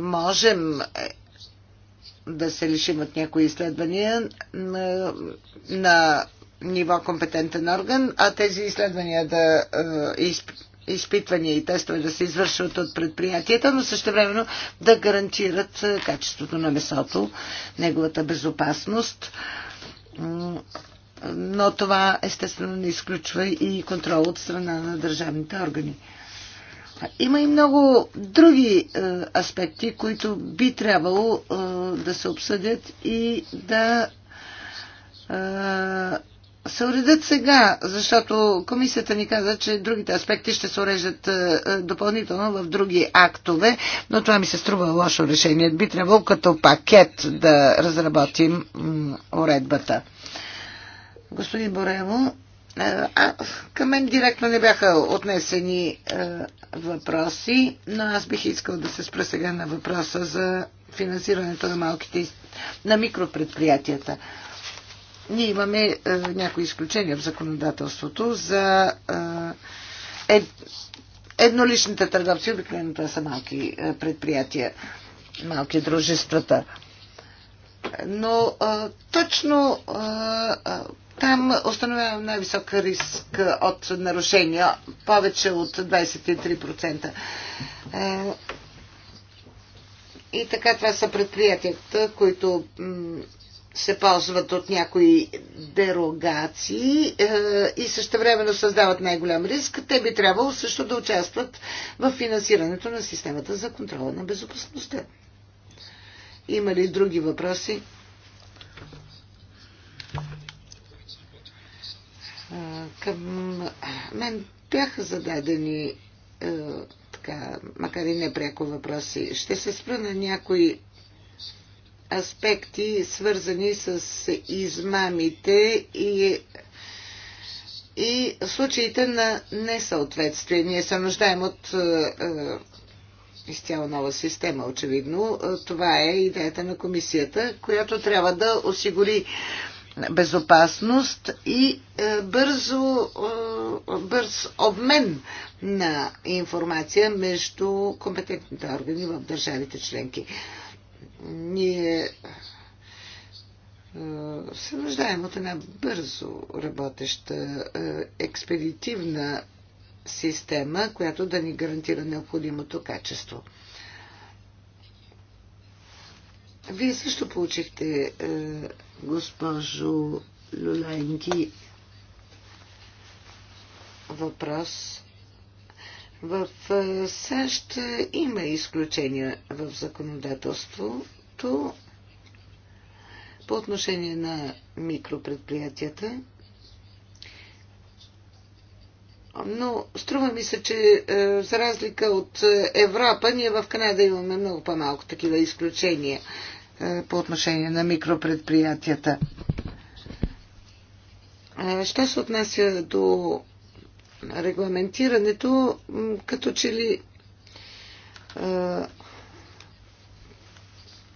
можем да се лишим от някои изследвания на, на ниво компетентен орган, а тези изследвания да е, изп, изпитвания и тестове да се извършват от предприятията, но същевременно да гарантират е, качеството на месото, неговата безопасност. Но това естествено не изключва и контрол от страна на държавните органи. Има и много други е, аспекти, които би трябвало е, да се обсъдят и да е, се уредят сега, защото комисията ни каза, че другите аспекти ще се уреждат е, е допълнително в други актове, но това ми се струва лошо решение. Би трябвало като пакет да разработим м- уредбата. Господин Борево, е, а, към мен директно не бяха отнесени а, е, въпроси, но аз бих искал да се спра сега на въпроса за финансирането на малките на микропредприятията. Ние имаме а, е, някои изключения в законодателството за а, ед, едноличните търговци, обикновено това са малки а, предприятия, малки дружествата. Но а, точно а, а, там установявам най-висок риск от нарушения, повече от 23%. Е, и така това са предприятията, които се ползват от някои дерогации е, и същевременно създават най-голям риск, те би трябвало също да участват в финансирането на системата за контрола на безопасността. Има ли други въпроси? Към мен бяха зададени така, макар и непряко въпроси. Ще се спра на някои аспекти, свързани с измамите и и случаите на несъответствие. Ние се нуждаем от е, изцяло нова система, очевидно. Това е идеята на комисията, която трябва да осигури безопасност и е, бързо, е, бърз обмен на информация между компетентните органи в държавите членки. Ние е, се нуждаем от една бързо работеща експедитивна система, която да ни гарантира необходимото качество. Вие също получихте, е, госпожо Люленки, въпрос. В е, САЩ има изключения в законодателството по отношение на микропредприятията. Но струва ми се, че е, за разлика от е, Европа, ние в Канада имаме много по-малко такива изключения е, по отношение на микропредприятията. Що се отнася до регламентирането, като че ли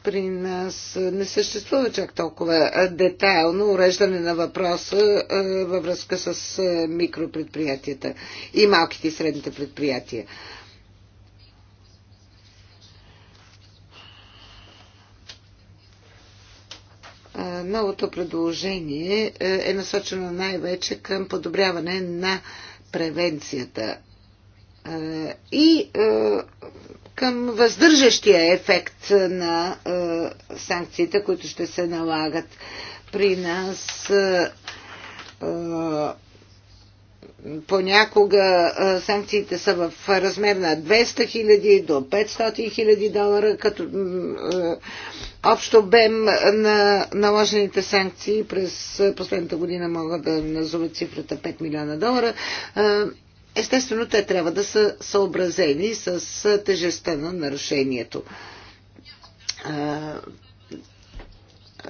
при нас не съществува чак толкова детайлно уреждане на въпроса във връзка с микропредприятията и малките и средните предприятия. Новото предложение е насочено най-вече към подобряване на превенцията и към въздържащия ефект на санкциите, които ще се налагат при нас. Понякога санкциите са в размер на 200 хиляди до 500 хиляди долара, като общо бем на наложените санкции през последната година мога да назова цифрата 5 милиона долара. Естествено, те трябва да са съобразени с тежестта на нарушението.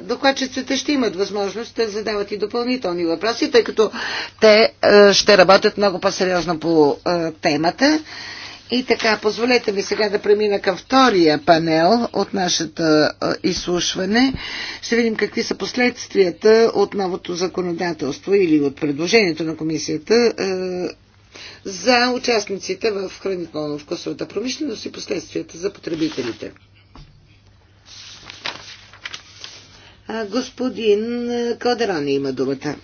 Докладчиците ще имат възможност да задават и допълнителни въпроси, тъй като те ще работят много по-сериозно по темата. И така, позволете ми сега да премина към втория панел от нашата изслушване. Ще видим какви са последствията от новото законодателство или от предложението на комисията за участниците в хранително-вкусовата промишленост и последствията за потребителите. Господин Калдерани има думата.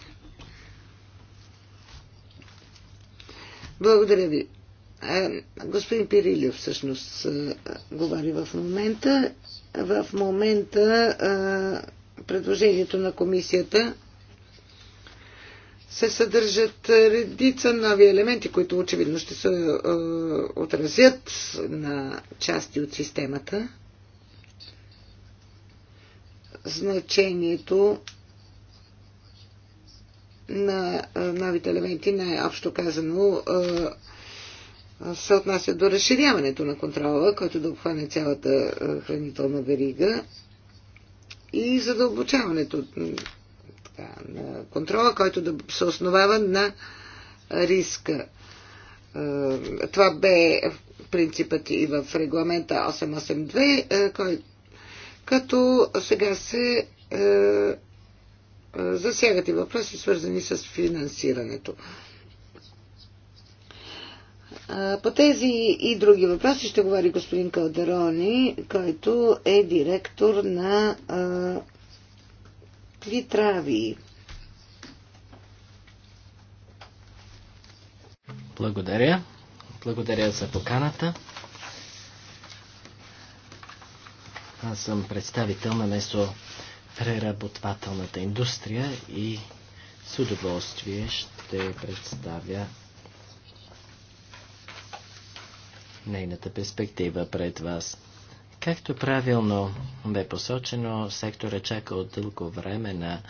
Благодаря ви. Господин Пирилев всъщност говори в момента. В момента предложението на комисията се съдържат редица нови елементи, които очевидно ще се е, отразят на части от системата. Значението на е, новите елементи, най-общо казано, е, се отнася до разширяването на контрола, който да обхване цялата хранителна верига и задълбочаването така, на контрола, който да се основава на риска. Е, това бе принципът и в регламента 882, е, кой, като сега се е, е, засягат и въпроси, свързани с финансирането. По тези и други въпроси ще говори господин Калдерони, който е директор на мъртви трави. Благодаря. Благодаря за поканата. Аз съм представител на месо преработвателната индустрия и с удоволствие ще представя нейната перспектива пред вас. Както правилно бе посочено, сектора чака от дълго време на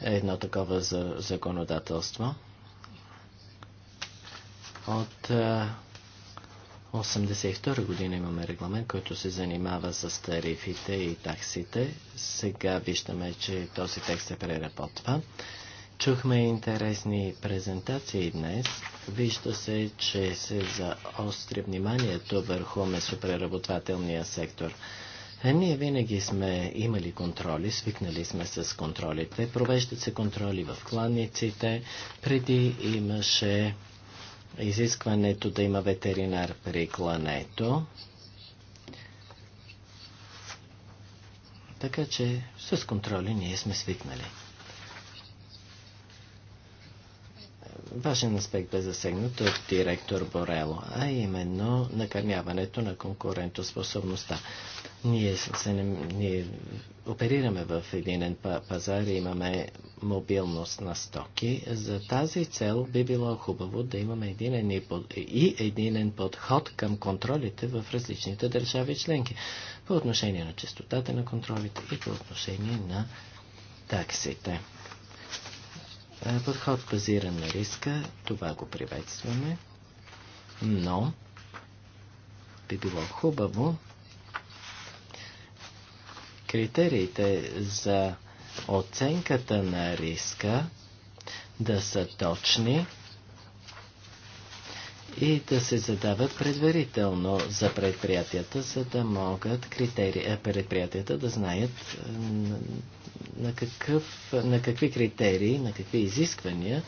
едно такова за законодателство. От 1982 година имаме регламент, който се занимава с тарифите и таксите. Сега виждаме, че този текст се преработва. Чухме интересни презентации днес. Вижда се, че се заостри вниманието върху месопреработвателния сектор. А е, ние винаги сме имали контроли, свикнали сме с контролите. Провеждат се контроли в кланниците. Преди имаше изискването да има ветеринар при клането. Така че с контроли ние сме свикнали. важен аспект бе засегнат от директор Борело, а именно накърняването на конкурентоспособността. Ние, се, ние оперираме в единен пазар и имаме мобилност на стоки. За тази цел би било хубаво да имаме единен и, под, и единен подход към контролите в различните държави членки. По отношение на частотата на контролите и по отношение на таксите. Е, подход базиран на риска, това го приветстваме, но би било хубаво критериите за оценката на риска да са точни и да се задават предварително за предприятията, за да могат критерии, е, предприятията да знаят е, на, какъв, на какви критерии, на какви изисквания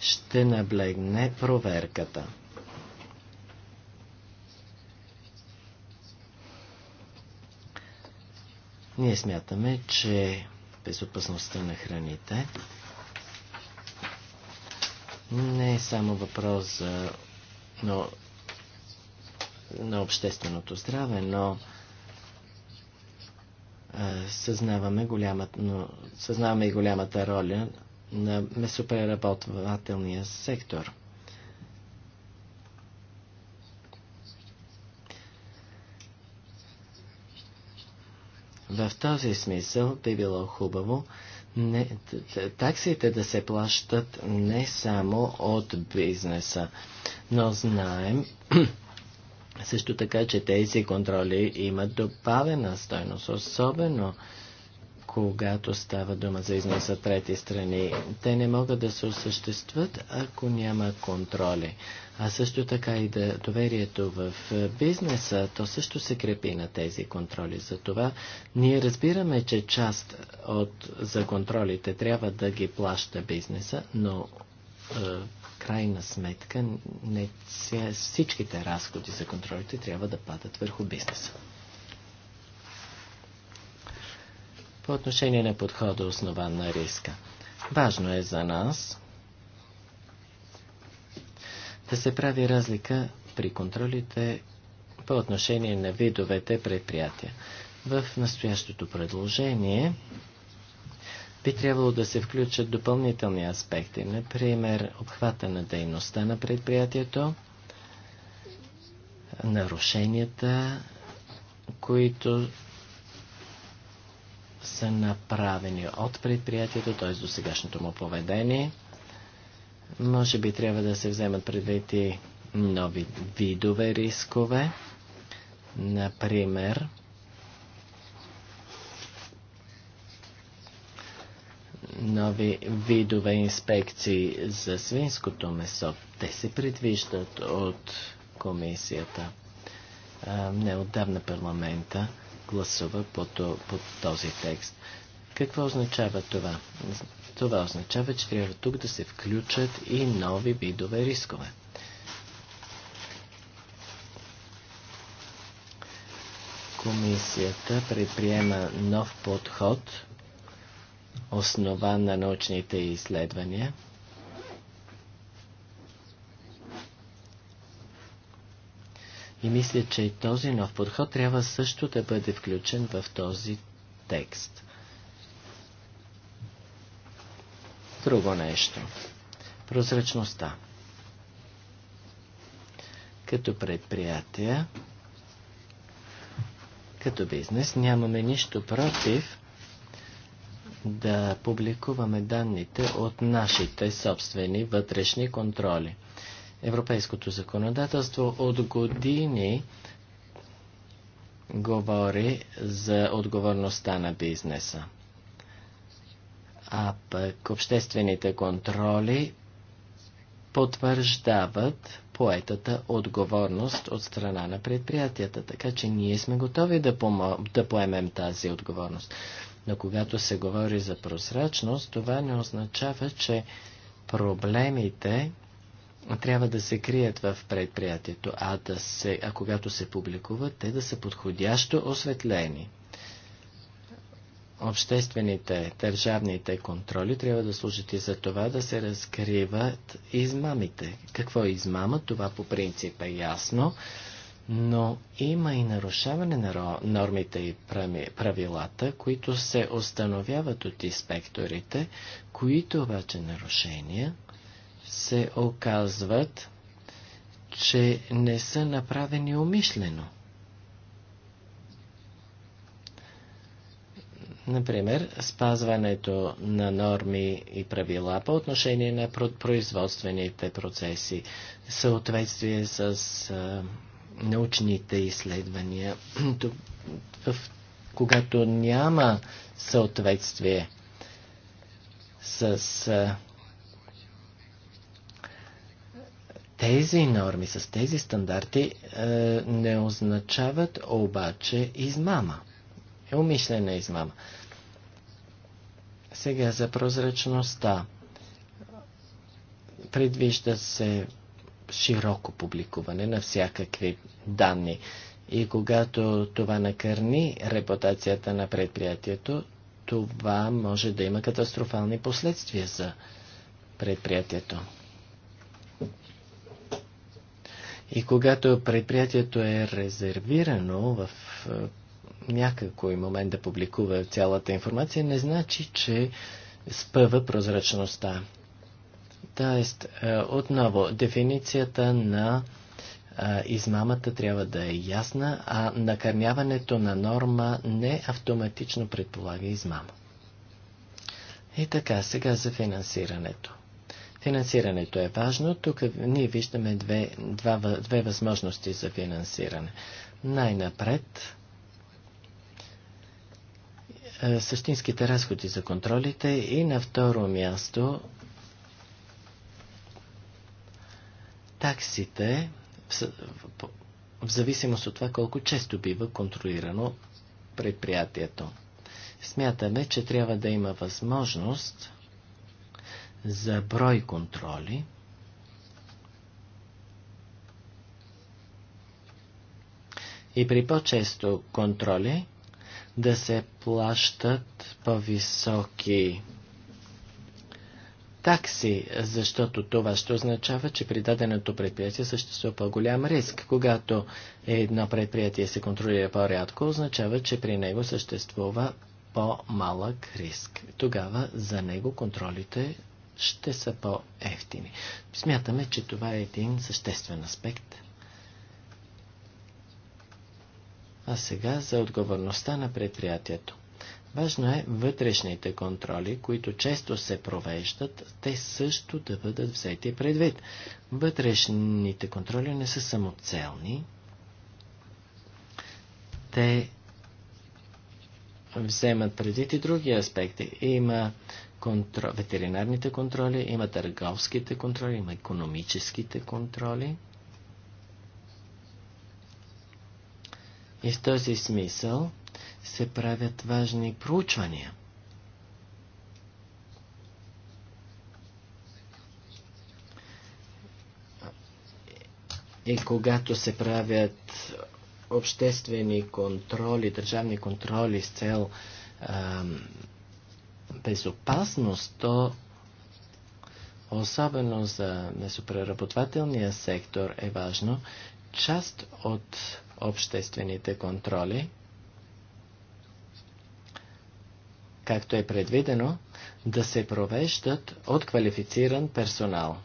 ще наблегне проверката. Ние смятаме, че безопасността на храните не е само въпрос за но на общественото здраве, но съзнаваме, голямата, но съзнаваме и голямата роля на месопреработвателния сектор. В този смисъл би било хубаво не, таксите да се плащат не само от бизнеса, но знаем <clears throat> също така, че тези контроли имат добавена стойност, особено когато става дума за износ трети страни. Те не могат да се осъществят, ако няма контроли. А също така и да доверието в е, бизнеса, то също се крепи на тези контроли. Затова ние разбираме, че част от, за контролите трябва да ги плаща бизнеса, но е, крайна сметка не всичките разходи за контролите трябва да падат върху бизнеса. по отношение на подхода основан на риска. Важно е за нас да се прави разлика при контролите по отношение на видовете предприятия. В настоящото предложение би трябвало да се включат допълнителни аспекти, например обхвата на дейността на предприятието, нарушенията, които са направени от предприятието, т.е. до сегашното му поведение. Може би трябва да се вземат предвид и нови видове рискове. Например, нови видове инспекции за свинското месо. Те се предвиждат от комисията. Неотдавна парламента гласува по, този текст. Какво означава това? Това означава, че трябва тук да се включат и нови видове рискове. Комисията предприема нов подход, основан на научните изследвания – И мисля, че и този нов подход трябва също да бъде включен в този текст. Друго нещо. Прозрачността. Като предприятия, като бизнес, нямаме нищо против да публикуваме данните от нашите собствени вътрешни контроли. Европейското законодателство от години говори за отговорността на бизнеса. А пък обществените контроли потвърждават поетата отговорност от страна на предприятията. Така че ние сме готови да, помо... да поемем тази отговорност. Но когато се говори за прозрачност, това не означава, че проблемите трябва да се крият в предприятието, а, да се, а когато се публикуват, те да са подходящо осветлени. Обществените, държавните контроли трябва да служат и за това да се разкриват измамите. Какво е измама? Това по принцип е ясно, но има и нарушаване на нормите и правилата, които се установяват от инспекторите, които обаче нарушения се оказват, че не са направени умишлено. Например, спазването на норми и правила по отношение на производствените процеси, съответствие с а, научните изследвания. <clears throat> Когато няма съответствие с а, Тези норми с тези стандарти е, не означават обаче измама. Е умишлена измама. Сега за прозрачността. Предвижда се широко публикуване на всякакви данни. И когато това накърни репутацията на предприятието, това може да има катастрофални последствия за предприятието. И когато предприятието е резервирано в някакой момент да публикува цялата информация, не значи, че спъва прозрачността. Тоест, отново, дефиницията на измамата трябва да е ясна, а накърняването на норма не автоматично предполага измама. И така, сега за финансирането. Финансирането е важно. Тук ние виждаме две, два, две възможности за финансиране. Най-напред е, същинските разходи за контролите и на второ място таксите в зависимост от това колко често бива контролирано предприятието. Смятаме, че трябва да има възможност за брой контроли. И при по-често контроли да се плащат по-високи такси, защото това ще означава, че при даденото предприятие съществува по-голям риск. Когато едно предприятие се контролира по-рядко, означава, че при него съществува по-малък риск. Тогава за него контролите ще са по-ефтини. Смятаме, че това е един съществен аспект. А сега за отговорността на предприятието. Важно е вътрешните контроли, които често се провеждат, те също да бъдат взети предвид. Вътрешните контроли не са самоцелни. Те вземат предвид и други аспекти. Има контр... ветеринарните контроли, има търговските контроли, има економическите контроли. И в този смисъл се правят важни проучвания. И когато се правят обществени контроли, държавни контроли с цел безопасност, то особено за месопреработвателния сектор е важно, част от обществените контроли, както е предвидено, да се провеждат от квалифициран персонал.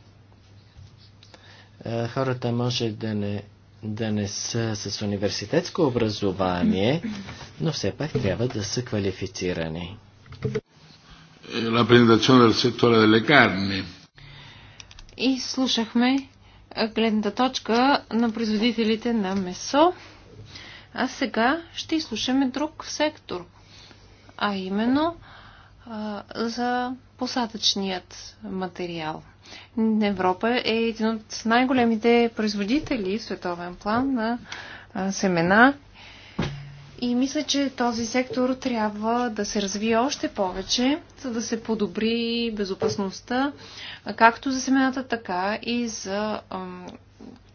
Е, хората може да не, да не са с университетско образование, но все пак трябва да са квалифицирани. Eh, la presentazione del settore delle carni. И слушахме гледната точка на производителите на месо. А сега ще изслушаме друг сектор, а именно а, за посадъчният материал. Европа е един от най-големите производители в световен план на семена и мисля, че този сектор трябва да се развие още повече, за да се подобри безопасността, както за семената, така и за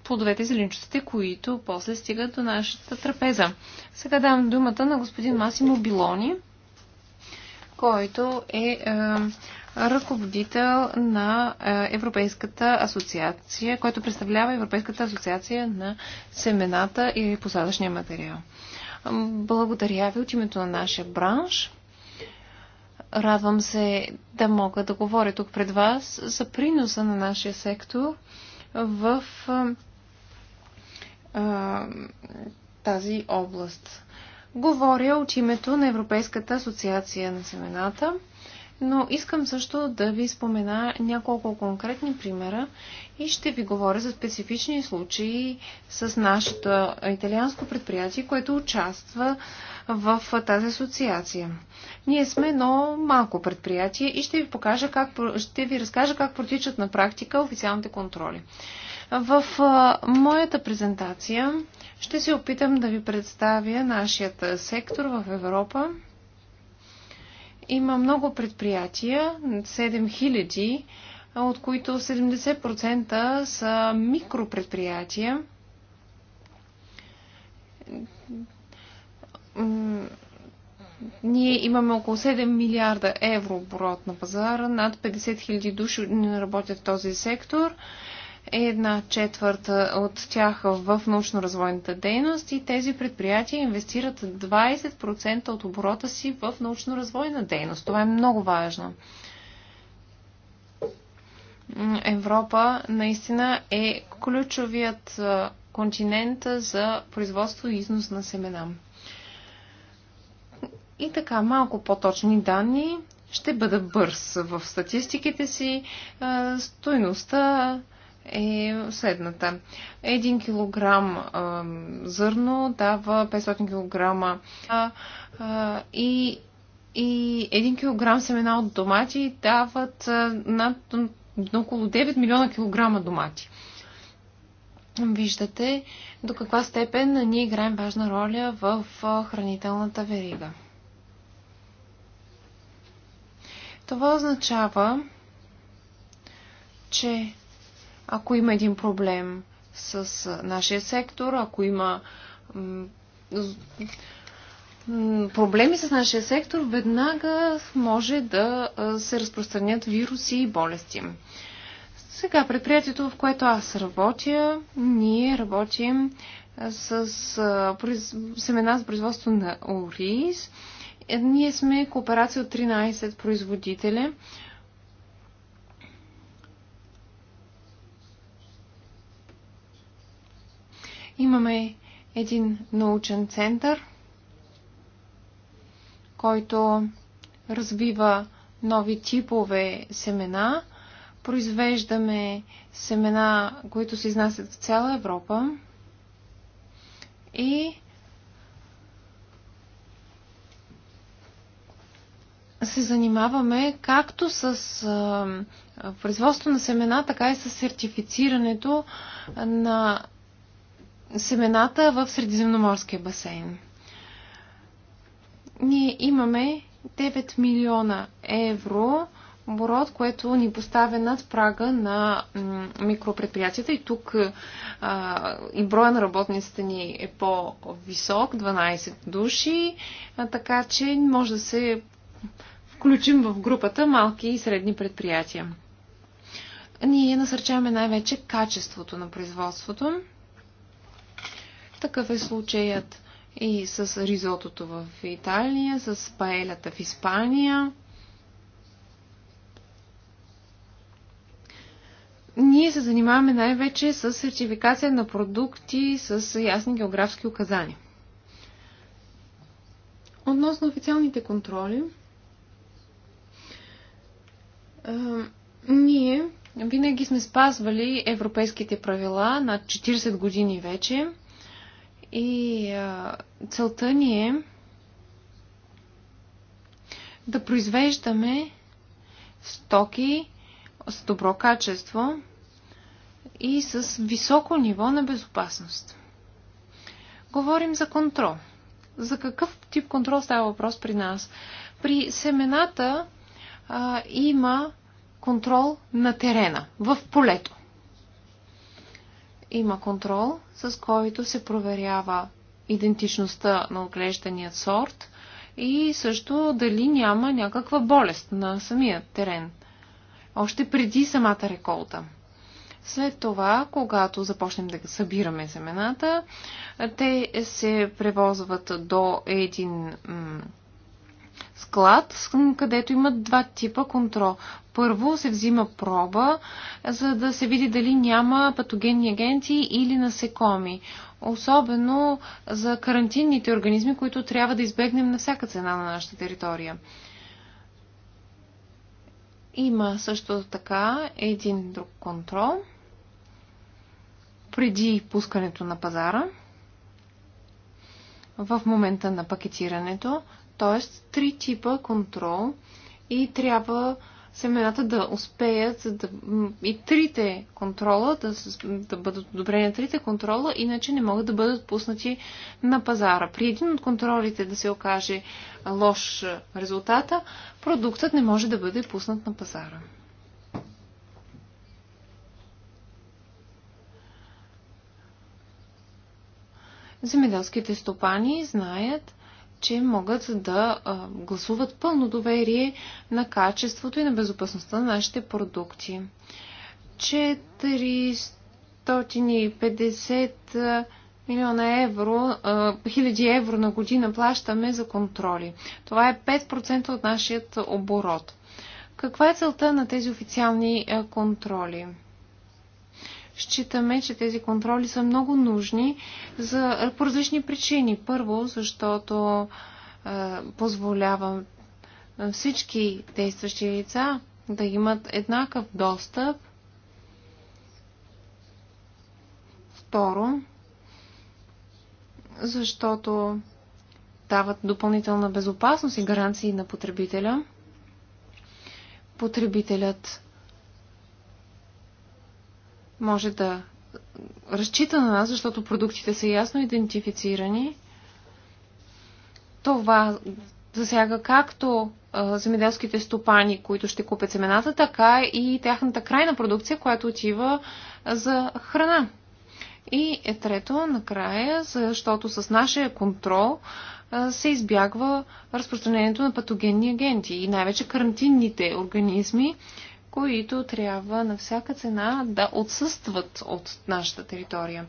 плодовете и зеленчуците, които после стигат до нашата трапеза. Сега давам думата на господин Масимо Билони, който е, е ръководител на Европейската асоциация, който представлява Европейската асоциация на семената и посадъчния материал. Благодаря ви от името на нашия бранш. Радвам се да мога да говоря тук пред вас за приноса на нашия сектор в а, тази област. Говоря от името на Европейската асоциация на семената но искам също да ви спомена няколко конкретни примера и ще ви говоря за специфични случаи с нашето италианско предприятие, което участва в тази асоциация. Ние сме едно малко предприятие и ще ви, покажа как, ще ви разкажа как протичат на практика официалните контроли. В моята презентация ще се опитам да ви представя нашият сектор в Европа, има много предприятия, 7000, от които 70% са микропредприятия. Ние имаме около 7 милиарда евро оборот на пазара, над 50 000 души работят в този сектор е една четвърта от тях в научно-развойната дейност и тези предприятия инвестират 20% от оборота си в научно-развойна дейност. Това е много важно. Европа наистина е ключовият континент за производство и износ на семена. И така, малко по-точни данни. Ще бъда бърз в статистиките си. Стойността е следната. 1 кг а, зърно дава 500 кг а, и, и 1 кг семена от домати дават над около 9 милиона килограма домати. Виждате до каква степен ние играем важна роля в хранителната верига. Това означава, че ако има един проблем с нашия сектор, ако има проблеми с нашия сектор, веднага може да се разпространят вируси и болести. Сега, предприятието, в което аз работя, ние работим с семена за производство на ОРИС. Ние сме кооперация от 13 производителя, Имаме един научен център, който развива нови типове семена. Произвеждаме семена, които се изнасят в цяла Европа. И се занимаваме както с производство на семена, така и с сертифицирането на семената в Средиземноморския басейн. Ние имаме 9 милиона евро оборот, което ни поставя над прага на микропредприятията. И тук а, и броя на работниците ни е по-висок, 12 души, а, така че може да се включим в групата малки и средни предприятия. Ние насърчаваме най-вече качеството на производството. Такъв е случаят и с ризотото в Италия, с паелята в Испания. Ние се занимаваме най-вече с сертификация на продукти с ясни географски указания. Относно официалните контроли, ние винаги сме спазвали европейските правила над 40 години вече. И а, целта ни е да произвеждаме стоки с добро качество и с високо ниво на безопасност. Говорим за контрол. За какъв тип контрол става въпрос при нас? При семената а, има контрол на терена, в полето има контрол, с който се проверява идентичността на оглеждания сорт и също дали няма някаква болест на самия терен. Още преди самата реколта. След това, когато започнем да събираме семената, те се превозват до един склад, където има два типа контрол. Първо се взима проба, за да се види дали няма патогенни агенти или насекоми. Особено за карантинните организми, които трябва да избегнем на всяка цена на нашата територия. Има също така един друг контрол преди пускането на пазара, в момента на пакетирането, т.е. три типа контрол и трябва семената да успеят да, и трите контрола да, да бъдат одобрени трите контрола, иначе не могат да бъдат пуснати на пазара. При един от контролите да се окаже лош резултата, продуктът не може да бъде пуснат на пазара. Земеделските стопани знаят, че могат да гласуват пълно доверие на качеството и на безопасността на нашите продукти. 450 милиона евро, хиляди евро на година плащаме за контроли. Това е 5% от нашият оборот. Каква е целта на тези официални контроли? Считаме, че тези контроли са много нужни за, по различни причини. Първо, защото е, позволявам всички действащи лица да имат еднакъв достъп. Второ, защото дават допълнителна безопасност и гаранции на потребителя. Потребителят може да разчита на нас, защото продуктите са ясно идентифицирани. Това засяга както земеделските стопани, които ще купят семената, така и тяхната крайна продукция, която отива за храна. И е трето, накрая, защото с нашия контрол се избягва разпространението на патогенни агенти и най-вече карантинните организми, които трябва на всяка цена да отсъстват от нашата територия.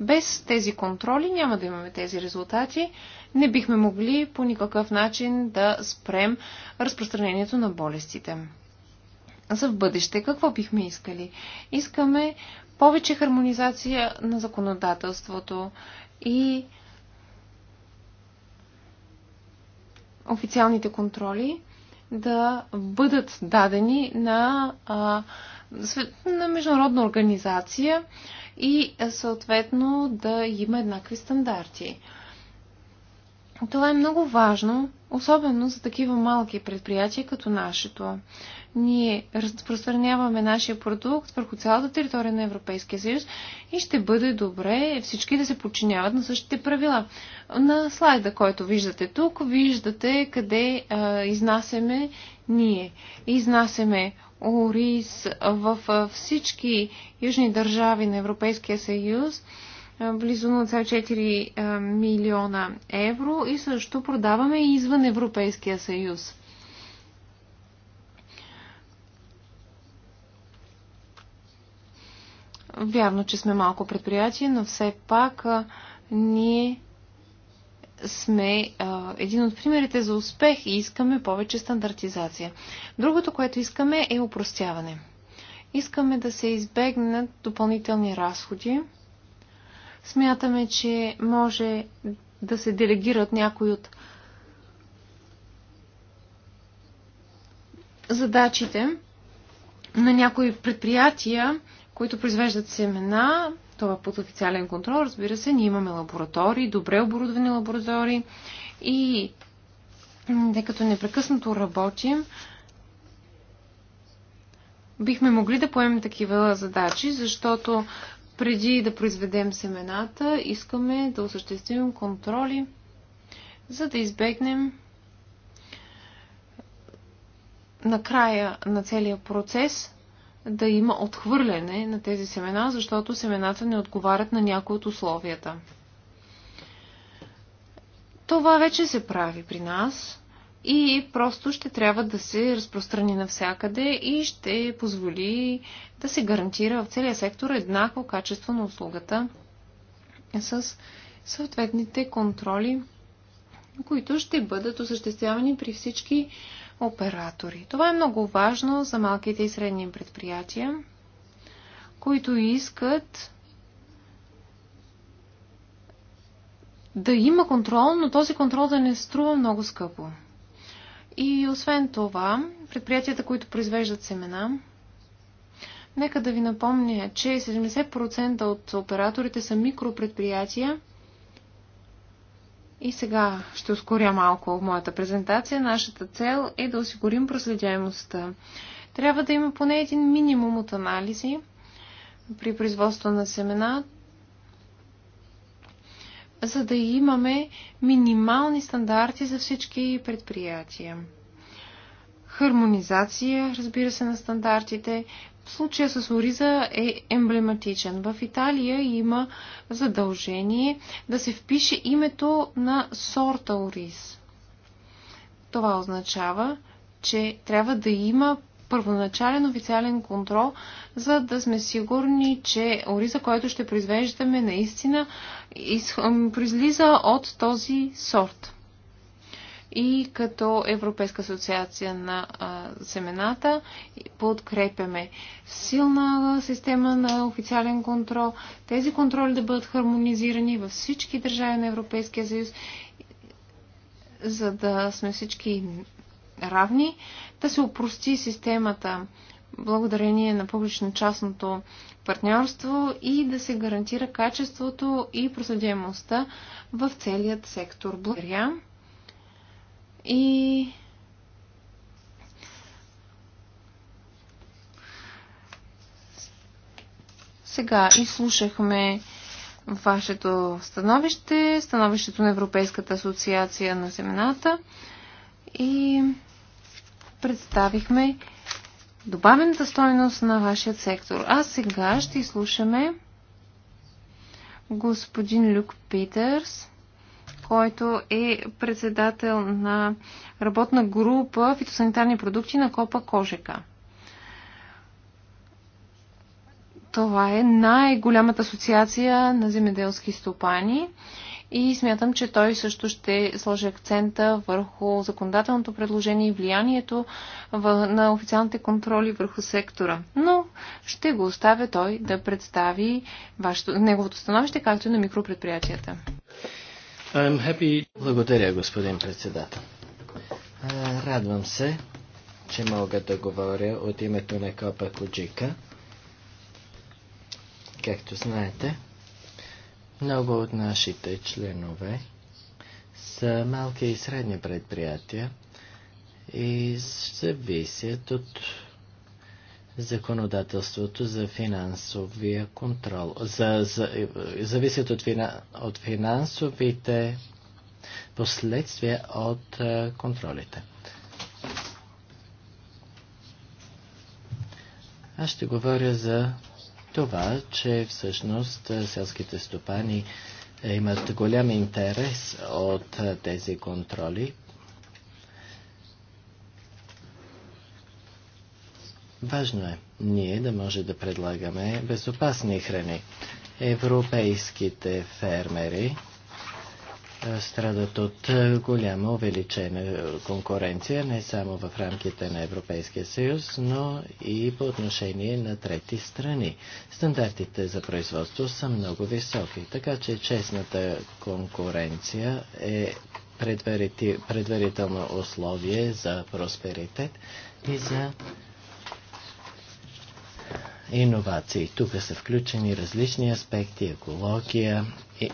Без тези контроли няма да имаме тези резултати. Не бихме могли по никакъв начин да спрем разпространението на болестите. За в бъдеще какво бихме искали? Искаме повече хармонизация на законодателството и официалните контроли да бъдат дадени на, а, на международна организация и съответно да има еднакви стандарти. Това е много важно, особено за такива малки предприятия като нашето. Ние разпространяваме нашия продукт върху цялата територия на Европейския съюз и ще бъде добре всички да се подчиняват на същите правила. На слайда, който виждате тук, виждате къде а, изнасяме ние. Изнасяме ориз в всички южни държави на Европейския съюз близо 0,4 милиона евро и също продаваме и извън Европейския съюз. Вярно, че сме малко предприятие, но все пак ние сме а, един от примерите за успех и искаме повече стандартизация. Другото, което искаме е упростяване. Искаме да се избегнат допълнителни разходи, Смятаме, че може да се делегират някои от задачите на някои предприятия, които произвеждат семена, това е под официален контрол, разбира се, ние имаме лаборатории, добре оборудвани лаборатории и тъй като непрекъснато работим, бихме могли да поемем такива задачи, защото преди да произведем семената, искаме да осъществим контроли, за да избегнем накрая на целия процес да има отхвърляне на тези семена, защото семената не отговарят на някои от условията. Това вече се прави при нас и просто ще трябва да се разпространи навсякъде и ще позволи да се гарантира в целия сектор еднакво качество на услугата с съответните контроли, които ще бъдат осъществявани при всички оператори. Това е много важно за малките и средни предприятия, които искат да има контрол, но този контрол да не струва много скъпо. И освен това, предприятията, които произвеждат семена, нека да ви напомня, че 70% от операторите са микропредприятия. И сега ще ускоря малко в моята презентация. Нашата цел е да осигурим проследяемостта. Трябва да има поне един минимум от анализи при производство на семена за да имаме минимални стандарти за всички предприятия. Хармонизация, разбира се, на стандартите. В случая с Ориза е емблематичен. В Италия има задължение да се впише името на сорта Ориз. Това означава, че трябва да има първоначален официален контрол, за да сме сигурни, че ориза, който ще произвеждаме, наистина из... произлиза от този сорт. И като Европейска асоциация на а, семената подкрепяме силна система на официален контрол, тези контроли да бъдат хармонизирани във всички държави на Европейския съюз, за да сме всички равни, да се опрости системата благодарение на публично-частното партньорство и да се гарантира качеството и проследяемостта в целият сектор. Благодаря. И сега изслушахме вашето становище, становището на Европейската асоциация на семената и представихме добавената стойност на вашия сектор. А сега ще изслушаме господин Люк Питърс, който е председател на работна група фитосанитарни продукти на Копа Кожека. Това е най-голямата асоциация на земеделски стопани и смятам, че той също ще сложи акцента върху законодателното предложение и влиянието на официалните контроли върху сектора. Но ще го оставя той да представи вашето, неговото становище, както и на микропредприятията. Благодаря, господин председател. Радвам се, че мога да говоря от името на Копа Коджика. Както знаете, много от нашите членове са малки и средни предприятия и зависят от законодателството за финансовия контрол. За, за, зависят от, фина, от финансовите последствия от контролите. Аз ще говоря за това, че всъщност селските стопани имат голям интерес от тези контроли. Важно е ние да може да предлагаме безопасни храни. Европейските фермери е, страдат от е, голяма увеличена конкуренция, не само в рамките на Европейския съюз, но и по отношение на трети страни. Стандартите за производство са много високи, така че честната конкуренция е предварително условие за просперитет и за иновации. Тук са включени различни аспекти, екология, и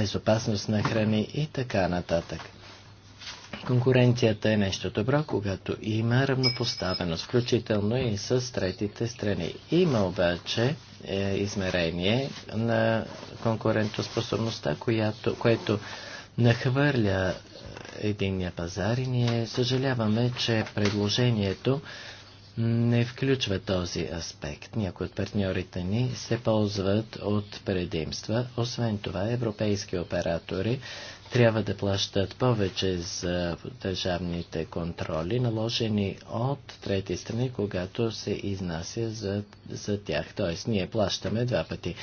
безопасност на храни и така нататък. Конкуренцията е нещо добро, когато има равнопоставеност, включително и с третите страни. Има обаче е, измерение на конкурентоспособността, която, което нахвърля е, единния пазар и ние съжаляваме, че предложението не включва този аспект. Някои от партньорите ни се ползват от предимства. Освен това, европейски оператори трябва да плащат повече за държавните контроли, наложени от трети страни, когато се изнася за, за тях. Тоест, ние плащаме два пъти.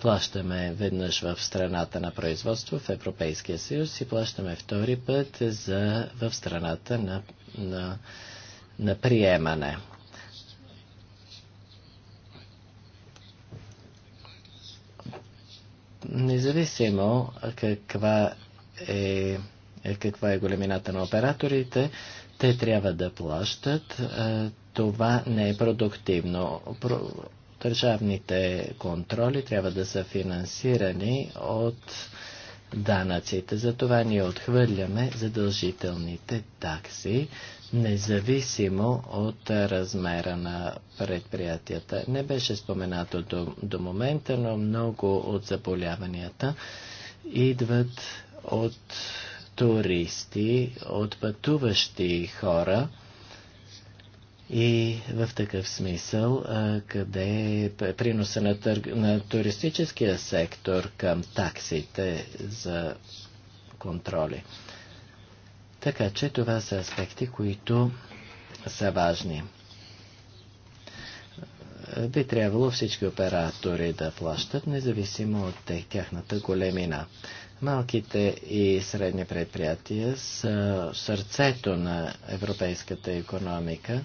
Плащаме веднъж в страната на производство в Европейския съюз и плащаме втори път за, в страната на, на, на приемане. Независимо каква е, каква е големината на операторите, те трябва да плащат. Е, това не е продуктивно. Държавните контроли трябва да са финансирани от данъците. Затова ние отхвърляме задължителните такси независимо от размера на предприятията. Не беше споменато до, до момента, но много от заболяванията идват от туристи, от пътуващи хора. И в такъв смисъл, къде е приноса на, тър... на туристическия сектор към таксите за контроли? Така че това са аспекти, които са важни. Би трябвало всички оператори да плащат, независимо от тяхната големина. Малките и средни предприятия са сърцето на европейската економика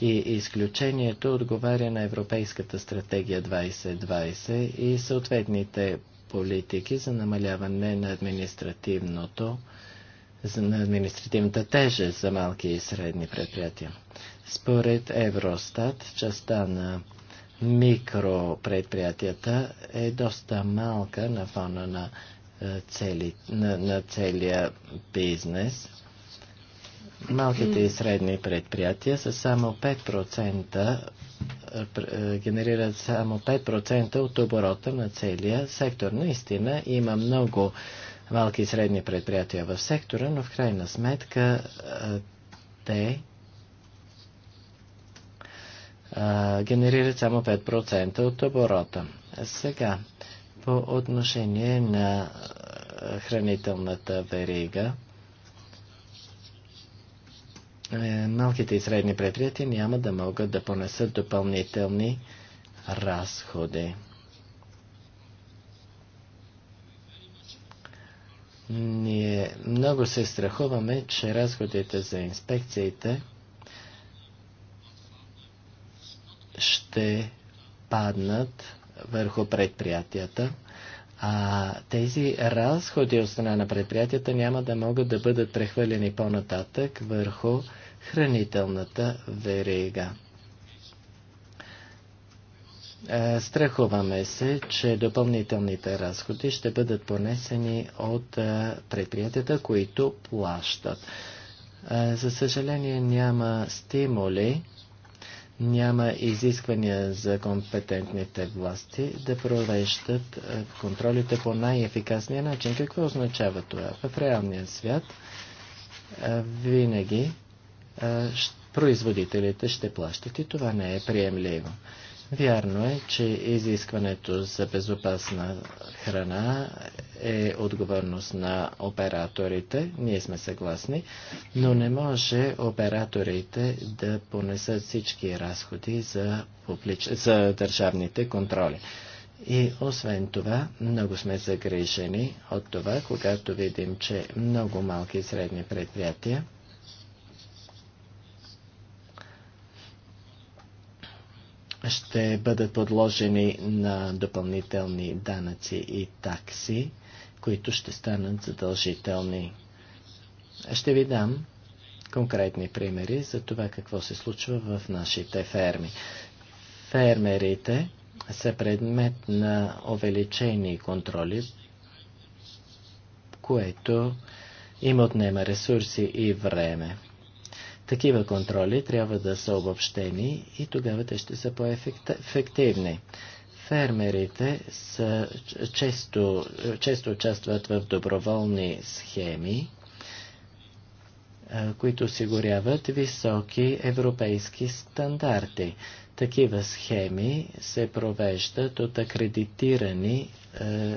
и изключението отговаря на Европейската стратегия 2020 и съответните политики за намаляване на административното на административната тежест за малки и средни предприятия. Според Евростат, частта на микропредприятията е доста малка на фона на, е, цели, на, на целия бизнес. Малките и средни предприятия са само 5% е, е, генерират само 5% от оборота на целия сектор. Наистина има много малки и средни предприятия в сектора, но в крайна сметка те генерират само 5% от оборота. Сега, по отношение на хранителната верига, е, малките и средни предприятия няма да могат да понесат допълнителни разходи. Ние много се страхуваме, че разходите за инспекциите ще паднат върху предприятията, а тези разходи от страна на предприятията няма да могат да бъдат прехвърлени по-нататък върху хранителната верига. Е, страхуваме се, че допълнителните разходи ще бъдат понесени от е, предприятията, които плащат. Е, за съжаление няма стимули, няма изисквания за компетентните власти да провеждат контролите по най-ефикасния начин. Какво означава това? В реалния свят винаги производителите ще плащат и това не е приемливо. Вярно е, че изискването за безопасна храна е отговорност на операторите, ние сме съгласни, но не може операторите да понесат всички разходи за, публич... за държавните контроли. И освен това, много сме загрижени от това, когато видим, че много малки и средни предприятия ще бъдат подложени на допълнителни данъци и такси, които ще станат задължителни. Ще ви дам конкретни примери за това какво се случва в нашите ферми. Фермерите са предмет на увеличени контроли, което им отнема ресурси и време. Такива контроли трябва да са обобщени и тогава те ще са по-ефективни. Фермерите са, често, често участват в доброволни схеми, които осигуряват високи европейски стандарти. Такива схеми се провеждат от акредитирани е,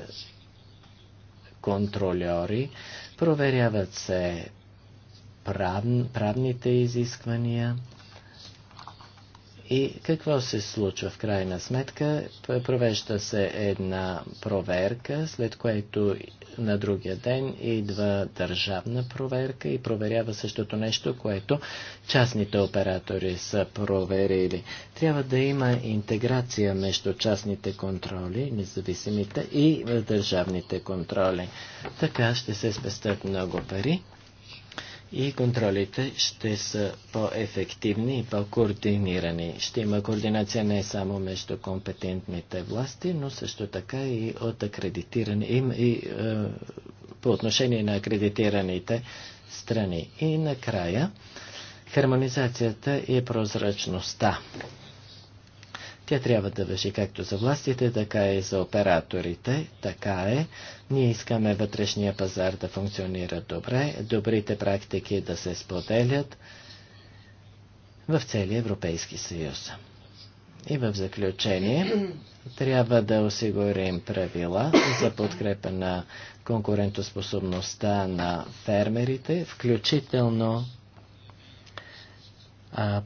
контрольори, проверяват се прав, правните изисквания и какво се случва в крайна сметка? Провежда се една проверка, след което на другия ден идва държавна проверка и проверява същото нещо, което частните оператори са проверили. Трябва да има интеграция между частните контроли, независимите и държавните контроли. Така ще се спестят много пари и контролите ще са по-ефективни и по-координирани. Ще има координация не само между компетентните власти, но също така и от акредитирани, и, и е, по отношение на акредитираните страни. И накрая хармонизацията и прозрачността. Тя трябва да въжи както за властите, така и за операторите. Така е. Ние искаме вътрешния пазар да функционира добре, добрите практики да се споделят в целия Европейски съюз. И в заключение, трябва да осигурим правила за подкрепа на конкурентоспособността на фермерите, включително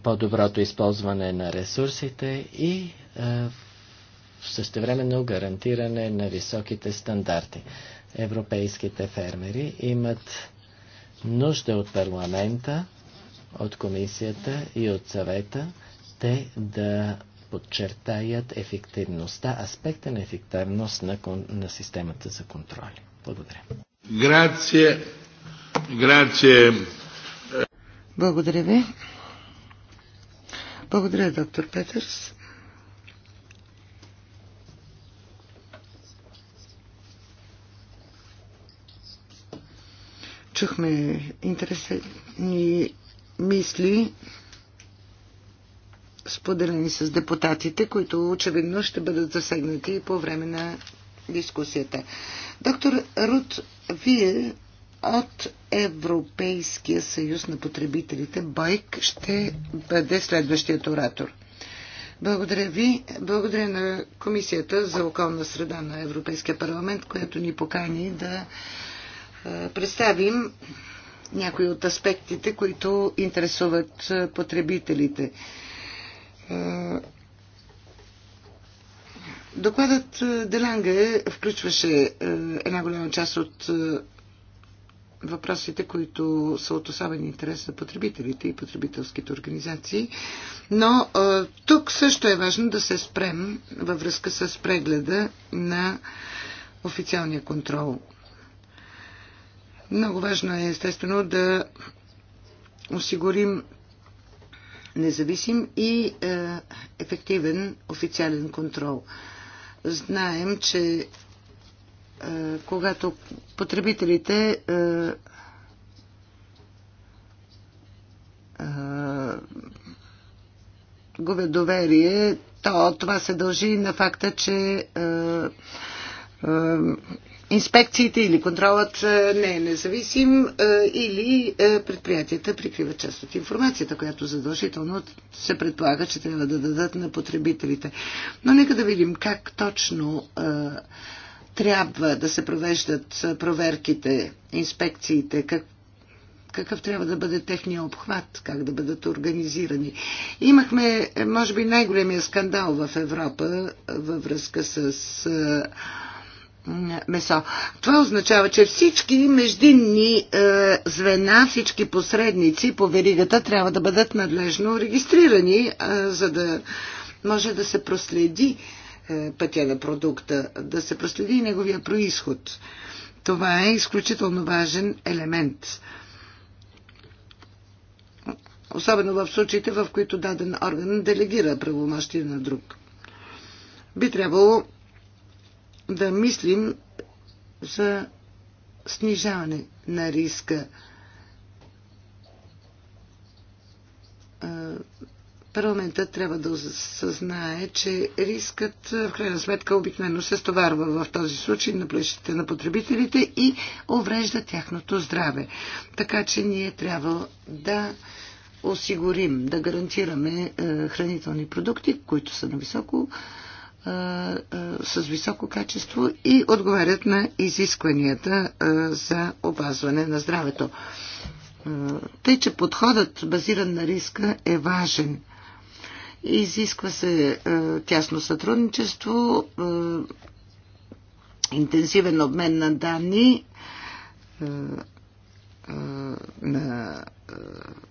по-доброто използване на ресурсите и в същевременно гарантиране на високите стандарти. Европейските фермери имат нужда от парламента, от комисията и от съвета те да подчертаят ефективността, аспекта на ефективност на, на системата за контроли. Благодаря. Грация. Грация. Благодаря ви. Благодаря, доктор Петърс. Чухме интересни мисли, споделени с депутатите, които очевидно ще бъдат засегнати по време на дискусията. Доктор Рут, вие от Европейския съюз на потребителите. Байк ще бъде следващият оратор. Благодаря ви. Благодаря на Комисията за околна среда на Европейския парламент, която ни покани да представим някои от аспектите, които интересуват потребителите. Докладът Деланге включваше една голяма част от въпросите, които са от особен интерес на потребителите и потребителските организации. Но тук също е важно да се спрем във връзка с прегледа на официалния контрол. Много важно е, естествено, да осигурим независим и е, ефективен официален контрол. Знаем, че е, когато потребителите е, е, губят доверие, то това се дължи на факта, че инспекциите или контролът не е независим или предприятията прикриват част от информацията, която задължително се предполага, че трябва да дадат на потребителите. Но нека да видим как точно трябва да се провеждат проверките, инспекциите, как, какъв трябва да бъде техния обхват, как да бъдат организирани. Имахме, може би, най-големия скандал в Европа във връзка с месо. Това означава, че всички междинни звена, всички посредници по веригата трябва да бъдат надлежно регистрирани, за да може да се проследи е, пътя на продукта, да се проследи неговия происход. Това е изключително важен елемент. Особено в случаите, в които даден орган делегира правомощие на друг. Би трябвало да мислим за снижаване на риска е, Парламентът трябва да съзнае, че рискът в крайна сметка обикновено се стоварва в този случай на плещите на потребителите и уврежда тяхното здраве. Така че ние трябва да осигурим, да гарантираме е, хранителни продукти, които са на високо е, е, с високо качество и отговарят на изискванията за опазване на здравето. Тъй, че подходът базиран на риска е важен – Изисква се е, тясно сътрудничество, е, интенсивен обмен на данни, е, на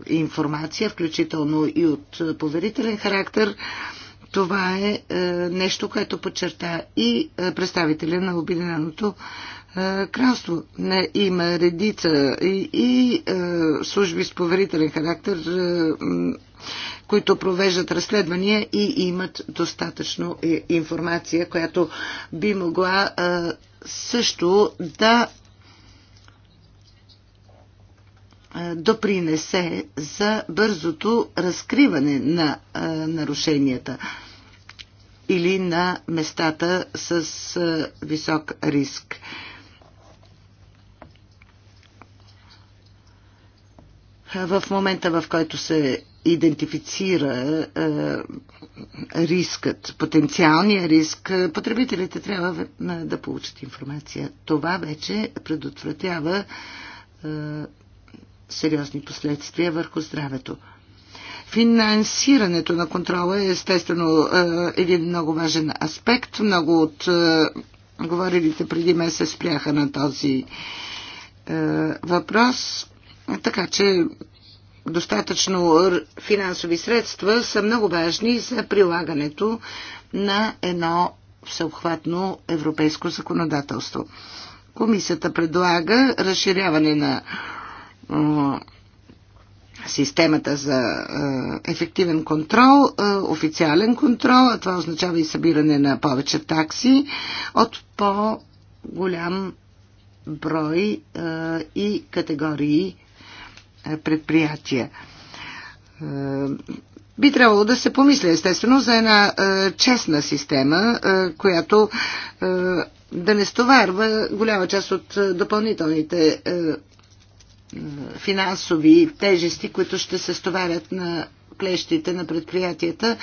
информация, включително и от поверителен характер. Това е нещо, което подчерта и представителя на Обединеното е, кралство има редица и, и е, служби с поверителен характер, е, които провеждат разследвания и имат достатъчно информация, която би могла също да допринесе за бързото разкриване на нарушенията или на местата с висок риск. в момента, в който се идентифицира е, рискът, потенциалния риск, е, потребителите трябва да получат информация. Това вече предотвратява е, сериозни последствия върху здравето. Финансирането на контрола е естествено е, един много важен аспект. Много от е, говорилите преди ме се спряха на този е, въпрос така че достатъчно финансови средства са много важни за прилагането на едно всеобхватно европейско законодателство. Комисията предлага разширяване на системата за ефективен контрол, официален контрол, а това означава и събиране на повече такси от по-голям брой и категории предприятия. Е, би трябвало да се помисля, естествено, за една е, честна система, е, която да не стоварва голяма част от допълнителните финансови тежести, които ще се стоварят на плещите на предприятията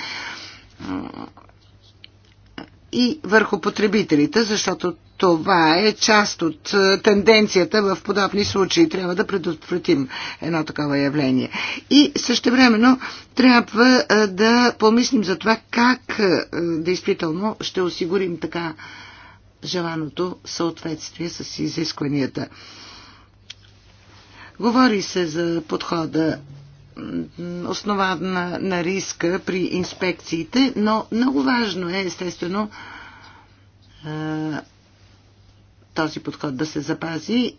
и върху потребителите, защото това е част от е, тенденцията в подобни случаи. Трябва да предотвратим едно такова явление. И същевременно трябва е, да помислим за това как е, действително ще осигурим така желаното съответствие с изискванията. Говори се за подхода основа на, на риска при инспекциите, но много важно е, естествено, е, този подход да се запази.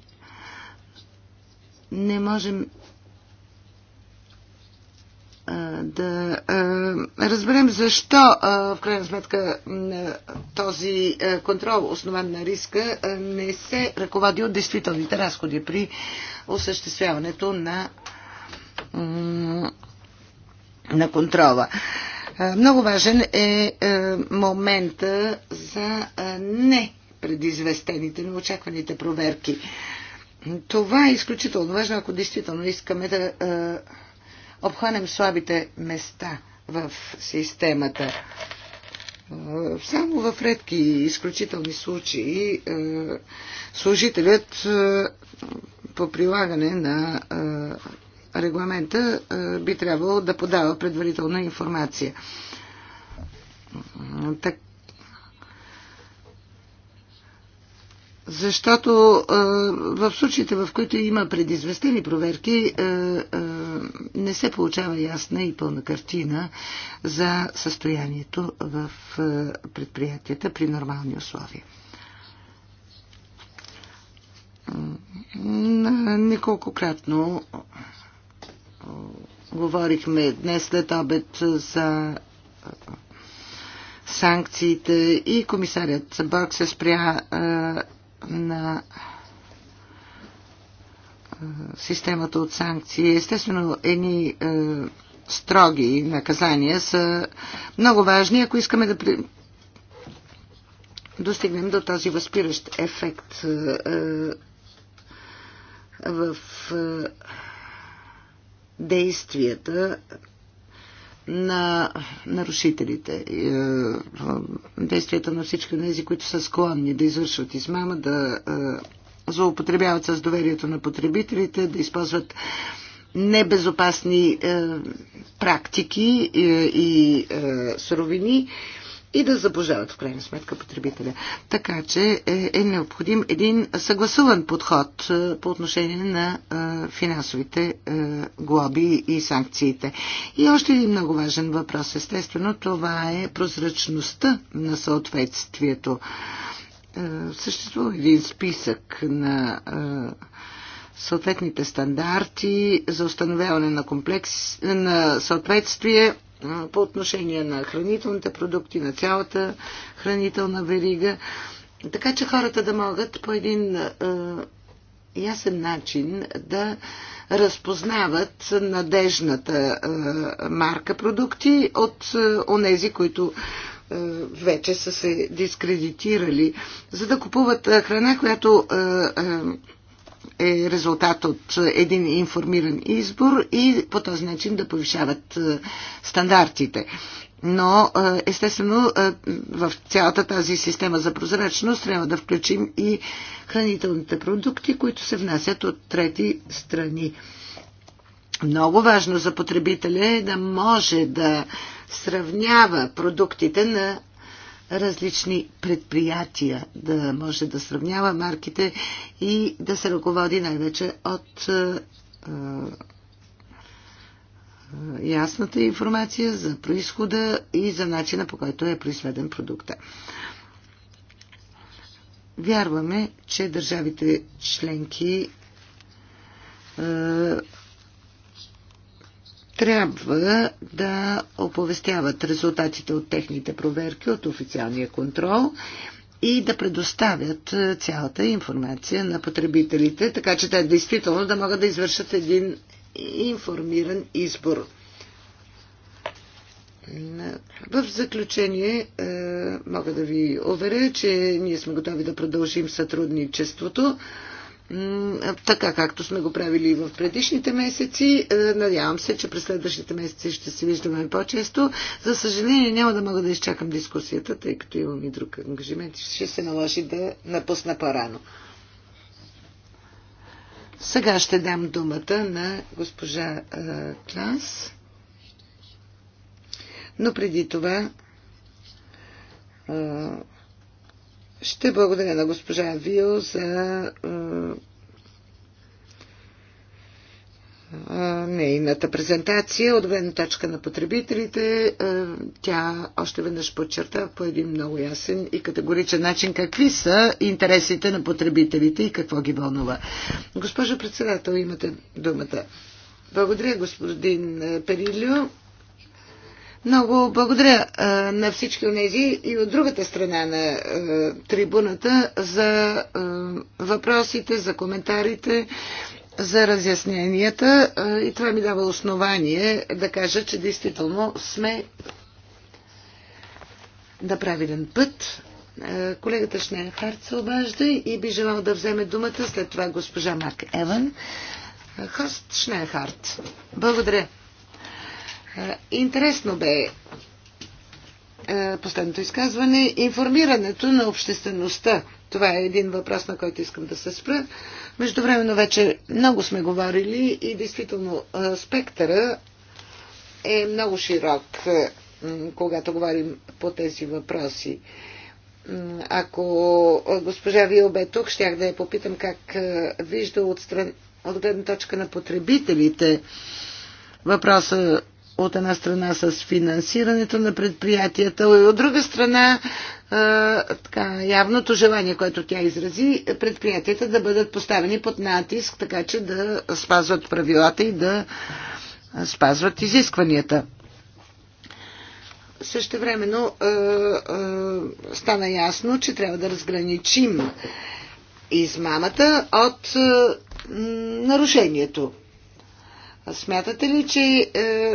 Не можем е, да е, разберем защо в крайна сметка този контрол, основан на риска, не се ръководи от действителните разходи при осъществяването на на контрола. Много важен е, е момента за е, не предизвестените, неочакваните проверки. Това е изключително важно, ако действително искаме да е, обхванем слабите места в системата. Само в редки изключителни случаи служителят по прилагане на регламента е, би трябвало да подава предварителна информация. Так... Защото е, в случаите, в които има предизвестени проверки, е, не се получава ясна и пълна картина за състоянието в предприятията при нормални условия. Неколкократно Говорихме днес след обед за санкциите и комисарят Бог се спря на системата от санкции. Естествено, едни строги наказания са много важни, ако искаме да достигнем до този възпиращ ефект в действията на нарушителите, е, е, действията на всички тези, които са склонни да извършват измама, да е, злоупотребяват с доверието на потребителите, да използват небезопасни практики и суровини и да забожават в крайна сметка потребителя. Така че е, е необходим един съгласуван подход е, по отношение на е, финансовите е, глоби и санкциите. И още един много важен въпрос, естествено, това е прозрачността на съответствието. Е, съществува един списък на. Е, съответните стандарти за установяване на, комплекс, на съответствие по отношение на хранителните продукти, на цялата хранителна верига, така че хората да могат по един е, ясен начин да разпознават надежната е, марка продукти от е, онези, които вече са се дискредитирали, за да купуват храна, която е резултат от един информиран избор и по този начин да повишават е, стандартите. Но е, естествено е, в цялата тази система за прозрачност трябва да включим и хранителните продукти, които се внасят от трети страни. Много важно за потребителя е да може да сравнява продуктите на различни предприятия, да може да сравнява марките и да се ръководи най-вече от е, е, ясната информация за происхода и за начина по който е произведен продукта. Вярваме, че държавите членки е, трябва да оповестяват резултатите от техните проверки от официалния контрол и да предоставят е, цялата информация на потребителите, така че те действително да могат да извършат един информиран избор. В заключение е, мога да ви уверя, че ние сме готови да продължим сътрудничеството така както сме го правили и в предишните месеци. Е, надявам се, че през следващите месеци ще се виждаме по-често. За съжаление няма да мога да изчакам дискусията, тъй като имам и друг ангажимент и ще се наложи да напусна по-рано. Сега ще дам думата на госпожа е, Клас. Но преди това е, ще благодаря на госпожа Вио за е, е, нейната презентация от гледна точка на потребителите. Е, тя още веднъж подчерта по един много ясен и категоричен начин какви са интересите на потребителите и какво ги вълнува. Госпожо председател, имате думата. Благодаря, господин Перилио. Много благодаря а, на всички от тези и от другата страна на а, трибуната за а, въпросите, за коментарите, за разясненията. А, и това ми дава основание да кажа, че действително сме на правилен път. А, колегата Харт се обажда и би желал да вземе думата, след това госпожа Марк Еван. Хост Харт. Благодаря. Интересно бе последното изказване. Информирането на обществеността. Това е един въпрос, на който искам да се спра. Междувременно вече много сме говорили и действително спектъра е много широк, когато говорим по тези въпроси. Ако госпожа Вил бе тук, щях да я попитам как вижда от, стран... от гледна точка на потребителите въпроса от една страна с финансирането на предприятията, и от друга страна така, явното желание, което тя изрази, предприятията да бъдат поставени под натиск, така че да спазват правилата и да спазват изискванията. Също времено стана ясно, че трябва да разграничим измамата от нарушението. Смятате ли, че е,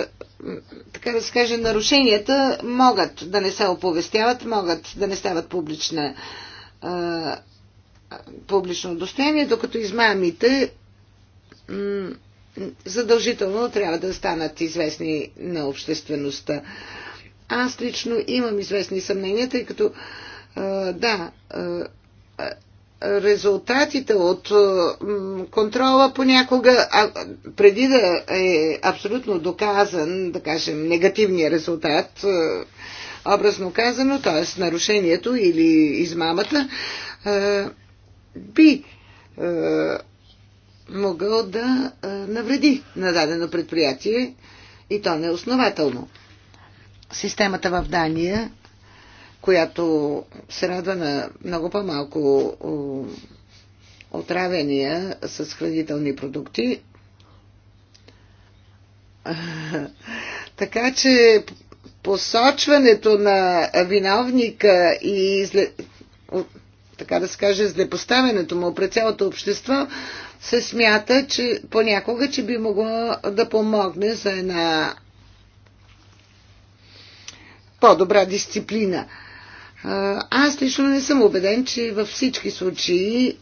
така да се каже, нарушенията могат да не се оповестяват, могат да не стават публична, е, публично достояние, докато измамите задължително трябва да станат известни на обществеността. Аз лично имам известни съмнения, тъй като е, да, е, резултатите от е, контрола понякога, а, преди да е абсолютно доказан, да кажем, негативният резултат, е, образно казано, т.е. нарушението или измамата, е, би могъл да навреди на дадено предприятие и то неоснователно. Системата в Дания която се радва на много по-малко отравения с хранителни продукти. <laughs> Така че посочването на виновника и така да се каже, злепоставянето му пред цялото общество се смята, че понякога, че би могло да помогне за една по-добра дисциплина. Аз лично не съм убеден, че във всички случаи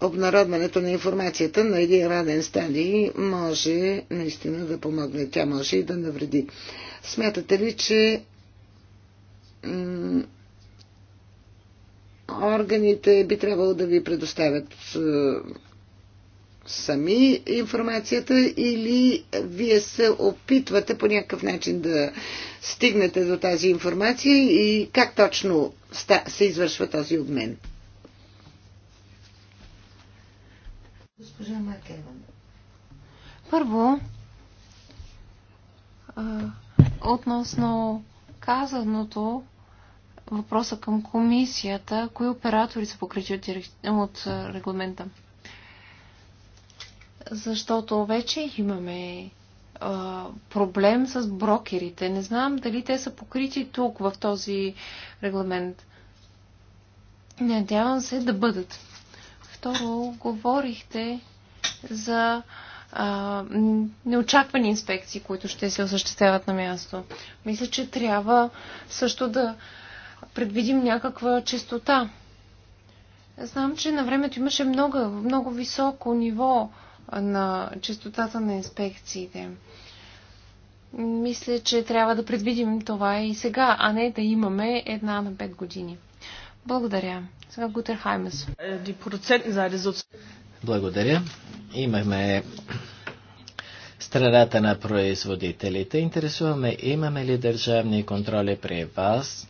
обнародването на информацията на един раден стадий може наистина да помогне. Тя може и да навреди. Смятате ли, че органите би трябвало да ви предоставят сами информацията или вие се опитвате по някакъв начин да стигнете до тази информация и как точно се извършва този обмен? Госпожа Макева. Първо, относно казаното, въпроса към комисията, кои оператори са покрити от регламента? защото вече имаме а, проблем с брокерите. Не знам дали те са покрити тук в този регламент. Надявам се да бъдат. Второ, говорихте за а, неочаквани инспекции, които ще се осъществяват на място. Мисля, че трябва също да предвидим някаква чистота. Знам, че на времето имаше много, много високо ниво на чистотата на инспекциите. Мисля, че трябва да предвидим това и сега, а не да имаме една на пет години. Благодаря. Сега Гутер Хаймес. Благодаря. Имаме страната на производителите. Интересуваме, имаме ли държавни контроли при вас?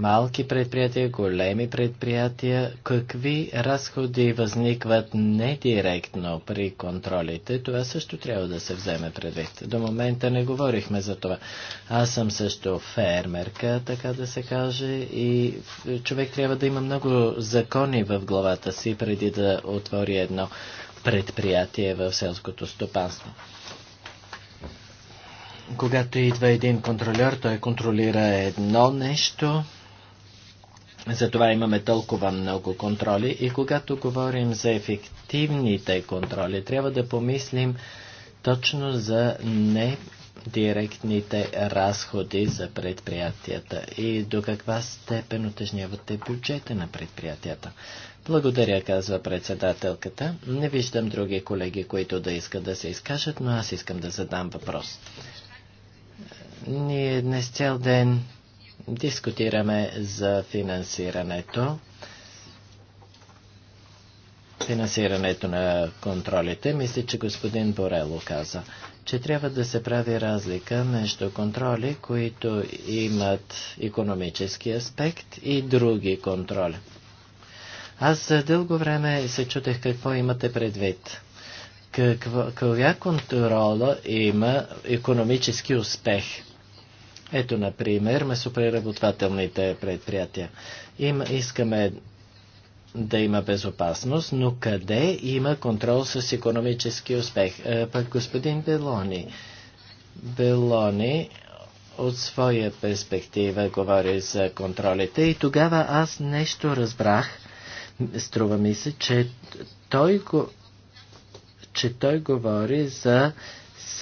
малки предприятия, големи предприятия, какви разходи възникват недиректно при контролите, това също трябва да се вземе предвид. До момента не говорихме за това. Аз съм също фермерка, така да се каже, и човек трябва да има много закони в главата си, преди да отвори едно предприятие в селското стопанство когато идва един контролер, той контролира едно нещо, затова имаме толкова много контроли и когато говорим за ефективните контроли, трябва да помислим точно за не директните разходи за предприятията и до каква степен отежнявате бюджета на предприятията. Благодаря, казва председателката. Не виждам други колеги, които да искат да се изкажат, но аз искам да задам въпрос. Ние днес цял ден дискутираме за финансирането. Финансирането на контролите. Мисля, че господин Борело каза, че трябва да се прави разлика между контроли, които имат економически аспект и други контроли. Аз за дълго време се чудех какво имате предвид. каква контрола има економически успех? Ето, например, месопреработвателните предприятия. Им искаме да има безопасност, но къде има контрол с економически успех? Е, пък господин Белони, Белони от своя перспектива говори за контролите и тогава аз нещо разбрах. Струва ми се, че той, го, че той говори за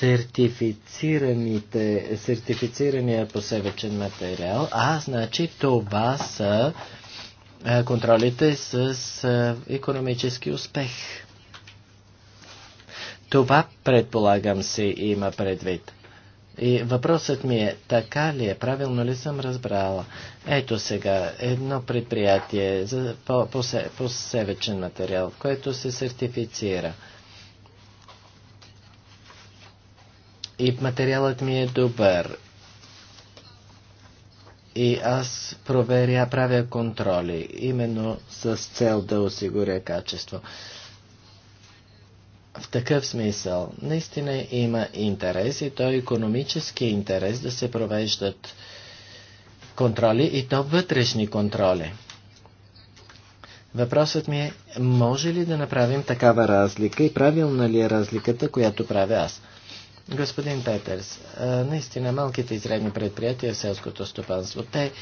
сертифицираните, сертифицирания посевечен материал, а значи това са контролите с економически успех. Това, предполагам се има предвид. И въпросът ми е, така ли е, правилно ли съм разбрала? Ето сега, едно предприятие за посевечен материал, което се сертифицира – И материалът ми е добър. И аз проверя, правя контроли, именно с цел да осигуря качество. В такъв смисъл, наистина има интерес и то е економически интерес да се провеждат контроли и то вътрешни контроли. Въпросът ми е, може ли да направим такава разлика и правилна ли е разликата, която правя аз? Господин Петърс, наистина малките и средни предприятия в селското стопанство, те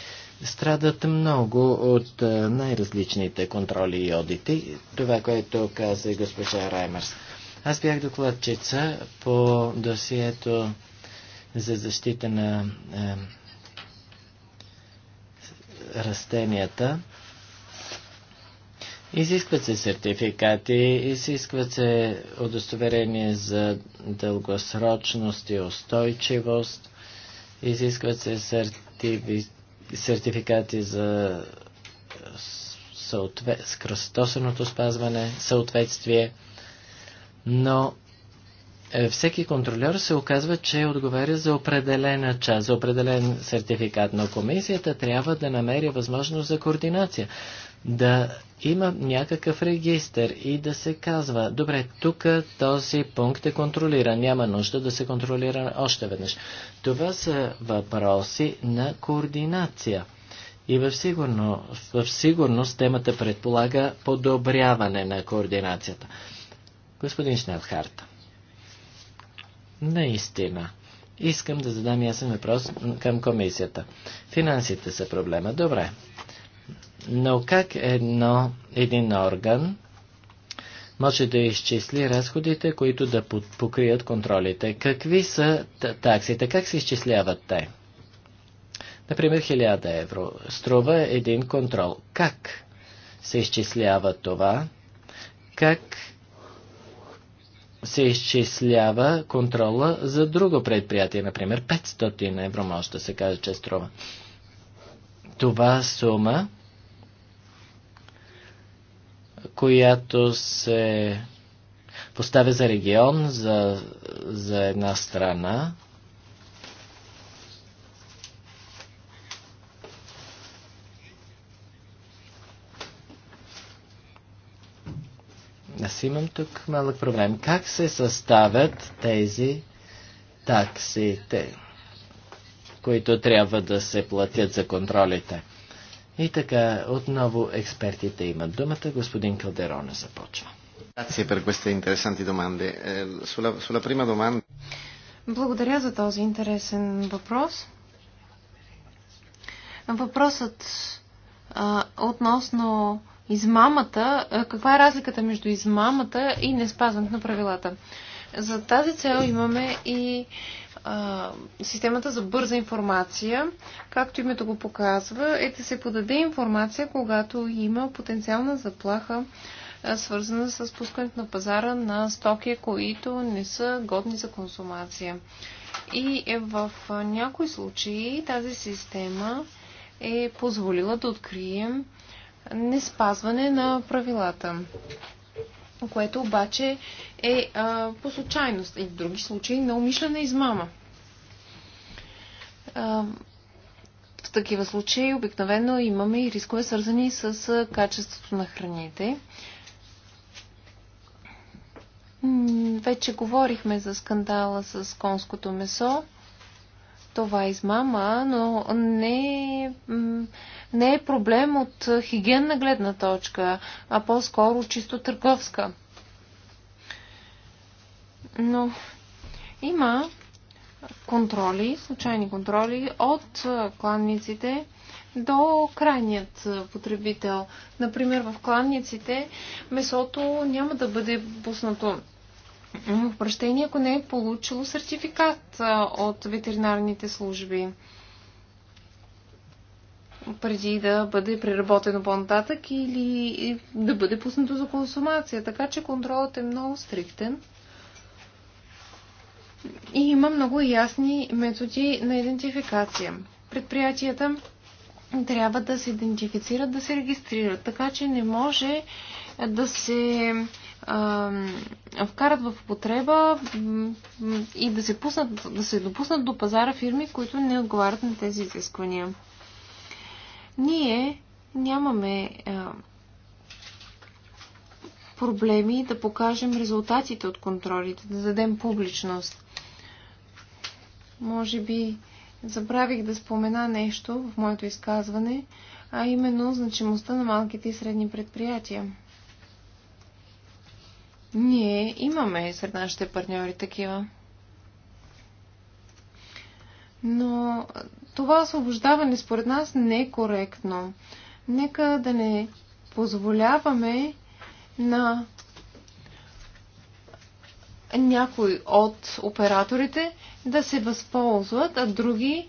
страдат много от най-различните контроли и одити. Това, което каза и госпожа Раймърс. Аз бях докладчица по досието за защита на е, растенията Изискват се сертификати, изискват се удостоверение за дългосрочност и устойчивост, изискват се сертифи... сертификати за съотве... скръстосеното спазване, съответствие, но е, всеки контролер се оказва, че отговаря за определена част, за определен сертификат, но комисията трябва да намери възможност за координация да има някакъв регистр и да се казва, добре, тук този пункт е контролиран, няма нужда да се контролира още веднъж. Това са въпроси на координация. И в, сигурност, в сигурност темата предполага подобряване на координацията. Господин Шнелхарт, наистина, искам да задам ясен въпрос към комисията. Финансите са проблема. Добре, но как едно, един орган може да изчисли разходите, които да покрият контролите? Какви са таксите? Как се изчисляват те? Например, 1000 евро струва един контрол. Как се изчислява това? Как се изчислява контрола за друго предприятие, например 500 евро може да се каже, че струва. Това сума която се поставя за регион, за, за една страна. Аз имам тук малък проблем. Как се съставят тези таксите, които трябва да се платят за контролите? И така, отново експертите имат думата. Господин Калдероне започва. Е, Благодаря за този интересен въпрос. Въпросът а, относно измамата, каква е разликата между измамата и неспазването на правилата? За тази цел имаме и системата за бърза информация, както името го показва, е да се подаде информация, когато има потенциална заплаха, свързана с пускането на пазара на стоки, които не са годни за консумация. И е в някои случаи тази система е позволила да открием неспазване на правилата което обаче е а, по случайност и в други случаи на умишлена измама. А, в такива случаи обикновено имаме и рискове свързани с качеството на храните. Вече говорихме за скандала с конското месо това измама, но не, не е проблем от хигиенна гледна точка, а по-скоро чисто търговска. Но има контроли, случайни контроли от кланниците до крайният потребител. Например, в кланниците месото няма да бъде пуснато Прощение, ако не е получило сертификат от ветеринарните служби преди да бъде преработено по-нататък или да бъде пуснато за консумация. Така че контролът е много стриктен и има много ясни методи на идентификация. Предприятията трябва да се идентифицират, да се регистрират, така че не може да се вкарат в употреба и да се, пуснат, да се допуснат до пазара фирми, които не отговарят на тези изисквания. Ние нямаме проблеми да покажем резултатите от контролите, да дадем публичност. Може би забравих да спомена нещо в моето изказване, а именно значимостта на малките и средни предприятия. Ние имаме сред нашите партньори такива. Но това освобождаване според нас не е коректно. Нека да не позволяваме на някои от операторите да се възползват, а други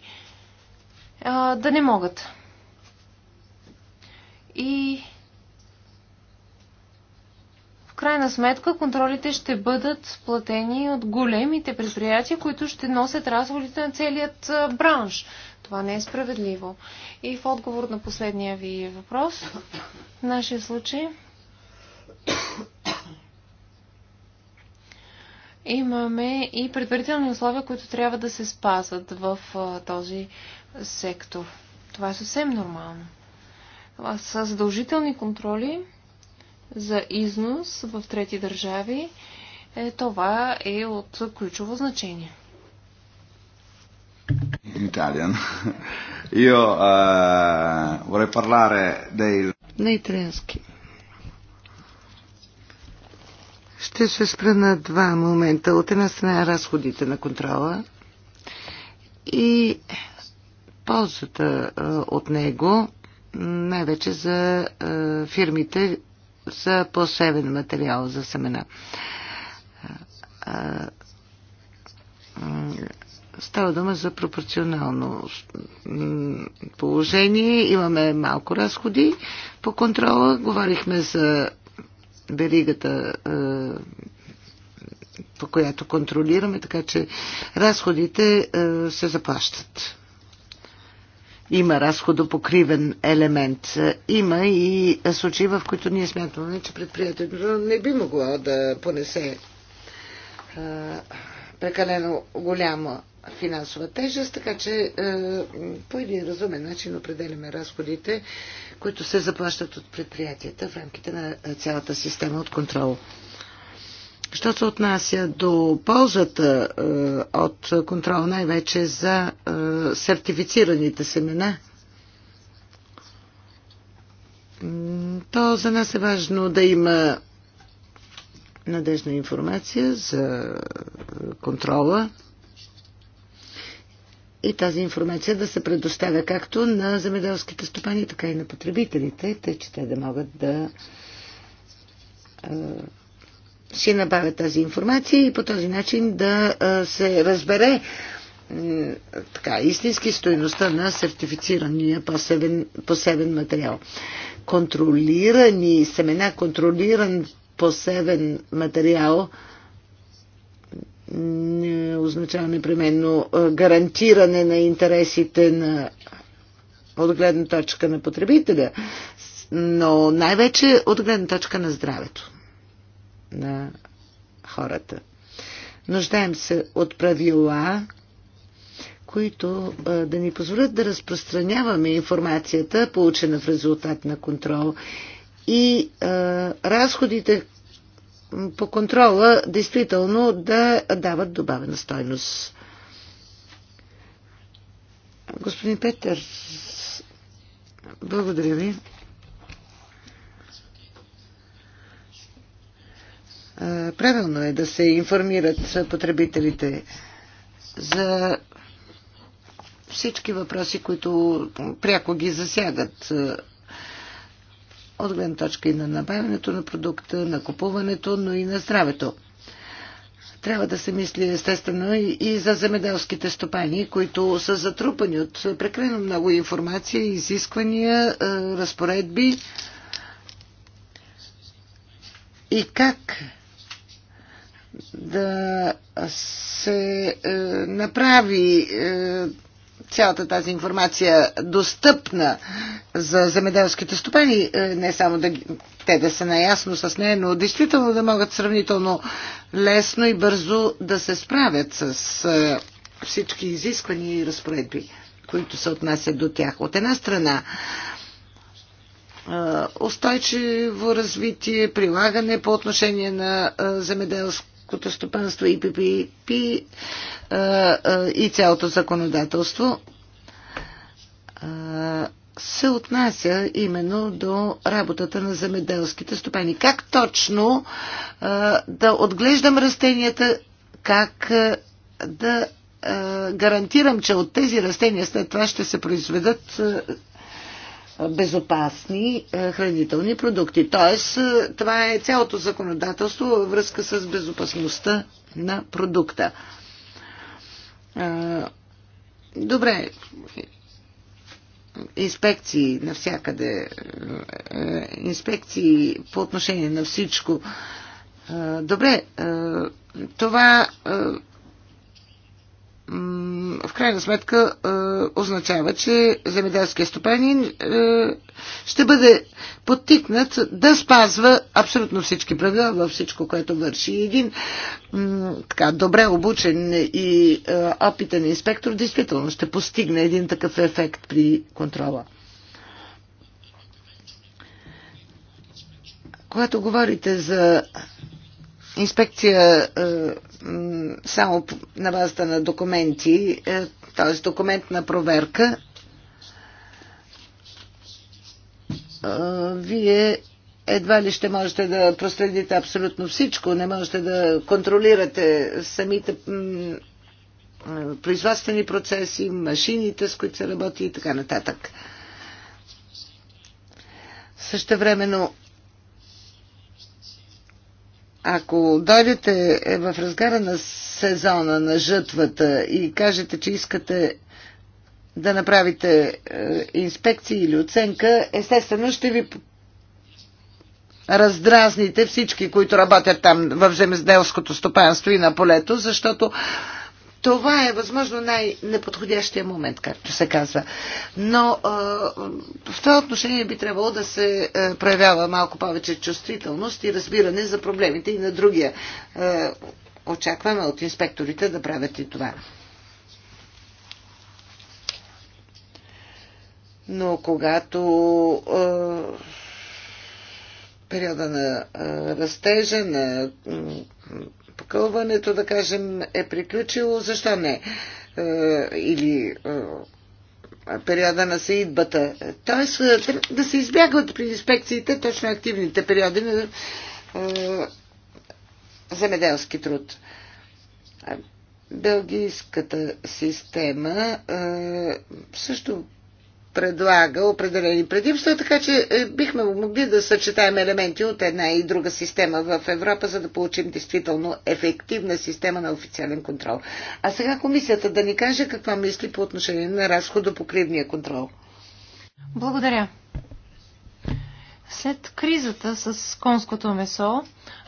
а, да не могат. И крайна сметка контролите ще бъдат платени от големите предприятия, които ще носят разходите на целият бранш. Това не е справедливо. И в отговор на последния ви въпрос, в нашия случай имаме и предварителни условия, които трябва да се спазват в този сектор. Това е съвсем нормално. Това са задължителни контроли, за износ в трети държави, е, това е от ключово значение. Италиан. Italian. <laughs> Io uh, vorrei parlare dei... На италиански. Ще се спра на два момента. От една страна разходите на контрола и ползата е, от него, най-вече за е, фирмите, за по-севен материал за семена. Става дума за пропорционално положение. Имаме малко разходи по контрола. Говорихме за веригата, по която контролираме, така че разходите се заплащат има разходопокривен елемент. Има и случаи, в които ние смятаме, че предприятието не би могло да понесе прекалено голяма финансова тежест, така че а, по един разумен начин определяме разходите, които се заплащат от предприятията в рамките на цялата система от контрол. Що се отнася до ползата е, от контрол, най-вече за е, сертифицираните семена, то за нас е важно да има надежна информация за е, контрола и тази информация да се предоставя както на земеделските стопани, така и на потребителите, тъй че те да могат да си набавя тази информация и по този начин да се разбере така, истински стоеността на сертифицирания посебен, посебен материал. Контролирани семена, контролиран посебен материал не означава непременно гарантиране на интересите на от гледна точка на потребителя, но най-вече от гледна точка на здравето на хората. Нуждаем се от правила, които да ни позволят да разпространяваме информацията, получена в резултат на контрол и а, разходите по контрола действително да дават добавена стойност. Господин Петър, благодаря ви. Е, правилно е да се информират потребителите за всички въпроси, които пряко ги засягат е, от гледна точка и на набавянето на продукта, на купуването, но и на здравето. Трябва да се мисли естествено и за земеделските стопани, които са затрупани от прекалено много информация, изисквания, е, разпоредби и как да се е, направи е, цялата тази информация достъпна за земеделските стопани, е, не само да, те да са наясно с нея, но действително да могат сравнително лесно и бързо да се справят с е, всички изисквания и разпоредби, които се отнасят до тях. От една страна, е, устойчиво развитие, прилагане по отношение на е, земеделски селското стопанство и ППП и цялото законодателство се отнася именно до работата на земеделските стопани. Как точно да отглеждам растенията, как да гарантирам, че от тези растения след това ще се произведат безопасни е, хранителни продукти. Тоест, е, това е цялото законодателство във връзка с безопасността на продукта. Е, добре, инспекции навсякъде, инспекции по отношение на всичко. Добре, това в крайна сметка е, означава, че земеделския стопанин е, ще бъде подтикнат да спазва абсолютно всички правила във всичко, което върши. Един така добре обучен и е, опитен инспектор действително ще постигне един такъв ефект при контрола. Когато говорите за инспекция е, само на базата на документи, е, т.е. документна проверка, е, вие едва ли ще можете да проследите абсолютно всичко, не можете да контролирате самите производствени процеси, машините, с които се работи и така нататък. Също времено. Ако дойдете е, в разгара на сезона на жътвата и кажете, че искате да направите е, инспекции или оценка, естествено ще ви раздразните всички, които работят там в земеделското стопанство и на полето, защото това е възможно най-неподходящия момент, както се казва. Но а, в това отношение би трябвало да се а, проявява малко повече чувствителност и разбиране за проблемите и на другия. А, очакваме от инспекторите да правят и това. Но когато а, периода на а, растежа, на покълването, да кажем, е приключило, защо не? Е, или е, периода на съидбата. Тоест е, да се избягват при инспекциите точно активните периоди на земеделски труд. Белгийската система също предлага определени предимства, така че е, бихме могли да съчетаем елементи от една и друга система в Европа, за да получим действително ефективна система на официален контрол. А сега комисията да ни каже каква мисли по отношение на разходопокривния контрол. Благодаря. След кризата с конското месо,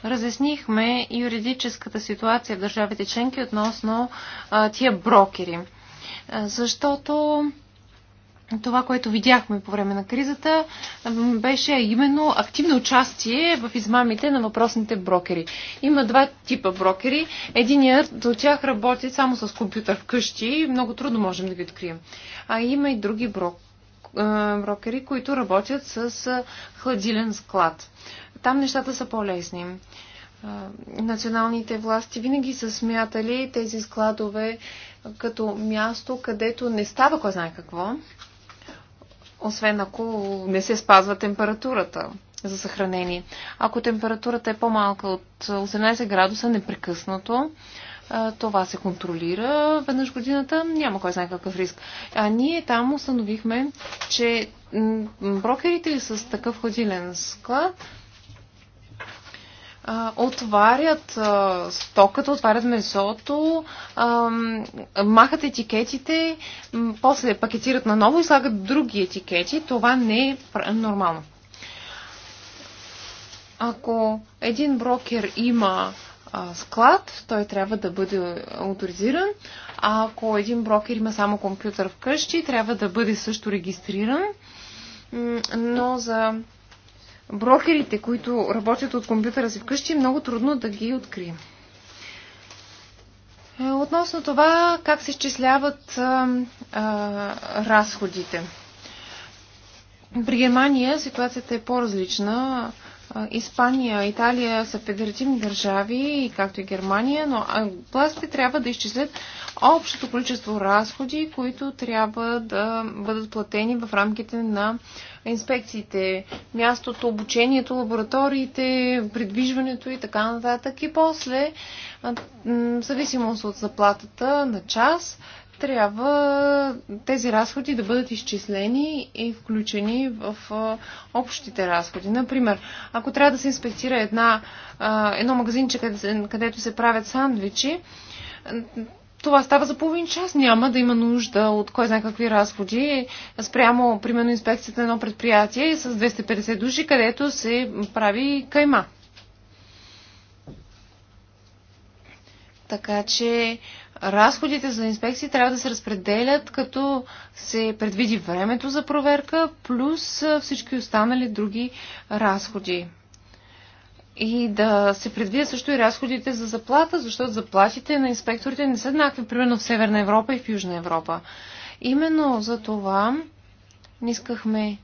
разяснихме юридическата ситуация в държавите членки относно а, тия брокери. А, защото това, което видяхме по време на кризата, беше именно активно участие в измамите на въпросните брокери. Има два типа брокери. Единият от тях работи само с компютър вкъщи и много трудно можем да ги открием. А има и други брок, брокери, които работят с хладилен склад. Там нещата са по-лесни националните власти винаги са смятали тези складове като място, където не става кой знае какво освен ако не се спазва температурата за съхранение. Ако температурата е по-малка от 18 градуса непрекъснато, това се контролира веднъж годината, няма кой знае какъв риск. А ние там установихме, че брокерите с такъв ходилен склад а, отварят а, стоката, отварят месото, а, махат етикетите, после пакетират наново и слагат други етикети. Това не е нормално. Ако един брокер има склад, той трябва да бъде авторизиран. А ако един брокер има само компютър вкъщи, трябва да бъде също регистриран. Но за брокерите, които работят от компютъра си вкъщи, е много трудно да ги открием. Е, относно това, как се изчисляват а, а, разходите. При Германия ситуацията е по-различна. Испания, Италия са федеративни държави, както и Германия, но властите трябва да изчислят общото количество разходи, които трябва да бъдат платени в рамките на инспекциите. Мястото, обучението, лабораториите, придвижването и така нататък. И после, в зависимост от заплатата на час, трябва тези разходи да бъдат изчислени и включени в общите разходи. Например, ако трябва да се инспектира една, едно магазинче, където се правят сандвичи, това става за половин час. Няма да има нужда от кой знае какви разходи спрямо, примерно, инспекцията на едно предприятие с 250 души, където се прави кайма Така че разходите за инспекции трябва да се разпределят, като се предвиди времето за проверка, плюс всички останали други разходи. И да се предвидят също и разходите за заплата, защото заплатите на инспекторите не са еднакви, примерно в Северна Европа и в Южна Европа. Именно за това не искахме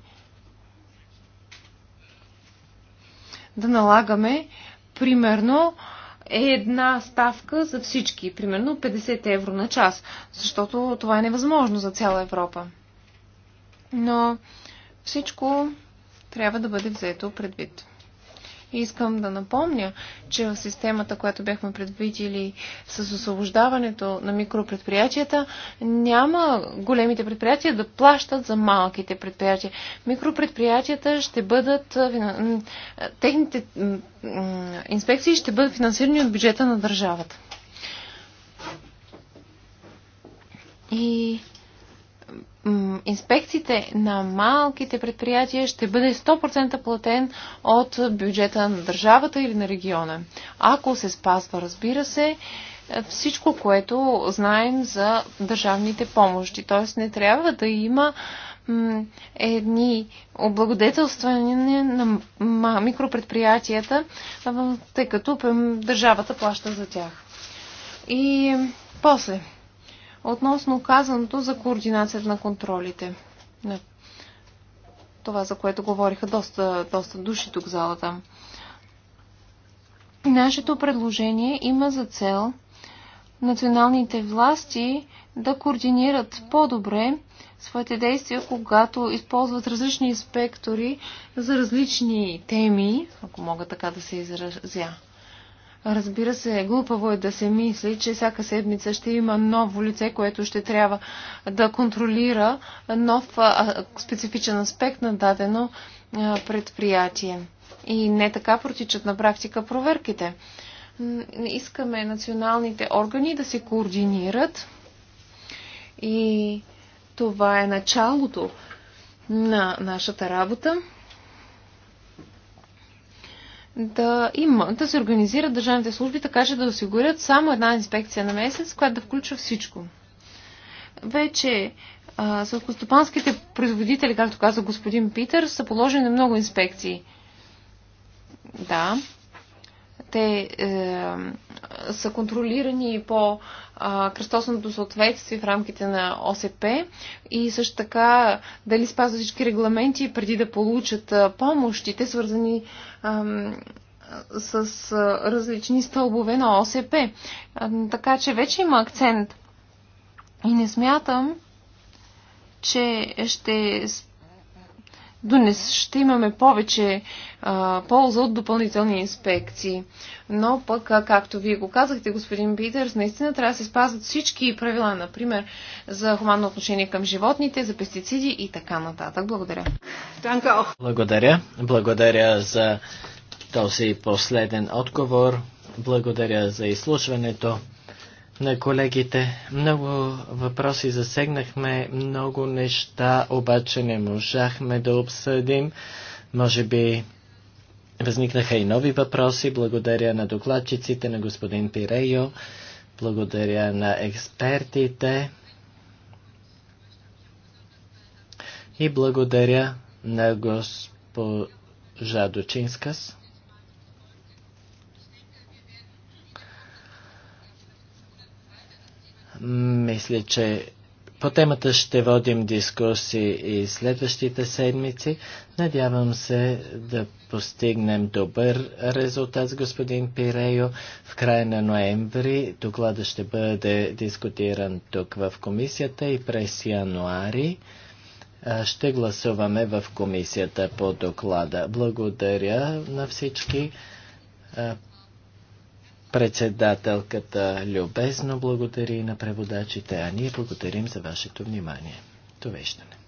да налагаме, примерно, е една ставка за всички, примерно 50 евро на час, защото това е невъзможно за цяла Европа. Но всичко трябва да бъде взето предвид. Искам да напомня, че в системата, която бяхме предвидили с освобождаването на микропредприятията, няма големите предприятия да плащат за малките предприятия. Микропредприятията ще бъдат, техните инспекции ще бъдат финансирани от бюджета на държавата. И инспекциите на малките предприятия ще бъде 100% платен от бюджета на държавата или на региона. Ако се спазва, разбира се, е, всичко, което знаем за държавните помощи. Т.е. не трябва да има едни облагодетелствания на микропредприятията, тъй като държавата плаща за тях. И после, относно казаното за координацията на контролите. Това, за което говориха доста, доста души тук в залата. Нашето предложение има за цел националните власти да координират по-добре своите действия, когато използват различни инспектори за различни теми, ако мога така да се изразя. Разбира се, глупаво е да се мисли, че всяка седмица ще има ново лице, което ще трябва да контролира нов специфичен аспект на дадено предприятие. И не така протичат на практика проверките. Искаме националните органи да се координират и това е началото на нашата работа да има, да се организират държавните служби така, че да осигурят само една инспекция на месец, която да включва всичко. Вече съвкостопанските производители, както каза господин Питър, са положени много инспекции. Да, те е, са контролирани по е, кръстосното съответствие в рамките на ОСП и също така дали спазват всички регламенти преди да получат е, помощите, свързани е, с е, различни стълбове на ОСП. Е, така че вече има акцент. И не смятам, че ще спазват донес, ще имаме повече а, полза от допълнителни инспекции. Но пък, а, както вие го казахте, господин Питерс, наистина трябва да се спазват всички правила, например, за хуманно отношение към животните, за пестициди и така нататък. Благодаря. Благодаря. Благодаря за този последен отговор. Благодаря за изслушването на колегите. Много въпроси засегнахме, много неща обаче не можахме да обсъдим. Може би възникнаха и нови въпроси. Благодаря на докладчиците, на господин Пирейо, благодаря на експертите и благодаря на госпожа Дочинскас. Мисля, че по темата ще водим дискусии и следващите седмици. Надявам се да постигнем добър резултат с господин Пирейо. В края на ноември доклада ще бъде дискутиран тук в комисията и през януари ще гласуваме в комисията по доклада. Благодаря на всички. Председателката любезно благодари на преводачите, а ние благодарим за вашето внимание. Довеждане.